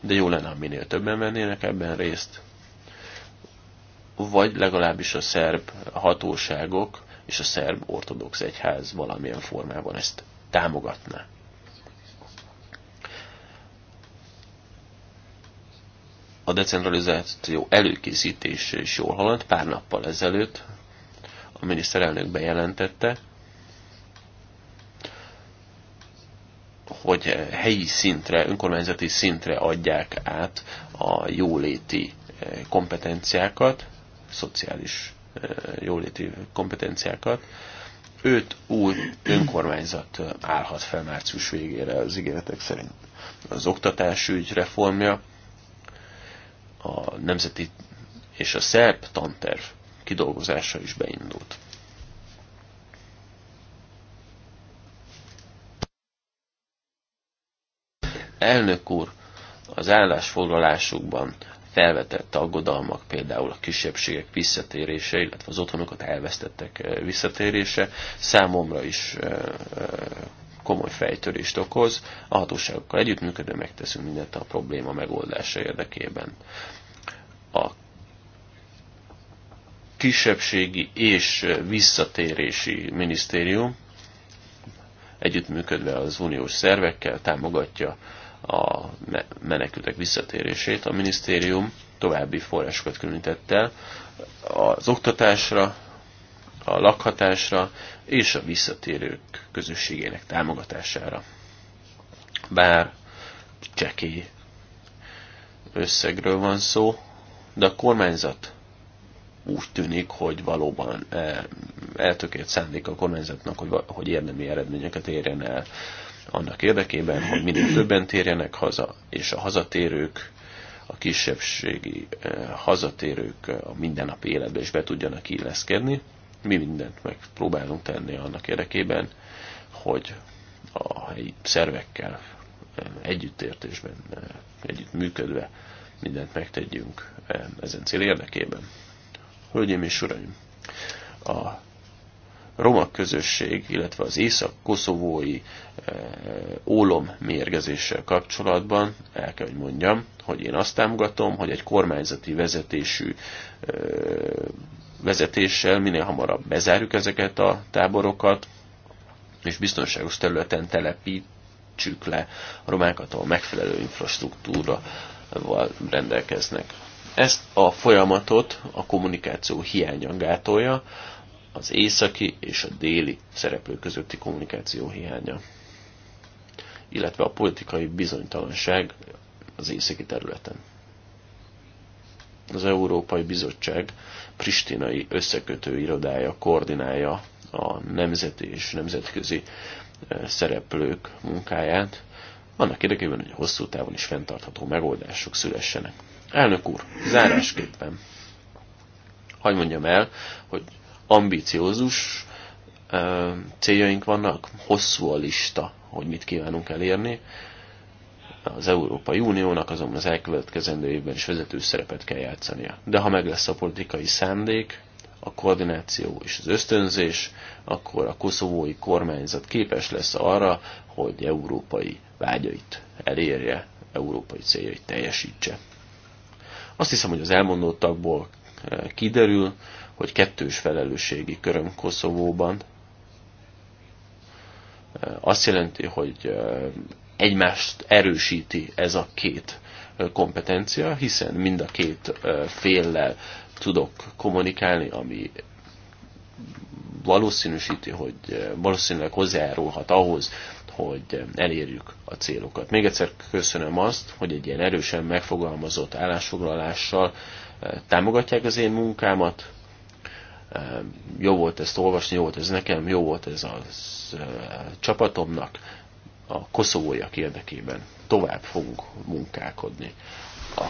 de jó lenne, minél többen vennének ebben részt, vagy legalábbis a szerb hatóságok és a szerb ortodox egyház valamilyen formában ezt támogatná. A decentralizáció előkészítés is jól haladt. Pár nappal ezelőtt a miniszterelnök bejelentette, hogy helyi szintre, önkormányzati szintre adják át a jóléti eh, kompetenciákat, szociális eh, jóléti kompetenciákat, öt új önkormányzat állhat fel március végére az ígéretek szerint. Az oktatásügy reformja, a nemzeti és a szerb tanterv kidolgozása is beindult. Elnök úr, az állásfoglalásukban felvetett aggodalmak, például a kisebbségek visszatérése, illetve az otthonokat elvesztettek eh, visszatérése számomra is eh, eh, komoly fejtörést okoz. A hatóságokkal együttműködve megteszünk mindent a probléma megoldása érdekében. A kisebbségi és visszatérési minisztérium együttműködve az uniós szervekkel támogatja a menekültek visszatérését, a minisztérium további forrásokat különített el az oktatásra, a lakhatásra és a visszatérők közösségének támogatására. Bár csekély összegről van szó, de a kormányzat úgy tűnik, hogy valóban eh, eltökélt szándék a kormányzatnak, hogy, hogy érdemi eredményeket érjen el annak érdekében, hogy minél többen térjenek haza, és a hazatérők, a kisebbségi eh, hazatérők eh, a mindennapi életbe is be tudjanak illeszkedni. Mi mindent megpróbálunk tenni annak érdekében, hogy a helyi szervekkel eh, együttértésben, együttműködve mindent megtegyünk ezen cél érdekében. Hölgyeim és Uraim, a roma közösség, illetve az észak-koszovói eh, ólom mérgezéssel kapcsolatban el kell, hogy mondjam, hogy én azt támogatom, hogy egy kormányzati vezetésű eh, vezetéssel minél hamarabb bezárjuk ezeket a táborokat, és biztonságos területen telepítsük le a romákat, ahol megfelelő infrastruktúraval rendelkeznek. Ezt a folyamatot a kommunikáció hiánya gátolja, az északi és a déli szereplő közötti kommunikáció hiánya, illetve a politikai bizonytalanság az északi területen. Az Európai Bizottság pristinai összekötő irodája koordinálja a nemzeti és nemzetközi e, szereplők munkáját, annak érdekében, hogy hosszú távon is fenntartható megoldások szülessenek. Elnök úr, zárásképpen, hagy mondjam el, hogy ambiciózus céljaink vannak, hosszú a lista, hogy mit kívánunk elérni. Az Európai Uniónak azonban az elkövetkezendő évben is vezető szerepet kell játszania. De ha meg lesz a politikai szándék, a koordináció és az ösztönzés, akkor a koszovói kormányzat képes lesz arra, hogy európai vágyait elérje, európai céljait teljesítse. Azt hiszem, hogy az elmondottakból kiderül, hogy kettős felelősségi köröm Koszovóban azt jelenti, hogy egymást erősíti ez a két kompetencia, hiszen mind a két féllel tudok kommunikálni, ami valószínűsíti, hogy valószínűleg hozzájárulhat ahhoz, hogy elérjük a célokat. Még egyszer köszönöm azt, hogy egy ilyen erősen megfogalmazott állásfoglalással támogatják az én munkámat, jó volt ezt olvasni, jó volt ez nekem, jó volt ez a csapatomnak, a koszovóiak érdekében. Tovább fogunk munkálkodni a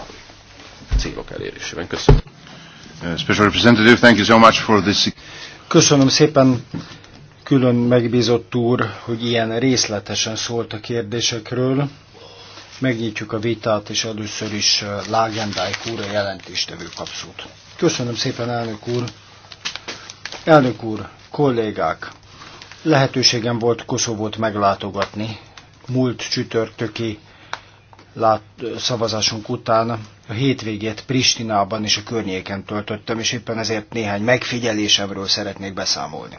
célok elérésében. Köszönöm. Uh, special Representative, thank you so much for this. Köszönöm szépen, külön megbízott úr, hogy ilyen részletesen szólt a kérdésekről. Megnyitjuk a vitát, és először is uh, Lágendájk úr a jelentéstevő kapszót. Köszönöm szépen, elnök úr! Elnök úr, kollégák, lehetőségem volt Koszovót meglátogatni múlt csütörtöki lát, szavazásunk után a hétvégét Pristinában és a környéken töltöttem, és éppen ezért néhány megfigyelésemről szeretnék beszámolni.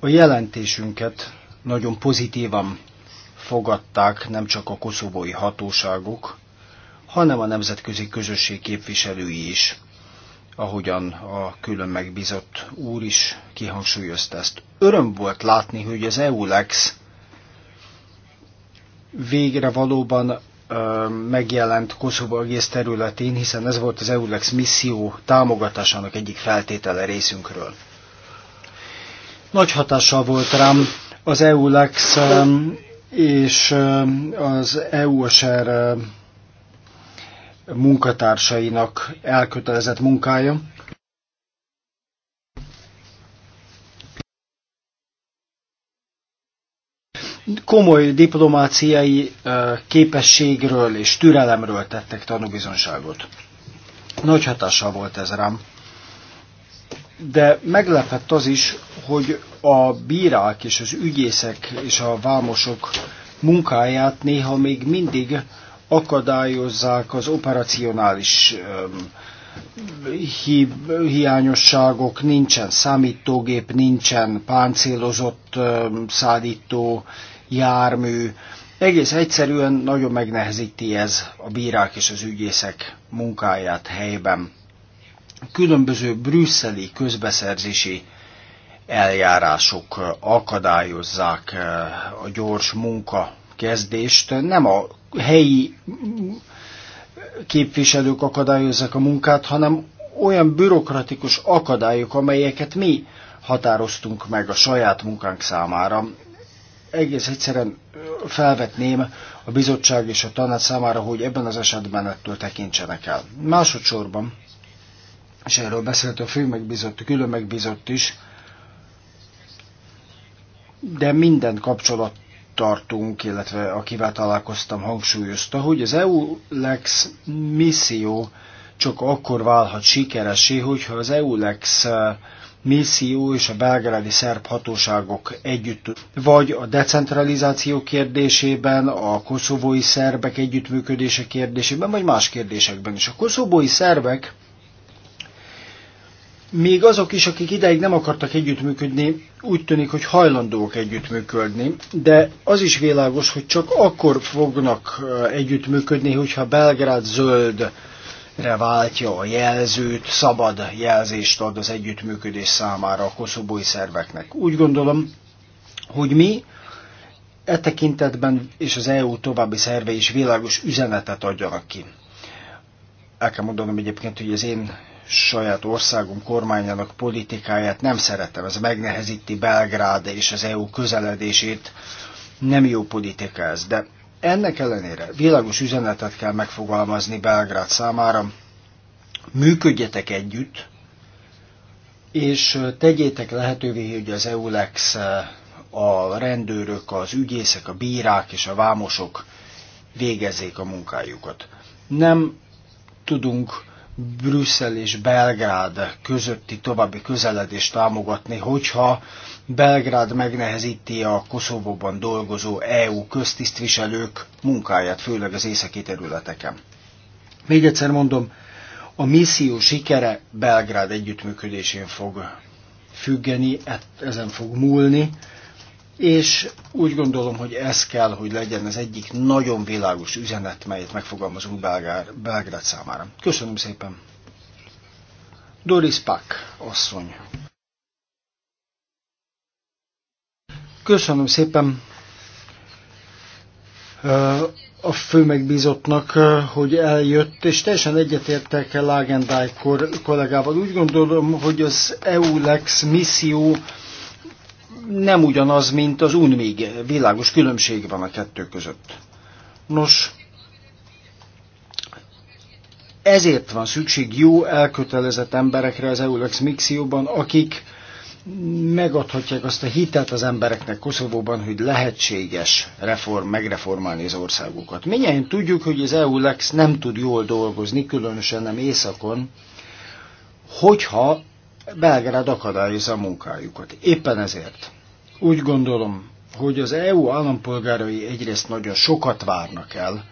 A jelentésünket nagyon pozitívan fogadták nem csak a koszovói hatóságok, hanem a nemzetközi közösség képviselői is ahogyan a külön megbízott úr is kihangsúlyozta ezt. Öröm volt látni, hogy az EULEX végre valóban ö, megjelent Koszovó egész területén, hiszen ez volt az EULEX misszió támogatásának egyik feltétele részünkről. Nagy hatással volt rám az EULEX ö, és ö, az EUSR munkatársainak elkötelezett munkája. Komoly diplomáciai képességről és türelemről tettek tanúbizonságot. Nagy hatással volt ez rám. De meglepett az is, hogy a bírák és az ügyészek és a vámosok munkáját néha még mindig akadályozzák az operacionális hi hiányosságok, nincsen számítógép, nincsen páncélozott szállító jármű. Egész egyszerűen nagyon megnehezíti ez a bírák és az ügyészek munkáját helyben. Különböző brüsszeli közbeszerzési eljárások akadályozzák a gyors munka kezdést. Nem a helyi képviselők akadályozzák a munkát, hanem olyan bürokratikus akadályok, amelyeket mi határoztunk meg a saját munkánk számára. Egész egyszerűen felvetném a bizottság és a tanács számára, hogy ebben az esetben ettől tekintsenek el. Másodszorban, és erről beszélt a főmegbizott, a külön megbízott is, de minden kapcsolat tartunk, illetve akivel találkoztam, hangsúlyozta, hogy az EULEX misszió csak akkor válhat sikeresé, hogyha az EULEX eh, misszió és a belgrádi szerb hatóságok együtt, vagy a decentralizáció kérdésében, a koszovói szerbek együttműködése kérdésében, vagy más kérdésekben is. A koszovói szerbek még azok is, akik ideig nem akartak együttműködni, úgy tűnik, hogy hajlandók együttműködni, de az is világos, hogy csak akkor fognak eh, együttműködni, hogyha Belgrád zöldre váltja a jelzőt, szabad jelzést ad az együttműködés számára a koszobói szerveknek. Úgy gondolom, hogy mi e tekintetben és az EU további szerve is világos üzenetet adjanak ki. El kell mondanom egyébként, hogy az én saját országom kormányának politikáját nem szeretem. Ez megnehezíti Belgrád és az EU közeledését. Nem jó politika ez, de ennek ellenére világos üzenetet kell megfogalmazni Belgrád számára. Működjetek együtt, és tegyétek lehetővé, hogy az EULEX, a rendőrök, az ügyészek, a bírák és a vámosok végezzék a munkájukat. Nem tudunk Brüsszel és Belgrád közötti további közeledést támogatni, hogyha Belgrád megnehezíti a Koszovóban dolgozó EU köztisztviselők munkáját, főleg az északi területeken. Még egyszer mondom, a misszió sikere Belgrád együttműködésén fog függeni, ezen fog múlni, és úgy gondolom, hogy ez kell, hogy legyen az egyik nagyon világos üzenet, melyet megfogalmazunk Belgár, Belgrád számára. Köszönöm szépen! Doris Pak asszony. Köszönöm szépen a fő megbízottnak, hogy eljött, és teljesen egyetértek Lagendáj kollégával. Úgy gondolom, hogy az EULEX misszió nem ugyanaz, mint az unmig. Világos különbség van a kettő között. Nos, ezért van szükség jó, elkötelezett emberekre az EULEX mixióban, akik megadhatják azt a hitet az embereknek Koszovóban, hogy lehetséges reform, megreformálni az országokat. Mindjárt tudjuk, hogy az EU-lex nem tud jól dolgozni, különösen nem északon, hogyha Belgrád akadályozza a munkájukat. Éppen ezért úgy gondolom, hogy az EU állampolgárai egyrészt nagyon sokat várnak el,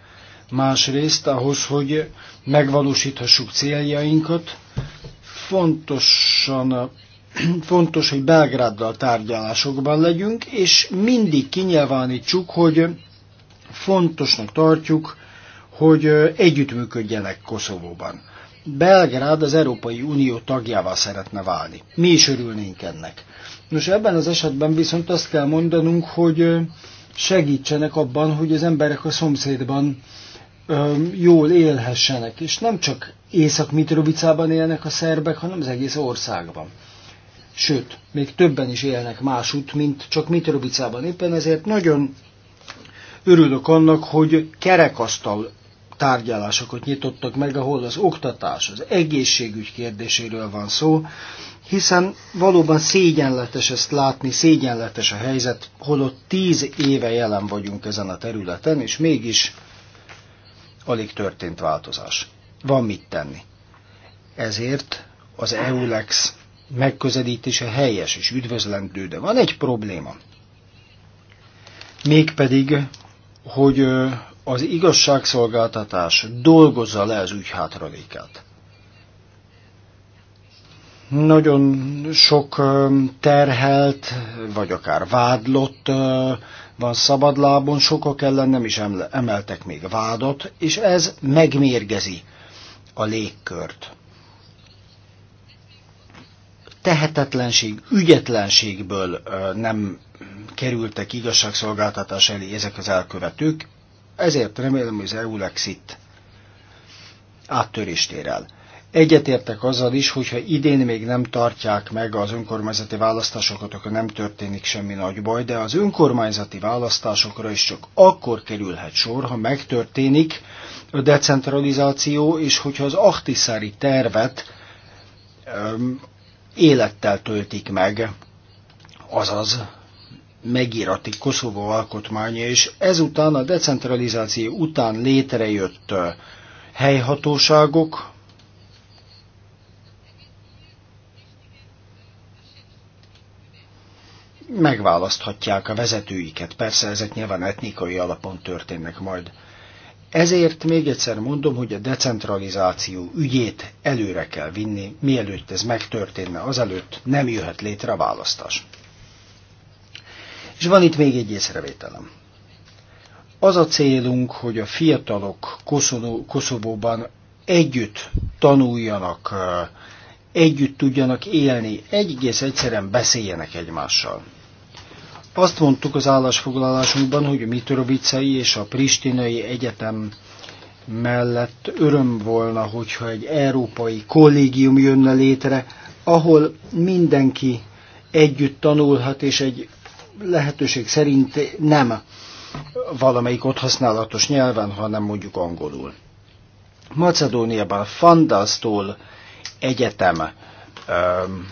másrészt ahhoz, hogy megvalósíthassuk céljainkat, fontosan, fontos, hogy Belgráddal tárgyalásokban legyünk, és mindig kinyilvánítsuk, hogy fontosnak tartjuk, hogy együttműködjenek Koszovóban. Belgrád az Európai Unió tagjává szeretne válni. Mi is örülnénk ennek. Nos, ebben az esetben viszont azt kell mondanunk, hogy segítsenek abban, hogy az emberek a szomszédban jól élhessenek, és nem csak Észak-Mitrovicában élnek a szerbek, hanem az egész országban. Sőt, még többen is élnek másút, mint csak Mitrovicában. Éppen ezért nagyon örülök annak, hogy kerekasztal tárgyalásokat nyitottak meg, ahol az oktatás, az egészségügy kérdéséről van szó, hiszen valóban szégyenletes ezt látni, szégyenletes a helyzet, holott tíz éve jelen vagyunk ezen a területen, és mégis alig történt változás. Van mit tenni. Ezért az EULEX megközelítése helyes és üdvözlendő, de van egy probléma. Mégpedig, hogy az igazságszolgáltatás dolgozza le az ügy hátralékát. Nagyon sok terhelt, vagy akár vádlott van szabadlábon, sokak ellen nem is emeltek még vádat, és ez megmérgezi a légkört. Tehetetlenség, ügyetlenségből nem kerültek igazságszolgáltatás elé ezek az elkövetők, ezért remélem, hogy az EU itt áttörést ér el. Egyetértek azzal is, hogyha idén még nem tartják meg az önkormányzati választásokat, akkor nem történik semmi nagy baj, de az önkormányzati választásokra is csak akkor kerülhet sor, ha megtörténik a decentralizáció, és hogyha az aktiszári tervet öm, élettel töltik meg, azaz megírati Koszovó alkotmánya, és ezután a decentralizáció után létrejött helyhatóságok, megválaszthatják a vezetőiket. Persze ezek nyilván etnikai alapon történnek majd. Ezért még egyszer mondom, hogy a decentralizáció ügyét előre kell vinni, mielőtt ez megtörténne, azelőtt nem jöhet létre a választás. És van itt még egy észrevételem. Az a célunk, hogy a fiatalok Koszovóban együtt tanuljanak, eh, együtt tudjanak élni, egész egyszerűen beszéljenek egymással. Azt mondtuk az állásfoglalásunkban, hogy a Mitrovicai és a Pristinai Egyetem mellett öröm volna, hogyha egy európai kollégium jönne létre, ahol mindenki együtt tanulhat, és egy lehetőség szerint nem valamelyik ott használatos nyelven, hanem mondjuk angolul. Macedóniában Fandasztól egyetem um,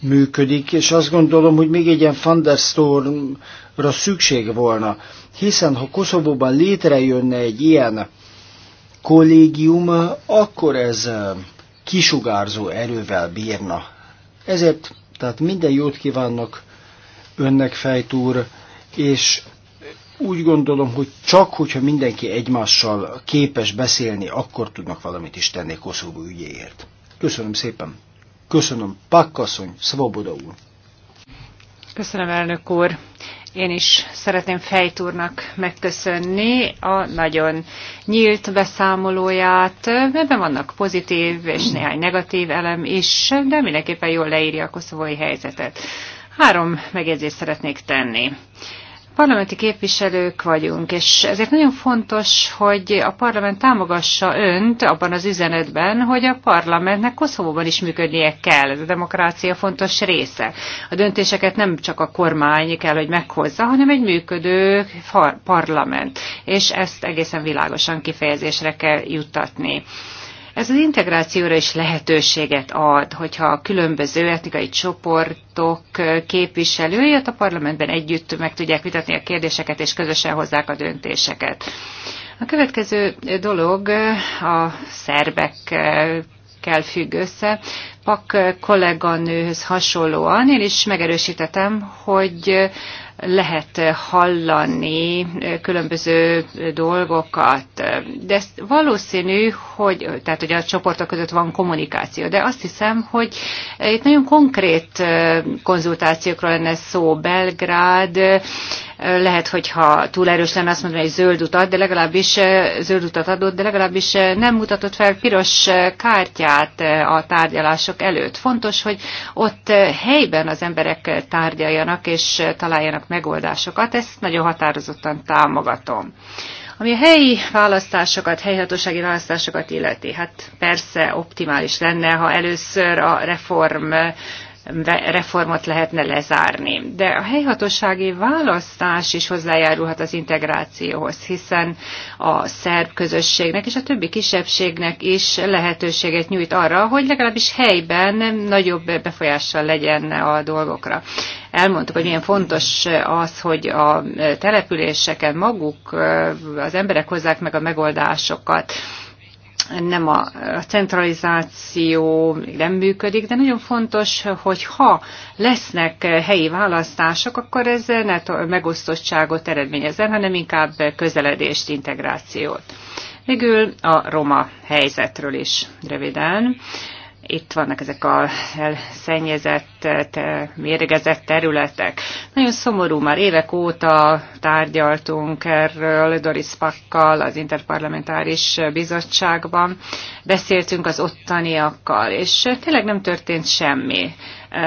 működik, és azt gondolom, hogy még egy ilyen Fandasztóra szükség volna, hiszen ha Koszovóban létrejönne egy ilyen kollégium, akkor ez um, kisugárzó erővel bírna. Ezért tehát minden jót kívánnak önnek, fejtúr, és úgy gondolom, hogy csak hogyha mindenki egymással képes beszélni, akkor tudnak valamit is tenni Koszovó ügyéért. Köszönöm szépen. Köszönöm, Pakkasszony, Szvoboda úr. Köszönöm, elnök úr. Én is szeretném Fejtúrnak megköszönni a nagyon nyílt beszámolóját. Ebben vannak pozitív és néhány negatív elem is, de mindenképpen jól leírja a koszovói helyzetet. Három megjegyzést szeretnék tenni. Parlamenti képviselők vagyunk, és ezért nagyon fontos, hogy a parlament támogassa önt abban az üzenetben, hogy a parlamentnek Koszovóban is működnie kell. Ez a demokrácia fontos része. A döntéseket nem csak a kormány kell, hogy meghozza, hanem egy működő parlament. És ezt egészen világosan kifejezésre kell juttatni. Ez az integrációra is lehetőséget ad, hogyha a különböző etnikai csoportok képviselői a parlamentben együtt meg tudják vitatni a kérdéseket, és közösen hozzák a döntéseket. A következő dolog a szerbek kell függ össze. Pak kolléganőhöz hasonlóan én is megerősítettem, hogy lehet hallani különböző dolgokat, de ez valószínű, hogy, tehát hogy a csoportok között van kommunikáció, de azt hiszem, hogy itt nagyon konkrét konzultációkról lenne szó. Belgrád lehet, hogyha túl erős lenne azt mondom, hogy zöld utat, de legalábbis eh, zöld utat adott, de legalábbis eh, nem mutatott fel piros eh, kártyát a tárgyalások előtt. Fontos, hogy ott helyben az emberek tárgyaljanak és találjanak megoldásokat. Ezt nagyon határozottan támogatom. Ami a helyi választásokat, helyhatósági választásokat illeti, hát persze optimális lenne, ha először a reform reformot lehetne lezárni. De a helyhatósági választás is hozzájárulhat az integrációhoz, hiszen a szerb közösségnek és a többi kisebbségnek is lehetőséget nyújt arra, hogy legalábbis helyben nagyobb befolyással legyen a dolgokra. Elmondtuk, hogy milyen fontos az, hogy a településeken maguk az emberek hozzák meg a megoldásokat nem a, centralizáció még nem működik, de nagyon fontos, hogy ha lesznek helyi választások, akkor ez ne megosztottságot eredményezzen, hanem inkább közeledést, integrációt. Végül a roma helyzetről is röviden itt vannak ezek a szennyezett, mérgezett területek. Nagyon szomorú, már évek óta tárgyaltunk erről Doris Pakkal, az Interparlamentáris Bizottságban, beszéltünk az ottaniakkal, és tényleg nem történt semmi.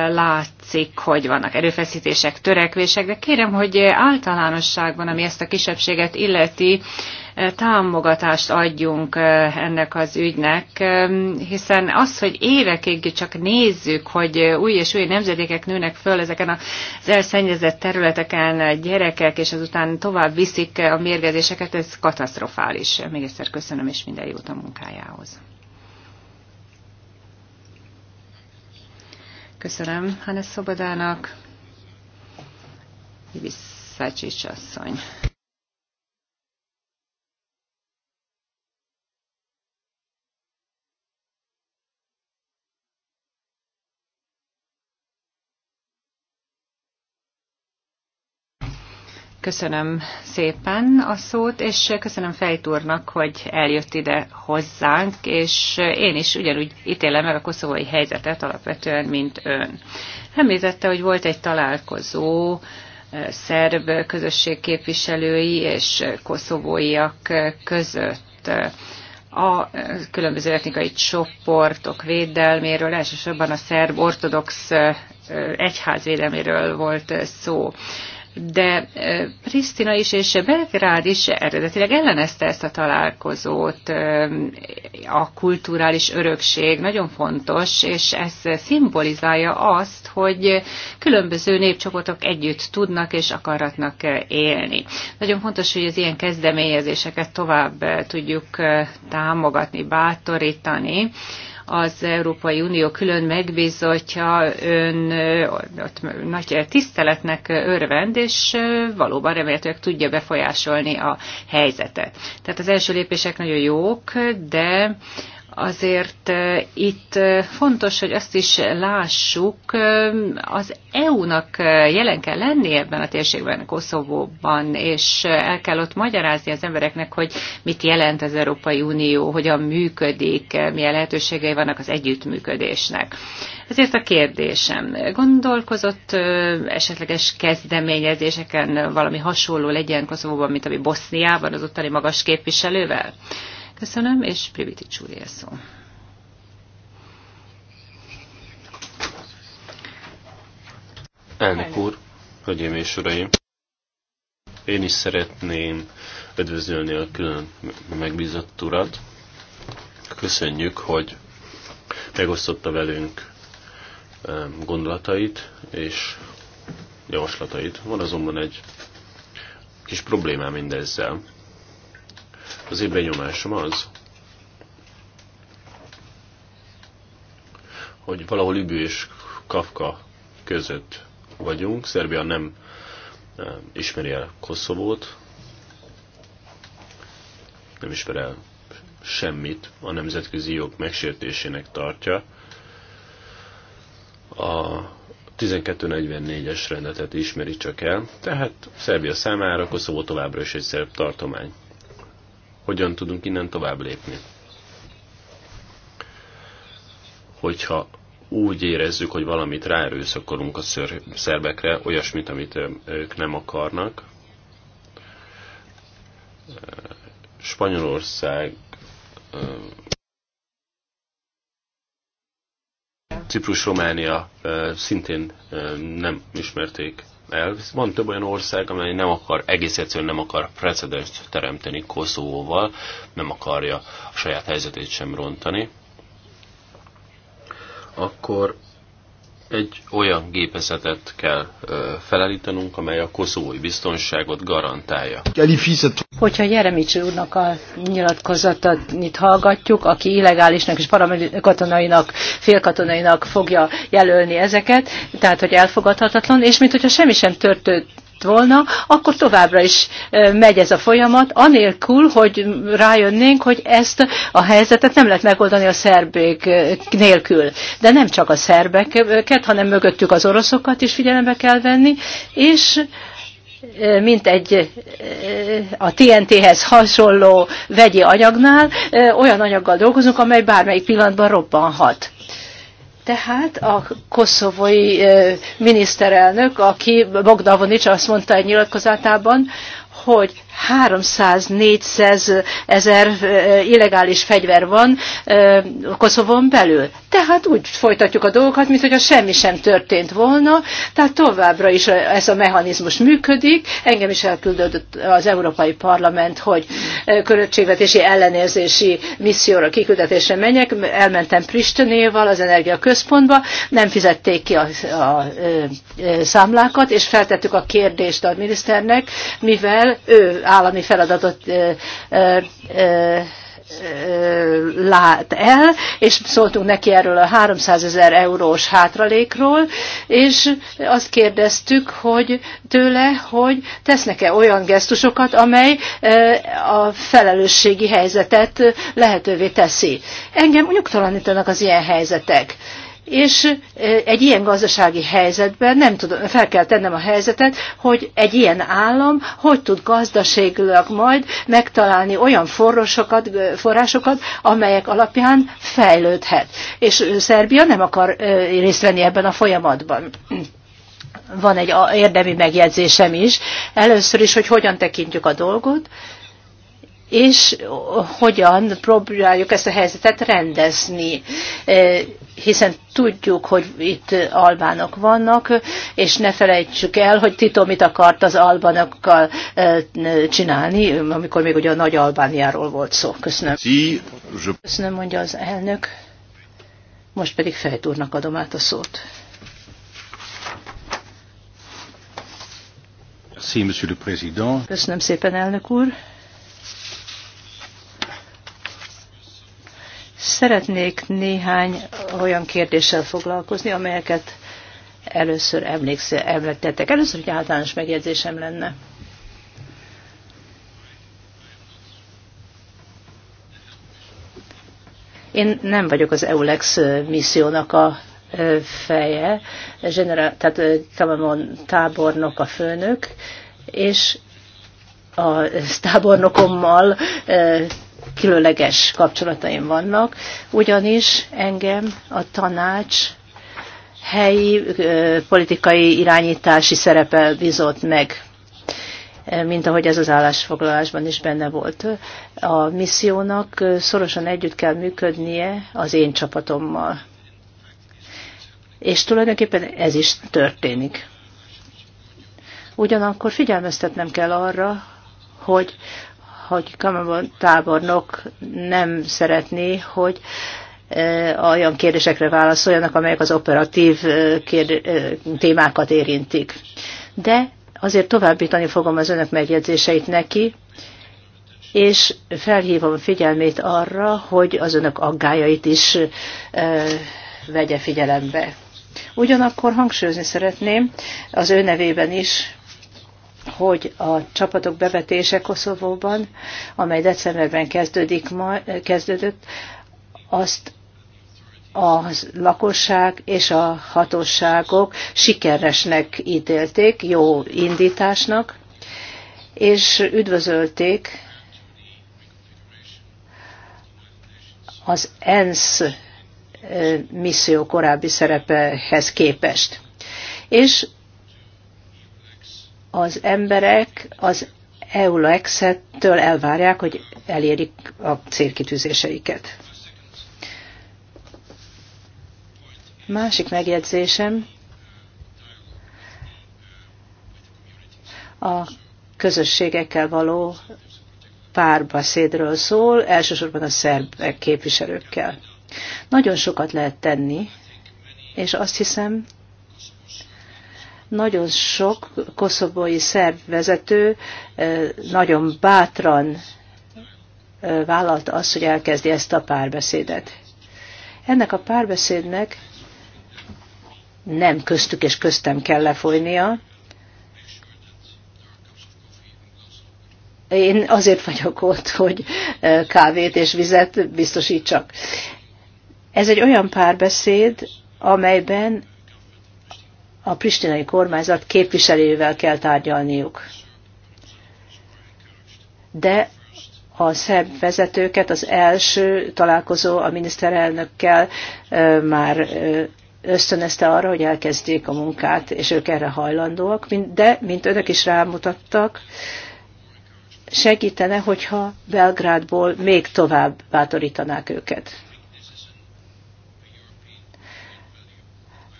Látszik, hogy vannak erőfeszítések, törekvések, de kérem, hogy általánosságban, ami ezt a kisebbséget illeti, támogatást adjunk ennek az ügynek, hiszen az, hogy évekig csak nézzük, hogy új és új nemzedékek nőnek föl ezeken az elszennyezett területeken gyerekek, és azután tovább viszik a mérgezéseket, ez katasztrofális. Még egyszer köszönöm, és minden jót a munkájához. Köszönöm Hannes Szobodának. Visszacsics asszony. Köszönöm szépen a szót, és köszönöm Fejtúrnak, hogy eljött ide hozzánk, és én is ugyanúgy ítélem meg a koszovói helyzetet alapvetően, mint ön. Említette, hogy volt egy találkozó eh, szerb közösségképviselői és koszovóiak között a eh, különböző etnikai csoportok védelméről, elsősorban a szerb ortodox eh, egyház védelméről volt szó de Pristina is és Belgrád is eredetileg ellenezte ezt a találkozót. A kulturális örökség nagyon fontos, és ez szimbolizálja azt, hogy különböző népcsoportok együtt tudnak és akaratnak élni. Nagyon fontos, hogy az ilyen kezdeményezéseket tovább tudjuk támogatni, bátorítani, az Európai Unió külön megbízottja ön ott nagy tiszteletnek örvend, és valóban remélhetőleg tudja befolyásolni a helyzetet. Tehát az első lépések nagyon jók, de azért itt fontos, hogy azt is lássuk, az EU-nak jelen kell lenni ebben a térségben, Koszovóban, és el kell ott magyarázni az embereknek, hogy mit jelent az Európai Unió, hogyan működik, milyen lehetőségei vannak az együttműködésnek. Ezért a kérdésem, gondolkozott esetleges kezdeményezéseken valami hasonló legyen Koszovóban, mint ami Boszniában az ottani magas képviselővel? Köszönöm, és Priviti Csúri szó. Elnök úr, hölgyeim és uraim! Én is szeretném üdvözölni a külön megbízott urat. Köszönjük, hogy megosztotta velünk gondolatait és javaslatait. Van azonban egy kis problémám mindezzel. Az én benyomásom az, hogy valahol Übő és Kafka között vagyunk. Szerbia nem eh, ismeri el Koszovót, nem ismer el semmit, a nemzetközi jog megsértésének tartja. A 1244-es rendetet ismeri csak el, tehát Szerbia számára Koszovó továbbra is egy szerb tartomány hogyan tudunk innen tovább lépni. Hogyha úgy érezzük, hogy valamit ráerőszakolunk a szerbekre, olyasmit, amit ők nem akarnak. Spanyolország Ciprus, Románia szintén nem ismerték elv. Van több olyan ország, amely nem akar, egész egyszerűen nem akar precedenst teremteni Koszovóval, nem akarja a saját helyzetét sem rontani. Akkor egy olyan gépezetet kell ö, felelítenünk, amely a koszovói biztonságot garantálja. Hogyha Jeremics úrnak a nyilatkozatát hallgatjuk, aki illegálisnak és katonainak, félkatonainak fogja jelölni ezeket, tehát hogy elfogadhatatlan, és mint hogyha semmi sem történt volna, akkor továbbra is megy ez a folyamat, anélkül, hogy rájönnénk, hogy ezt a helyzetet nem lehet megoldani a szerbék nélkül. De nem csak a szerbeket, hanem mögöttük az oroszokat is figyelembe kell venni, és mint egy a TNT-hez hasonló vegyi anyagnál, olyan anyaggal dolgozunk, amely bármelyik pillanatban robbanhat. Tehát a koszovói miniszterelnök, aki Bogdavonics azt mondta egy nyilatkozatában, hogy 300-400 ezer illegális fegyver van Koszovon belül. Tehát úgy folytatjuk a dolgokat, mintha semmi sem történt volna, tehát továbbra is ez a mechanizmus működik. Engem is elküldött az Európai Parlament, hogy költségvetési ellenérzési misszióra kiküldetésre menjek. Elmentem Pristönéval az Energia Központba, nem fizették ki a, a, a számlákat, és feltettük a kérdést a miniszternek, mivel ő állami feladatot lát el, és szóltunk neki erről a 300 ezer eurós hátralékról, és azt kérdeztük hogy tőle, hogy tesznek-e olyan gesztusokat, amely a felelősségi helyzetet lehetővé teszi. Engem nyugtalanítanak az ilyen helyzetek és egy ilyen gazdasági helyzetben nem tudom, fel kell tennem a helyzetet, hogy egy ilyen állam hogy tud gazdaságilag majd megtalálni olyan forrásokat, forrásokat, amelyek alapján fejlődhet. És Szerbia nem akar részt venni ebben a folyamatban van egy érdemi megjegyzésem is. Először is, hogy hogyan tekintjük a dolgot, és hogyan próbáljuk ezt a helyzetet rendezni. E, hiszen tudjuk, hogy itt albánok vannak, és ne felejtsük el, hogy Tito mit akart az albánokkal e, csinálni, amikor még ugye a nagy Albániáról volt szó. Köszönöm. Köszönöm, mondja az elnök. Most pedig fejtúrnak adom át a szót. Köszönöm szépen, elnök úr. Szeretnék néhány olyan kérdéssel foglalkozni, amelyeket először emléksz, Először egy általános megjegyzésem lenne. Én nem vagyok az EULEX missziónak a feje, general, tehát Kamamon tábornok a főnök, és a tábornokommal különleges kapcsolataim vannak, ugyanis engem a tanács helyi politikai irányítási szerepe bizott meg mint ahogy ez az állásfoglalásban is benne volt. A missziónak szorosan együtt kell működnie az én csapatommal. És tulajdonképpen ez is történik. Ugyanakkor figyelmeztetnem kell arra, hogy hogy Kamerun tábornok nem szeretné, hogy e, olyan kérdésekre válaszoljanak, amelyek az operatív e, e, témákat érintik. De azért továbbítani fogom az önök megjegyzéseit neki, és felhívom figyelmét arra, hogy az önök aggájait is e, vegye figyelembe. Ugyanakkor hangsúlyozni szeretném az ő nevében is, hogy a csapatok bevetése Koszovóban, amely decemberben kezdődik ma, kezdődött, azt a lakosság és a hatóságok sikeresnek ítélték, jó indításnak, és üdvözölték az ENSZ eh, misszió korábbi szerepehez képest. És az emberek az EULEX-től elvárják, hogy elérik a célkitűzéseiket. Másik megjegyzésem a közösségekkel való párbeszédről szól, elsősorban a szerb képviselőkkel. Nagyon sokat lehet tenni, és azt hiszem, nagyon sok koszobói szerb vezető nagyon bátran vállalta azt, hogy elkezdi ezt a párbeszédet. Ennek a párbeszédnek nem köztük és köztem kell lefolynia. Én azért vagyok ott, hogy kávét és vizet biztosítsak. Ez egy olyan párbeszéd, amelyben a pristinai kormányzat képviselőjével kell tárgyalniuk. De a szerb vezetőket az első találkozó a miniszterelnökkel már ösztönözte arra, hogy elkezdjék a munkát, és ők erre hajlandóak, de, mint önök is rámutattak, segítene, hogyha Belgrádból még tovább bátorítanák őket.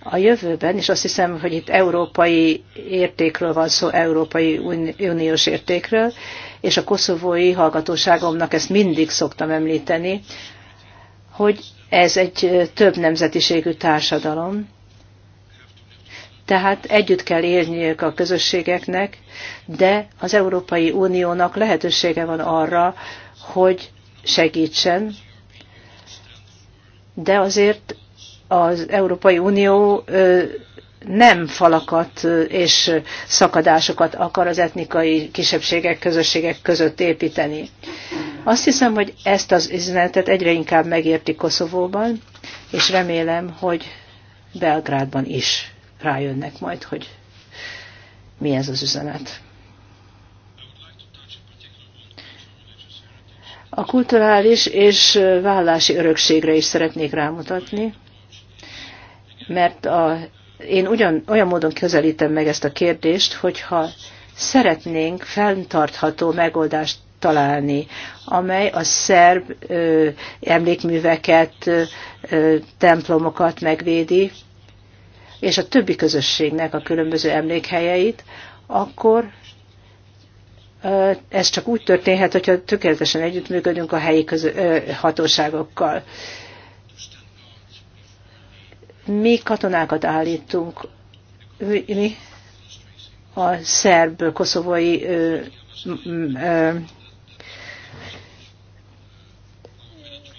a jövőben, és azt hiszem, hogy itt európai értékről van szó, európai uniós értékről, és a koszovói hallgatóságomnak ezt mindig szoktam említeni, hogy ez egy több nemzetiségű társadalom, tehát együtt kell élniük a közösségeknek, de az Európai Uniónak lehetősége van arra, hogy segítsen, de azért az Európai Unió nem falakat és szakadásokat akar az etnikai kisebbségek, közösségek között építeni. Azt hiszem, hogy ezt az üzenetet egyre inkább megérti Koszovóban, és remélem, hogy Belgrádban is rájönnek majd, hogy mi ez az üzenet. A kulturális és vállási örökségre is szeretnék rámutatni mert a, én ugyan, olyan módon közelítem meg ezt a kérdést, hogyha szeretnénk fenntartható megoldást találni, amely a szerb ö, emlékműveket, ö, templomokat megvédi, és a többi közösségnek a különböző emlékhelyeit, akkor ö, ez csak úgy történhet, hogyha tökéletesen együttműködünk a helyi közö, ö, hatóságokkal. Ö, mi katonákat állítunk, mi a szerb-koszovói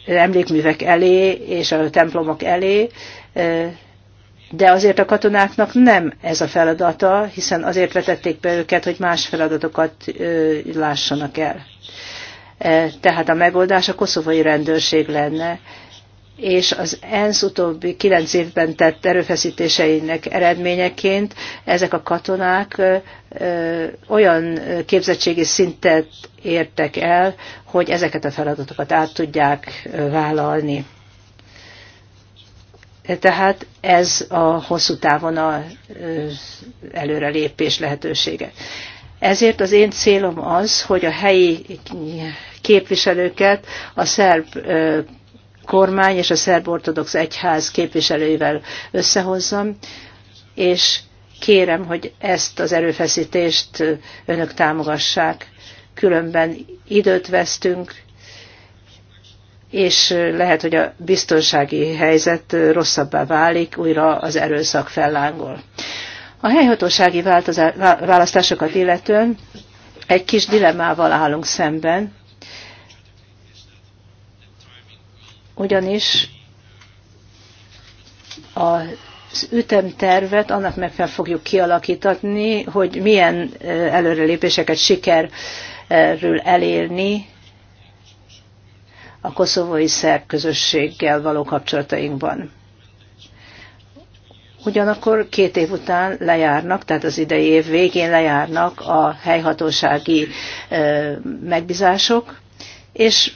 emlékművek elé és a templomok elé, de azért a katonáknak nem ez a feladata, hiszen azért vetették be őket, hogy más feladatokat lássanak el. Tehát a megoldás a koszovai rendőrség lenne, és az ENSZ utóbbi kilenc évben tett erőfeszítéseinek eredményeként ezek a katonák olyan képzettségi szintet értek el, hogy ezeket a feladatokat át tudják vállalni. Tehát ez a hosszú távon a előrelépés lehetősége. Ezért az én célom az, hogy a helyi képviselőket a szerb kormány és a szerb ortodox egyház képviselőivel összehozzam, és kérem, hogy ezt az erőfeszítést önök támogassák, különben időt vesztünk, és lehet, hogy a biztonsági helyzet rosszabbá válik, újra az erőszak fellángol. A helyhatósági választásokat illetően egy kis dilemával állunk szemben, ugyanis az ütemtervet annak meg fel fogjuk kialakítani, hogy milyen előrelépéseket sikerről elérni a koszovói szerb közösséggel való kapcsolatainkban. Ugyanakkor két év után lejárnak, tehát az idei év végén lejárnak a helyhatósági megbízások, és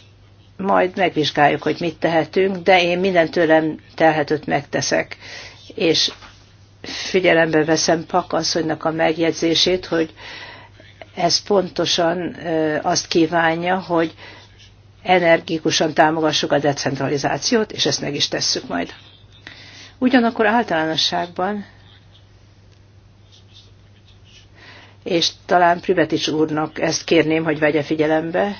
majd megvizsgáljuk, hogy mit tehetünk, de én minden tőlem telhetőt megteszek. És figyelembe veszem Pakasszonynak a megjegyzését, hogy ez pontosan azt kívánja, hogy energikusan támogassuk a decentralizációt, és ezt meg is tesszük majd. Ugyanakkor általánosságban, és talán Privetics úrnak ezt kérném, hogy vegye figyelembe,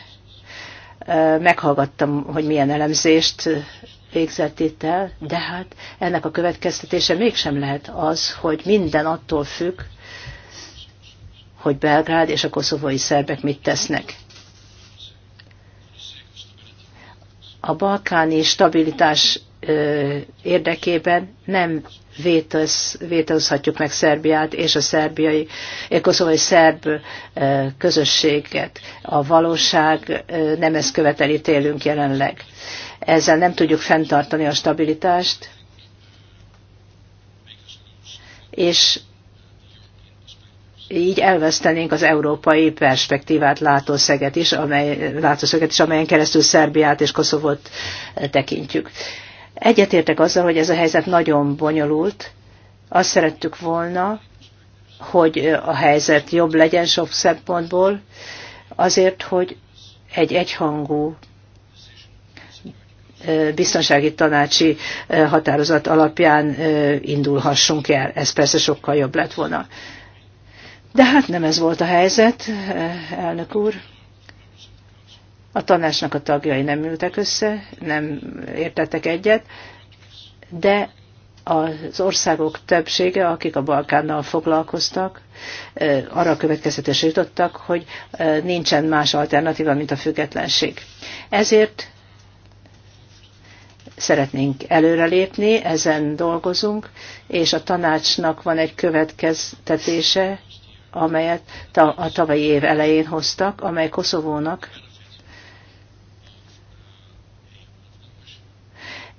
meghallgattam, hogy milyen elemzést végzett itt el, de hát ennek a következtetése mégsem lehet az, hogy minden attól függ, hogy Belgrád és a koszovói szerbek mit tesznek. A balkáni stabilitás érdekében nem vétez, vétezhatjuk meg Szerbiát és a szerbiai, eh, koszovai szerb eh, közösséget. A valóság eh, nem ezt követeli télünk jelenleg. Ezzel nem tudjuk fenntartani a stabilitást, és így elvesztenénk az európai perspektívát látószöget is, amely, látószöget is, amelyen keresztül Szerbiát és Koszovot tekintjük. Egyetértek azzal, hogy ez a helyzet nagyon bonyolult. Azt szerettük volna, hogy a helyzet jobb legyen sok szempontból, azért, hogy egy egyhangú biztonsági tanácsi határozat alapján indulhassunk el. Ez persze sokkal jobb lett volna. De hát nem ez volt a helyzet, elnök úr. A tanácsnak a tagjai nem ültek össze, nem értettek egyet, de az országok többsége, akik a Balkánnal foglalkoztak, arra következetesen következtetésre jutottak, hogy nincsen más alternatíva, mint a függetlenség. Ezért szeretnénk előrelépni, ezen dolgozunk, és a tanácsnak van egy következtetése, amelyet a tavalyi év elején hoztak, amely Koszovónak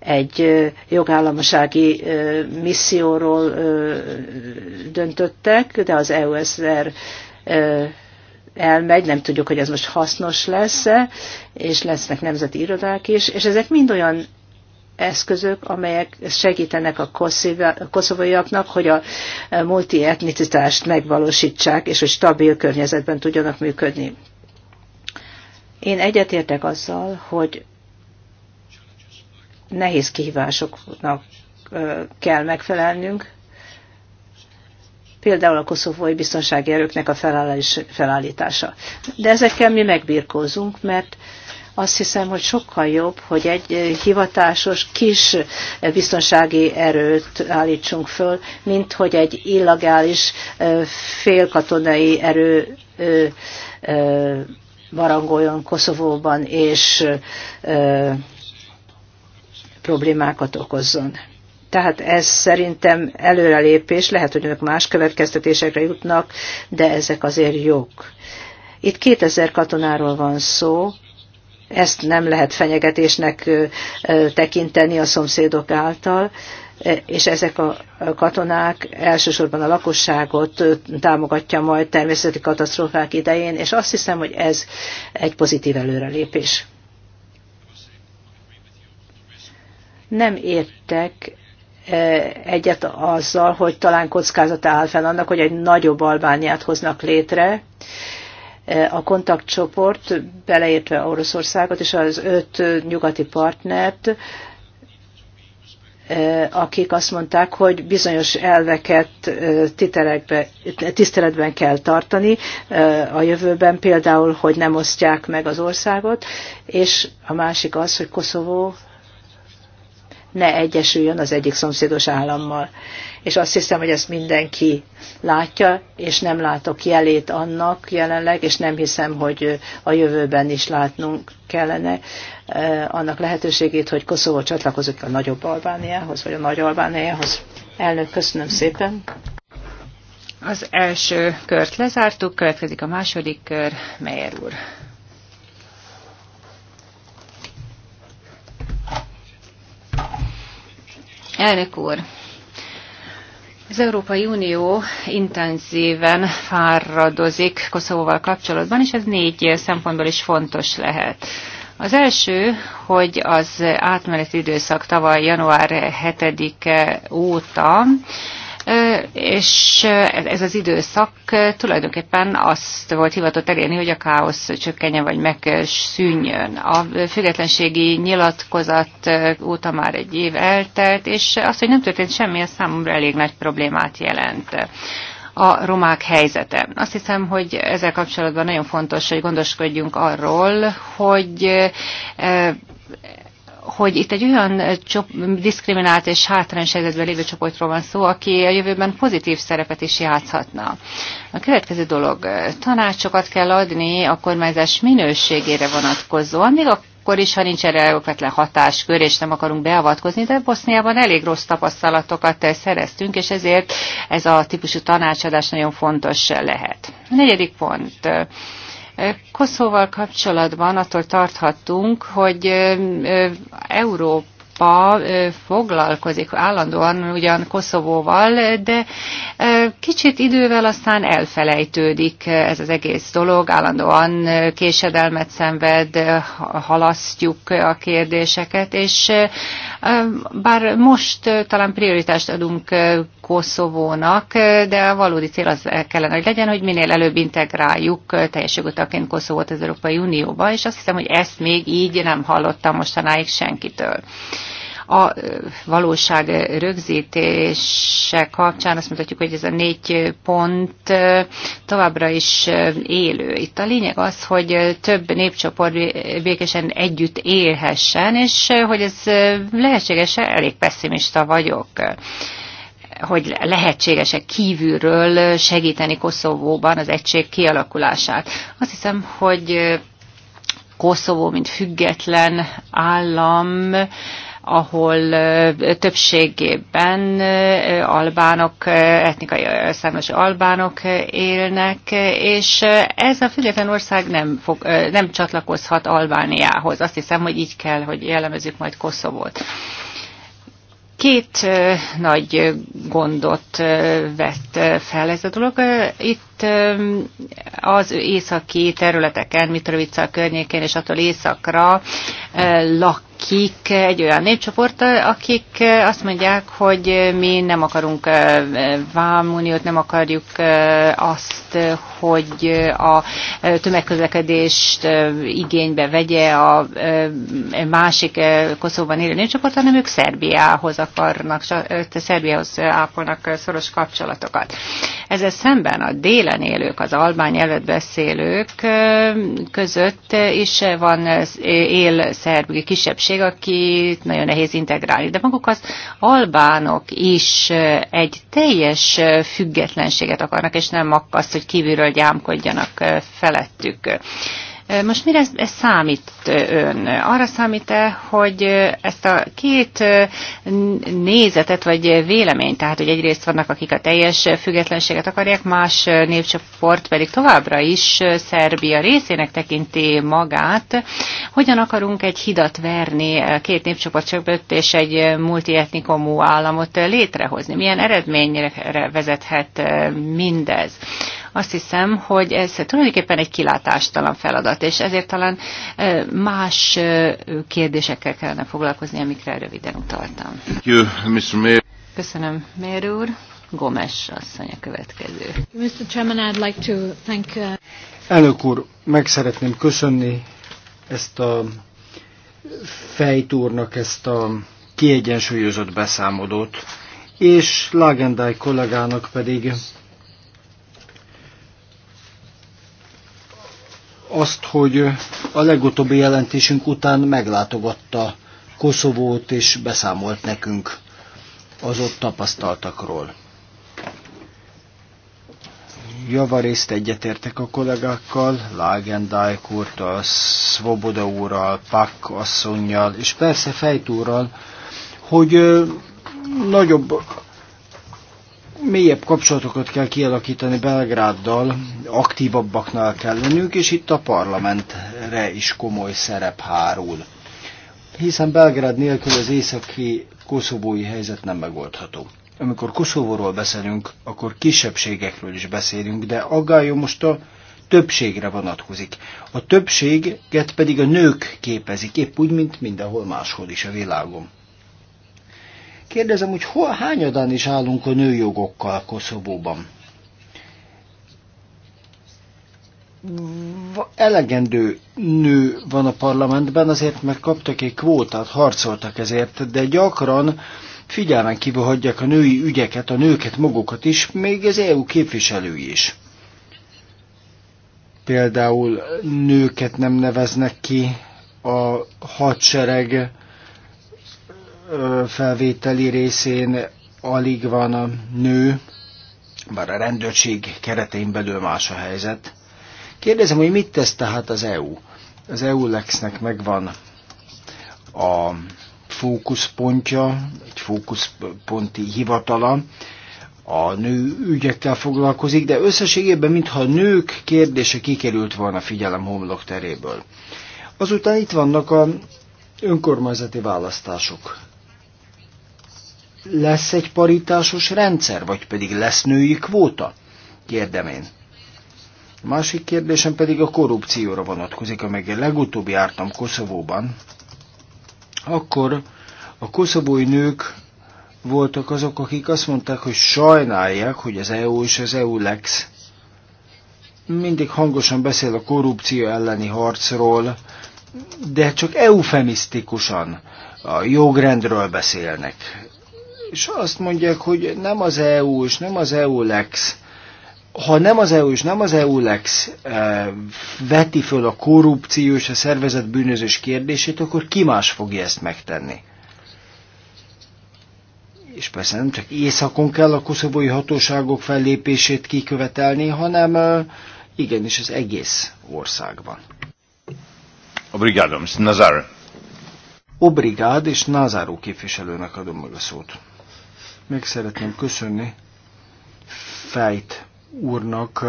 egy jogállamisági misszióról döntöttek, de az EUSR elmegy, nem tudjuk, hogy ez most hasznos lesz-e, és lesznek nemzeti irodák is, és ezek mind olyan eszközök, amelyek segítenek a koszovóiaknak, hogy a multietnicitást megvalósítsák, és hogy stabil környezetben tudjanak működni. Én egyetértek azzal, hogy nehéz kihívásoknak kell megfelelnünk, például a koszovói biztonsági erőknek a felállítása. De ezekkel mi megbirkózunk, mert azt hiszem, hogy sokkal jobb, hogy egy hivatásos kis biztonsági erőt állítsunk föl, mint hogy egy illegális félkatonai erő barangoljon Koszovóban és problémákat okozzon. Tehát ez szerintem előrelépés, lehet, hogy önök más következtetésekre jutnak, de ezek azért jók. Itt 2000 katonáról van szó, ezt nem lehet fenyegetésnek tekinteni a szomszédok által, és ezek a katonák elsősorban a lakosságot támogatja majd természeti katasztrófák idején, és azt hiszem, hogy ez egy pozitív előrelépés. nem értek e, egyet azzal, hogy talán kockázata áll fel annak, hogy egy nagyobb Albániát hoznak létre. E, a kontaktcsoport, beleértve Oroszországot és az öt nyugati partnert, e, akik azt mondták, hogy bizonyos elveket tiszteletben kell tartani a jövőben, például, hogy nem osztják meg az országot, és a másik az, hogy Koszovó ne egyesüljön az egyik szomszédos állammal. És azt hiszem, hogy ezt mindenki látja, és nem látok jelét annak jelenleg, és nem hiszem, hogy a jövőben is látnunk kellene eh, annak lehetőségét, hogy Koszovó csatlakozik a nagyobb Albániához, vagy a nagy Albániához. Elnök, köszönöm szépen. Az első kört lezártuk, következik a második kör, Meyer úr. Elnök úr, az Európai Unió intenzíven fáradozik Koszovóval kapcsolatban, és ez négy szempontból is fontos lehet. Az első, hogy az átmeneti időszak tavaly január 7-e óta és eh, ez az időszak eh, tulajdonképpen azt volt hivatott elérni, hogy a káosz csökkenjen vagy megszűnjön. A függetlenségi nyilatkozat eh, óta már egy év eltelt, és az, hogy nem történt semmi, az számomra elég nagy problémát jelent a romák helyzete. Azt hiszem, hogy ezzel kapcsolatban nagyon fontos, hogy gondoskodjunk arról, hogy hogy itt egy olyan eh, csop- diszkriminált és hátrányos helyzetben lévő csoportról van szó, aki a jövőben pozitív szerepet is játszhatna. A következő dolog, eh, tanácsokat kell adni a kormányzás minőségére vonatkozóan, még a akkor is, ha nincs erre okvetlen hatáskör, és nem akarunk beavatkozni, de Boszniában elég rossz tapasztalatokat eh, szereztünk, és ezért ez a típusú tanácsadás nagyon fontos lehet. A negyedik pont Koszóval kapcsolatban attól tarthattunk, hogy Európa Európa foglalkozik állandóan ugyan Koszovóval, de kicsit idővel aztán elfelejtődik ez az egész dolog, állandóan késedelmet szenved, halasztjuk a kérdéseket, és bár most talán prioritást adunk Koszovónak, de a valódi cél az kellene, hogy legyen, hogy minél előbb integráljuk teljes jogotaként Koszovót az Európai Unióba, és azt hiszem, hogy ezt még így nem hallottam mostanáig senkitől. A valóság rögzítése kapcsán azt mutatjuk, hogy ez a négy pont továbbra is élő. Itt a lényeg az, hogy több népcsoport békesen együtt élhessen, és hogy ez lehetséges, elég pessimista vagyok hogy lehetséges-e kívülről segíteni Koszovóban az egység kialakulását. Azt hiszem, hogy Koszovó, mint független állam ahol többségében albánok, etnikai szármas albánok élnek, és ez a független ország nem, fog, nem csatlakozhat Albániához. Azt hiszem, hogy így kell, hogy jellemezzük majd Koszovót. Két nagy gondot vett fel ez a dolog. Itt az északi területeken, Mitrovica környékén és attól északra lak akik egy olyan népcsoport, akik azt mondják, hogy mi nem akarunk vámuniót, nem akarjuk azt, hogy a tömegközlekedést igénybe vegye a másik Koszovban élő népcsoport, hanem ők Szerbiához akarnak, Szerbiához ápolnak szoros kapcsolatokat. Ezzel szemben a délen élők, az albán nyelvet beszélők között is van él szerb kisebbség, akit nagyon nehéz integrálni. De maguk az albánok is egy teljes függetlenséget akarnak, és nem azt, hogy kívülről gyámkodjanak felettük. Most mire ez számít ön? Arra számít-e, hogy ezt a két nézetet vagy véleményt, tehát hogy egyrészt vannak, akik a teljes függetlenséget akarják, más népcsoport pedig továbbra is Szerbia részének tekinti magát. Hogyan akarunk egy hidat verni két népcsoport csöpött és egy multietnikumú államot létrehozni? Milyen eredményre vezethet mindez? Azt hiszem, hogy ez tulajdonképpen egy kilátástalan feladat, és ezért talán más kérdésekkel kellene foglalkozni, amikre röviden utaltam. Köszönöm, Mér úr. Gomes asszony a következő. Mr. Chairman, I'd like to thank, uh... Elnök úr, meg szeretném köszönni ezt a fejtúrnak ezt a kiegyensúlyozott beszámolót, és Lagendai kollégának pedig azt, hogy a legutóbbi jelentésünk után meglátogatta Koszovót és beszámolt nekünk az ott tapasztaltakról. Javarészt egyetértek a kollégákkal, Lágendájk úrtal, Svoboda úrral, Pak asszonynal, és persze Fejtúrral, hogy nagyobb mélyebb kapcsolatokat kell kialakítani Belgráddal, aktívabbaknál kell lennünk, és itt a parlamentre is komoly szerep hárul. Hiszen Belgrád nélkül az északi koszovói helyzet nem megoldható. Amikor Koszovóról beszélünk, akkor kisebbségekről is beszélünk, de aggályom most a többségre vonatkozik. A többséget pedig a nők képezik, épp úgy, mint mindenhol máshol is a világon. Kérdezem, hogy hol, hányadan is állunk a nőjogokkal Koszovóban? elegendő nő van a parlamentben, azért mert kaptak egy kvótát, harcoltak ezért, de gyakran figyelmen kívül hagyják a női ügyeket, a nőket magukat is, még az EU képviselői is. Például nőket nem neveznek ki a hadsereg felvételi részén alig van a nő, bár a rendőrség keretein belül más a helyzet. Kérdezem, hogy mit tesz tehát az EU? Az EU-lexnek megvan a fókuszpontja, egy fókuszponti hivatala, a nő ügyekkel foglalkozik, de összességében mintha a nők kérdése kikerült volna figyelem homlok teréből. Azután itt vannak a önkormányzati választások lesz egy paritásos rendszer, vagy pedig lesz női kvóta? Kérdem én. A másik kérdésem pedig a korrupcióra vonatkozik, én legutóbb jártam Koszovóban. Akkor a koszovói nők voltak azok, akik azt mondták, hogy sajnálják, hogy az EU és az EU-lex mindig hangosan beszél a korrupció elleni harcról, de csak eufemisztikusan a jogrendről beszélnek és azt mondják, hogy nem az EU és nem az EU-lex, ha nem az EU és nem az EU-lex e, e eh, veti föl a korrupció és a szervezet bűnözés kérdését, akkor ki más fogja ezt megtenni? És persze nem csak északon kell a koszovói hatóságok fellépését kikövetelni, hanem e, igenis az egész országban. Obrigado, Mr. Nazar. Obrigád és Nazaró képviselőnek adom meg a szót. Meg szeretném köszönni Fejt úrnak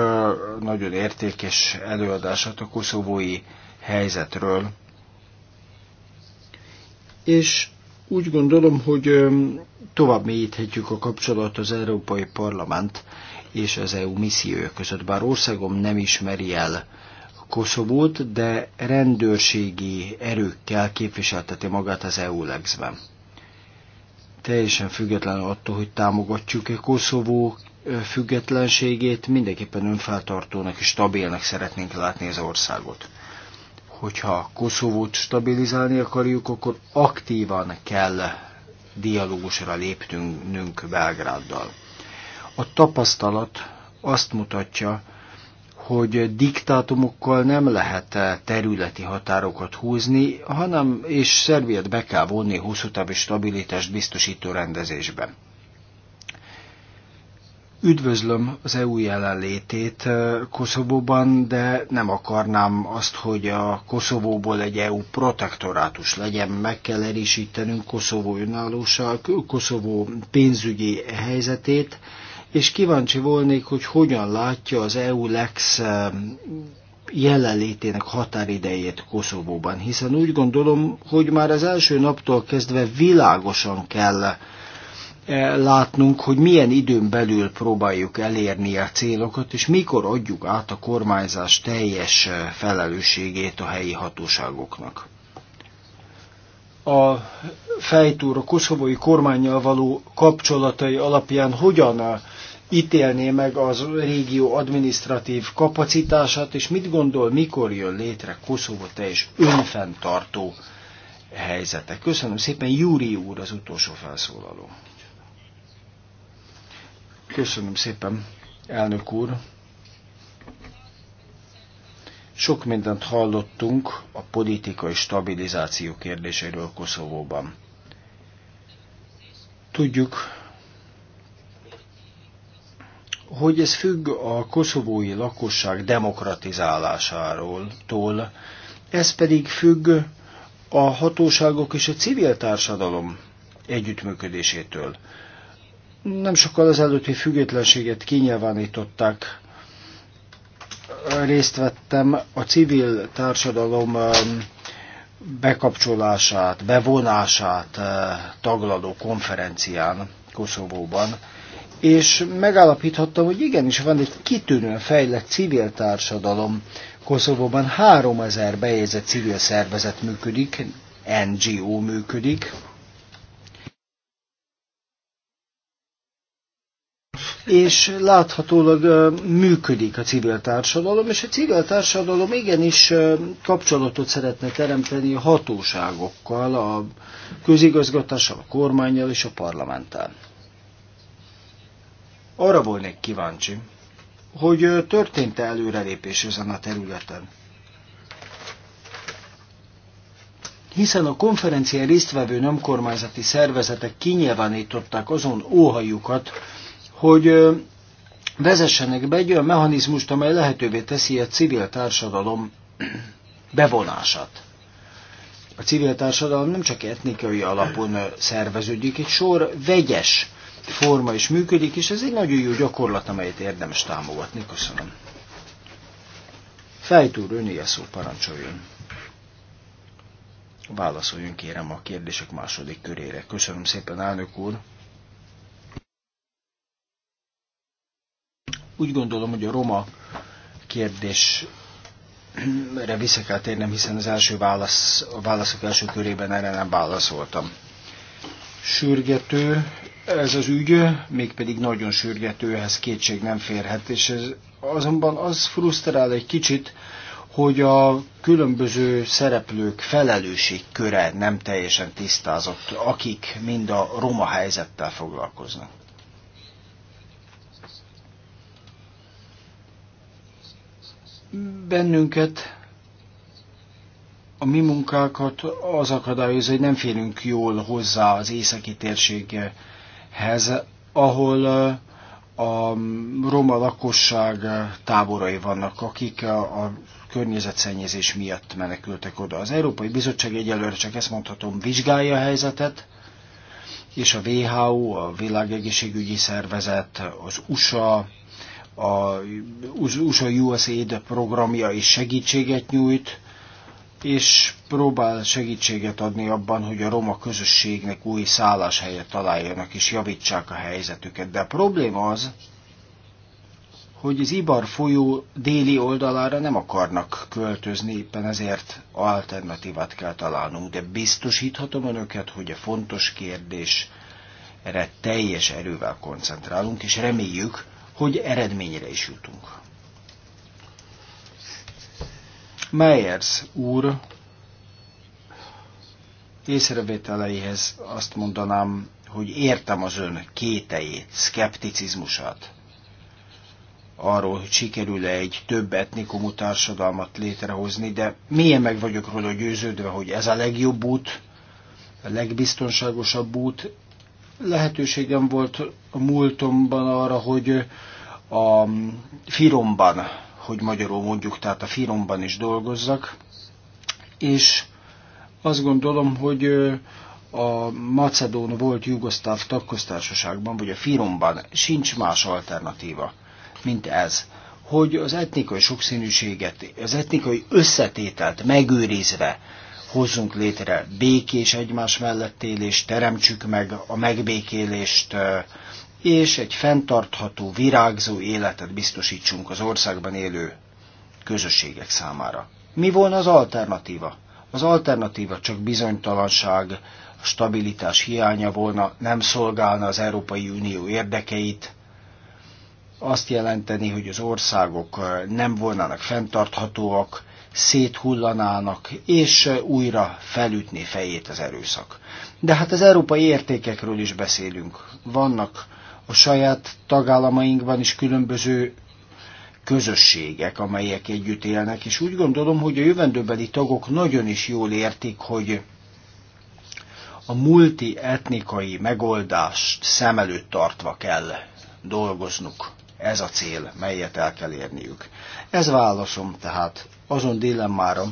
nagyon értékes előadását a koszovói helyzetről. És úgy gondolom, hogy tovább mélyíthetjük a kapcsolatot az Európai Parlament és az EU missziója között. Bár országom nem ismeri el Koszovót, de rendőrségi erőkkel képviselteti magát az EU-legzben teljesen független attól, hogy támogatjuk-e Koszovó függetlenségét, mindenképpen önfeltartónak és stabilnak szeretnénk látni az országot. Hogyha Koszovót stabilizálni akarjuk, akkor aktívan kell dialógusra léptünk Belgráddal. A tapasztalat azt mutatja, hogy diktátumokkal nem lehet területi határokat húzni, hanem és Szerbiát be kell vonni hosszú távú stabilitást biztosító rendezésben. Üdvözlöm az EU jelenlétét eh, Koszovóban, de nem akarnám azt, hogy a Koszovóból egy EU protektorátus legyen. Meg kell erősítenünk Koszovó önállóság, Koszovó pénzügyi helyzetét, és kíváncsi volnék, hogy hogyan látja az EU-lex eh, jelenlétének határidejét Koszovóban, hiszen úgy gondolom, hogy már az első naptól kezdve világosan kell eh, látnunk, hogy milyen időn belül próbáljuk elérni a célokat, és mikor adjuk át a kormányzás teljes eh, felelősségét a helyi hatóságoknak. A fejtúr a koszovói kormányjal való kapcsolatai alapján hogyan ítélné meg az régió adminisztratív kapacitását, és mit gondol, mikor jön létre Koszovó teljes önfenntartó helyzete. Köszönöm szépen, Júri úr az utolsó felszólaló. Köszönöm szépen, elnök úr. Sok mindent hallottunk a politikai stabilizáció kérdéseiről Koszovóban. Tudjuk, hogy ez függ a koszovói lakosság demokratizálásáról, tól, ez pedig függ a hatóságok és a civil társadalom együttműködésétől. Nem sokkal az hogy függetlenséget kinyilvánították, részt vettem a civil társadalom um, bekapcsolását, bevonását uh, taglaló konferencián Koszovóban, és megállapíthattam, hogy igenis van egy kitűnően fejlett civil társadalom. Koszovóban 3000 bejegyzett civil szervezet működik, NGO működik, és láthatólag működik a civil társadalom, és a civil társadalom igenis kapcsolatot szeretne teremteni a hatóságokkal, a közigazgatással, a kormányjal és a parlamenttel. Arra volnék kíváncsi, hogy történt-e előrelépés ezen a területen. Hiszen a konferencián résztvevő nemkormányzati szervezetek kinyilvánították azon óhajukat, hogy vezessenek be egy olyan mechanizmust, amely lehetővé teszi a civil társadalom bevonását. A civil társadalom nem csak etnikai alapon szerveződik, egy sor vegyes forma is működik, és ez egy nagyon jó gyakorlat, amelyet érdemes támogatni. Köszönöm. Fejtúr, öné a szó, parancsoljon. Válaszoljon kérem a kérdések második körére. Köszönöm szépen, elnök úr. Úgy gondolom, hogy a roma kérdésre vissza kell térnem, hiszen az első válasz, a válaszok első körében erre nem válaszoltam. Sürgető ez az ügy, mégpedig nagyon sürgető, ehhez kétség nem férhet, és ez azonban az frusztrál egy kicsit, hogy a különböző szereplők felelősség köre nem teljesen tisztázott, akik mind a roma helyzettel foglalkoznak. Bennünket a mi munkákat az akadályozza, hogy nem férünk jól hozzá az északi térség hez, ahol a roma lakosság táborai vannak, akik a, a környezetszennyezés miatt menekültek oda. Az Európai Bizottság egyelőre csak ezt mondhatom, vizsgálja a helyzetet, és a WHO, a Világegészségügyi Szervezet, az USA, a USA USAID programja is segítséget nyújt, és próbál segítséget adni abban, hogy a roma közösségnek új szálláshelyet találjanak és javítsák a helyzetüket. De a probléma az, hogy az Ibar folyó déli oldalára nem akarnak költözni, éppen ezért alternatívát kell találnunk, de biztosíthatom önöket, hogy a fontos kérdésre teljes erővel koncentrálunk, és reméljük, hogy eredményre is jutunk. Meyers úr észrevételeihez azt mondanám, hogy értem az ön kétejét, szkepticizmusát arról, hogy sikerül-e egy több etnikumú társadalmat létrehozni, de milyen meg vagyok róla győződve, hogy ez a legjobb út, a legbiztonságosabb út. Lehetőségem volt a múltomban arra, hogy a Firomban hogy magyarul mondjuk, tehát a firomban is dolgozzak, és azt gondolom, hogy a Macedón volt Jugoszláv tagköztársaságban, vagy a Firomban sincs más alternatíva, mint ez. Hogy az etnikai sokszínűséget, az etnikai összetételt megőrizve hozzunk létre békés egymás mellett élést, teremtsük meg a megbékélést, és egy fenntartható, virágzó életet biztosítsunk az országban élő közösségek számára. Mi volna az alternatíva? Az alternatíva csak bizonytalanság, stabilitás hiánya volna, nem szolgálna az Európai Unió érdekeit, azt jelenteni, hogy az országok nem volnának fenntarthatóak, széthullanának, és újra felütné fejét az erőszak. De hát az európai értékekről is beszélünk. Vannak a saját tagállamainkban is különböző közösségek, amelyek együtt élnek, és úgy gondolom, hogy a jövendőbeli tagok nagyon is jól értik, hogy a multietnikai megoldást szem előtt tartva kell dolgoznuk. Ez a cél, melyet el kell érniük. Ez válaszom tehát azon dilemmára,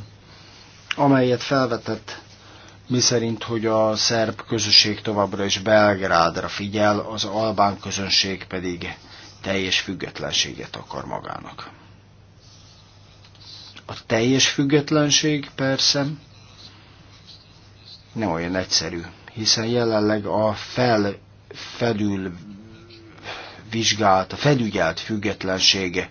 amelyet felvetett miszerint, hogy a szerb közösség továbbra is Belgrádra figyel, az albán közönség pedig teljes függetlenséget akar magának. A teljes függetlenség persze nem olyan egyszerű, hiszen jelenleg a fel, felül vizsgált, a felügyelt függetlensége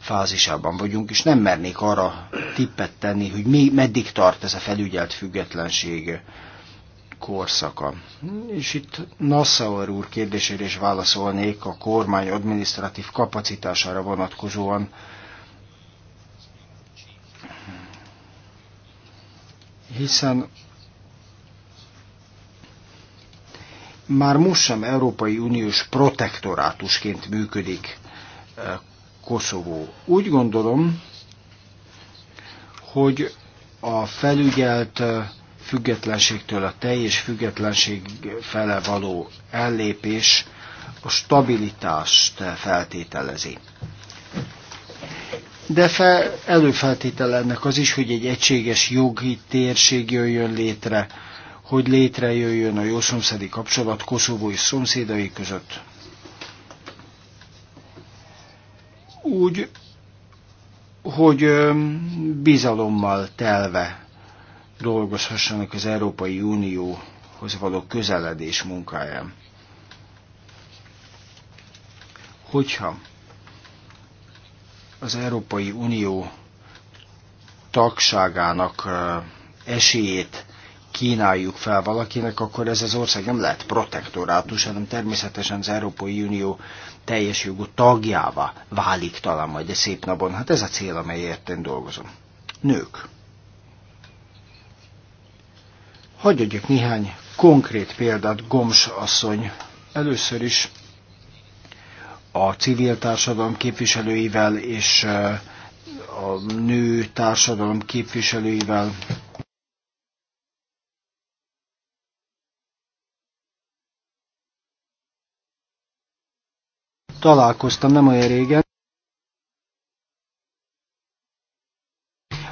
fázisában vagyunk, és nem mernék arra tippet tenni, hogy mi, meddig tart ez a felügyelt függetlenség korszaka. És itt Nassauer úr kérdésére is válaszolnék a kormány administratív kapacitására vonatkozóan. Hiszen már most sem Európai Uniós protektorátusként működik eh, Koszovó. Úgy gondolom, hogy a felügyelt függetlenségtől a teljes függetlenség fele való ellépés a stabilitást feltételezi. De fel, előfeltétel ennek az is, hogy egy egységes jogi térség jöjjön létre, hogy létrejöjjön a jószomszédi kapcsolat Koszovó és szomszédai között. úgy, hogy bizalommal telve dolgozhassanak az Európai Unióhoz való közeledés munkáján. Hogyha az Európai Unió tagságának esélyét kínáljuk fel valakinek, akkor ez az ország nem lehet protektorátus, hanem természetesen az Európai Unió teljes jogú tagjává válik talán majd egy szép napon. Hát ez a cél, amelyért én dolgozom. Nők. Hagyjuk néhány konkrét példát, Goms asszony. Először is a civil társadalom képviselőivel és eh, a nő társadalom képviselőivel találkoztam nem olyan régen.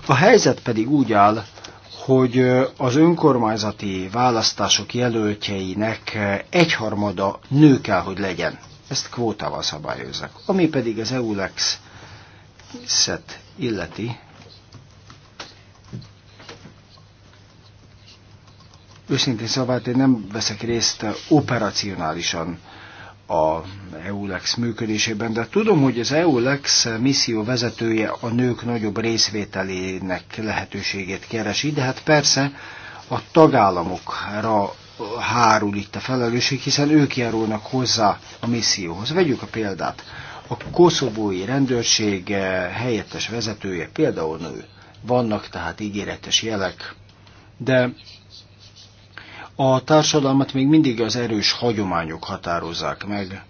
A helyzet pedig úgy áll, hogy az önkormányzati választások jelöltjeinek egyharmada nő kell, hogy legyen. Ezt kvótával szabályozzak. Ami pedig az EULEX-et illeti, őszintén szabályt szóval, én nem veszek részt operacionálisan a EULEX működésében, de tudom, hogy az EULEX misszió vezetője a nők nagyobb részvételének lehetőségét keresi, de hát persze a tagállamokra hárul itt a felelősség, hiszen ők járulnak hozzá a misszióhoz. Vegyük a példát. A koszovói rendőrség eh, helyettes vezetője például nő. Vannak tehát ígéretes jelek, de a társadalmat még mindig az erős hagyományok határozzák meg,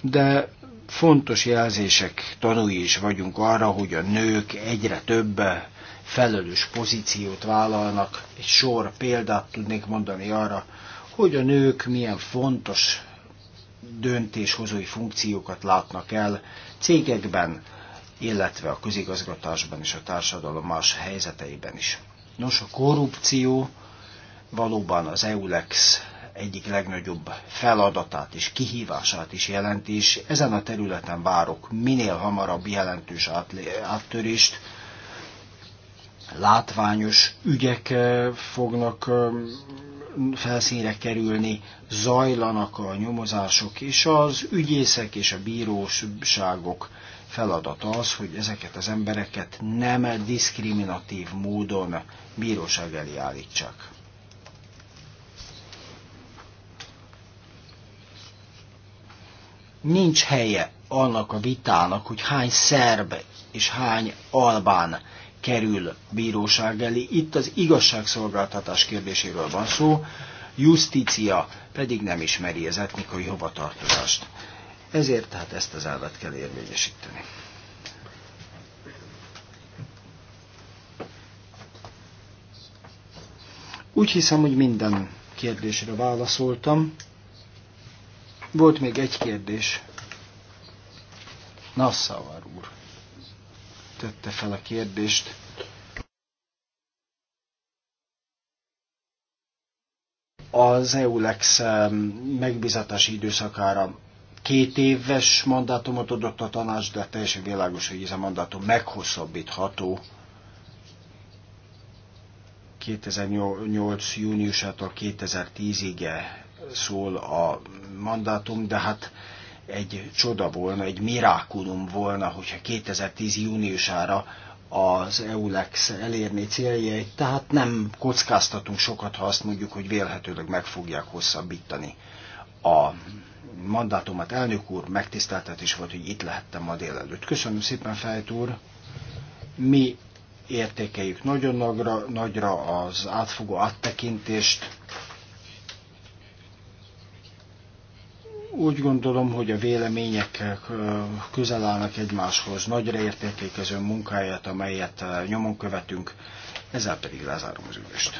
de fontos jelzések tanúi is vagyunk arra, hogy a nők egyre több felelős pozíciót vállalnak. Egy sor példát tudnék mondani arra, hogy a nők milyen fontos döntéshozói funkciókat látnak el cégekben, illetve a közigazgatásban és a társadalom más helyzeteiben is. Nos, a korrupció valóban az EULEX egyik legnagyobb feladatát és kihívását is jelenti, és ezen a területen várok minél hamarabb jelentős áttörést. Látványos ügyek eh, fognak eh, felszínre kerülni, zajlanak a nyomozások, és az ügyészek és a bíróságok feladata az, hogy ezeket az embereket nem diszkriminatív módon bíróság elé állítsák. nincs helye annak a vitának, hogy hány szerb és hány albán kerül bíróság elé. Itt az igazságszolgáltatás kérdéséről van szó, justícia pedig nem ismeri az etnikai hovatartozást. Ezért tehát ezt az elvet kell érvényesíteni. Úgy hiszem, hogy minden kérdésre válaszoltam. Volt még egy kérdés. Nassauer úr tette fel a kérdést. Az EULEX um, megbizatási időszakára két éves mandátumot adott a tanács, de teljesen világos, hogy ez a mandátum meghosszabbítható 2008. júniusától 2010-ig szól a mandátum, de hát egy csoda volna, egy mirákulum volna, hogyha 2010 júniusára az EULEX elérni céljait, tehát nem kockáztatunk sokat, ha azt mondjuk, hogy vélhetőleg meg fogják hosszabbítani a mandátumát. Elnök úr, megtiszteltetés volt, hogy itt lehettem ma délelőtt. Köszönöm szépen, Fejt úr. Mi értékeljük nagyon nagyra, nagyra az átfogó áttekintést, Úgy gondolom, hogy a vélemények eh, közel állnak egymáshoz. Nagyra értékelik az ön munkáját, amelyet eh, nyomon követünk. Ezzel pedig lezárom az ülést.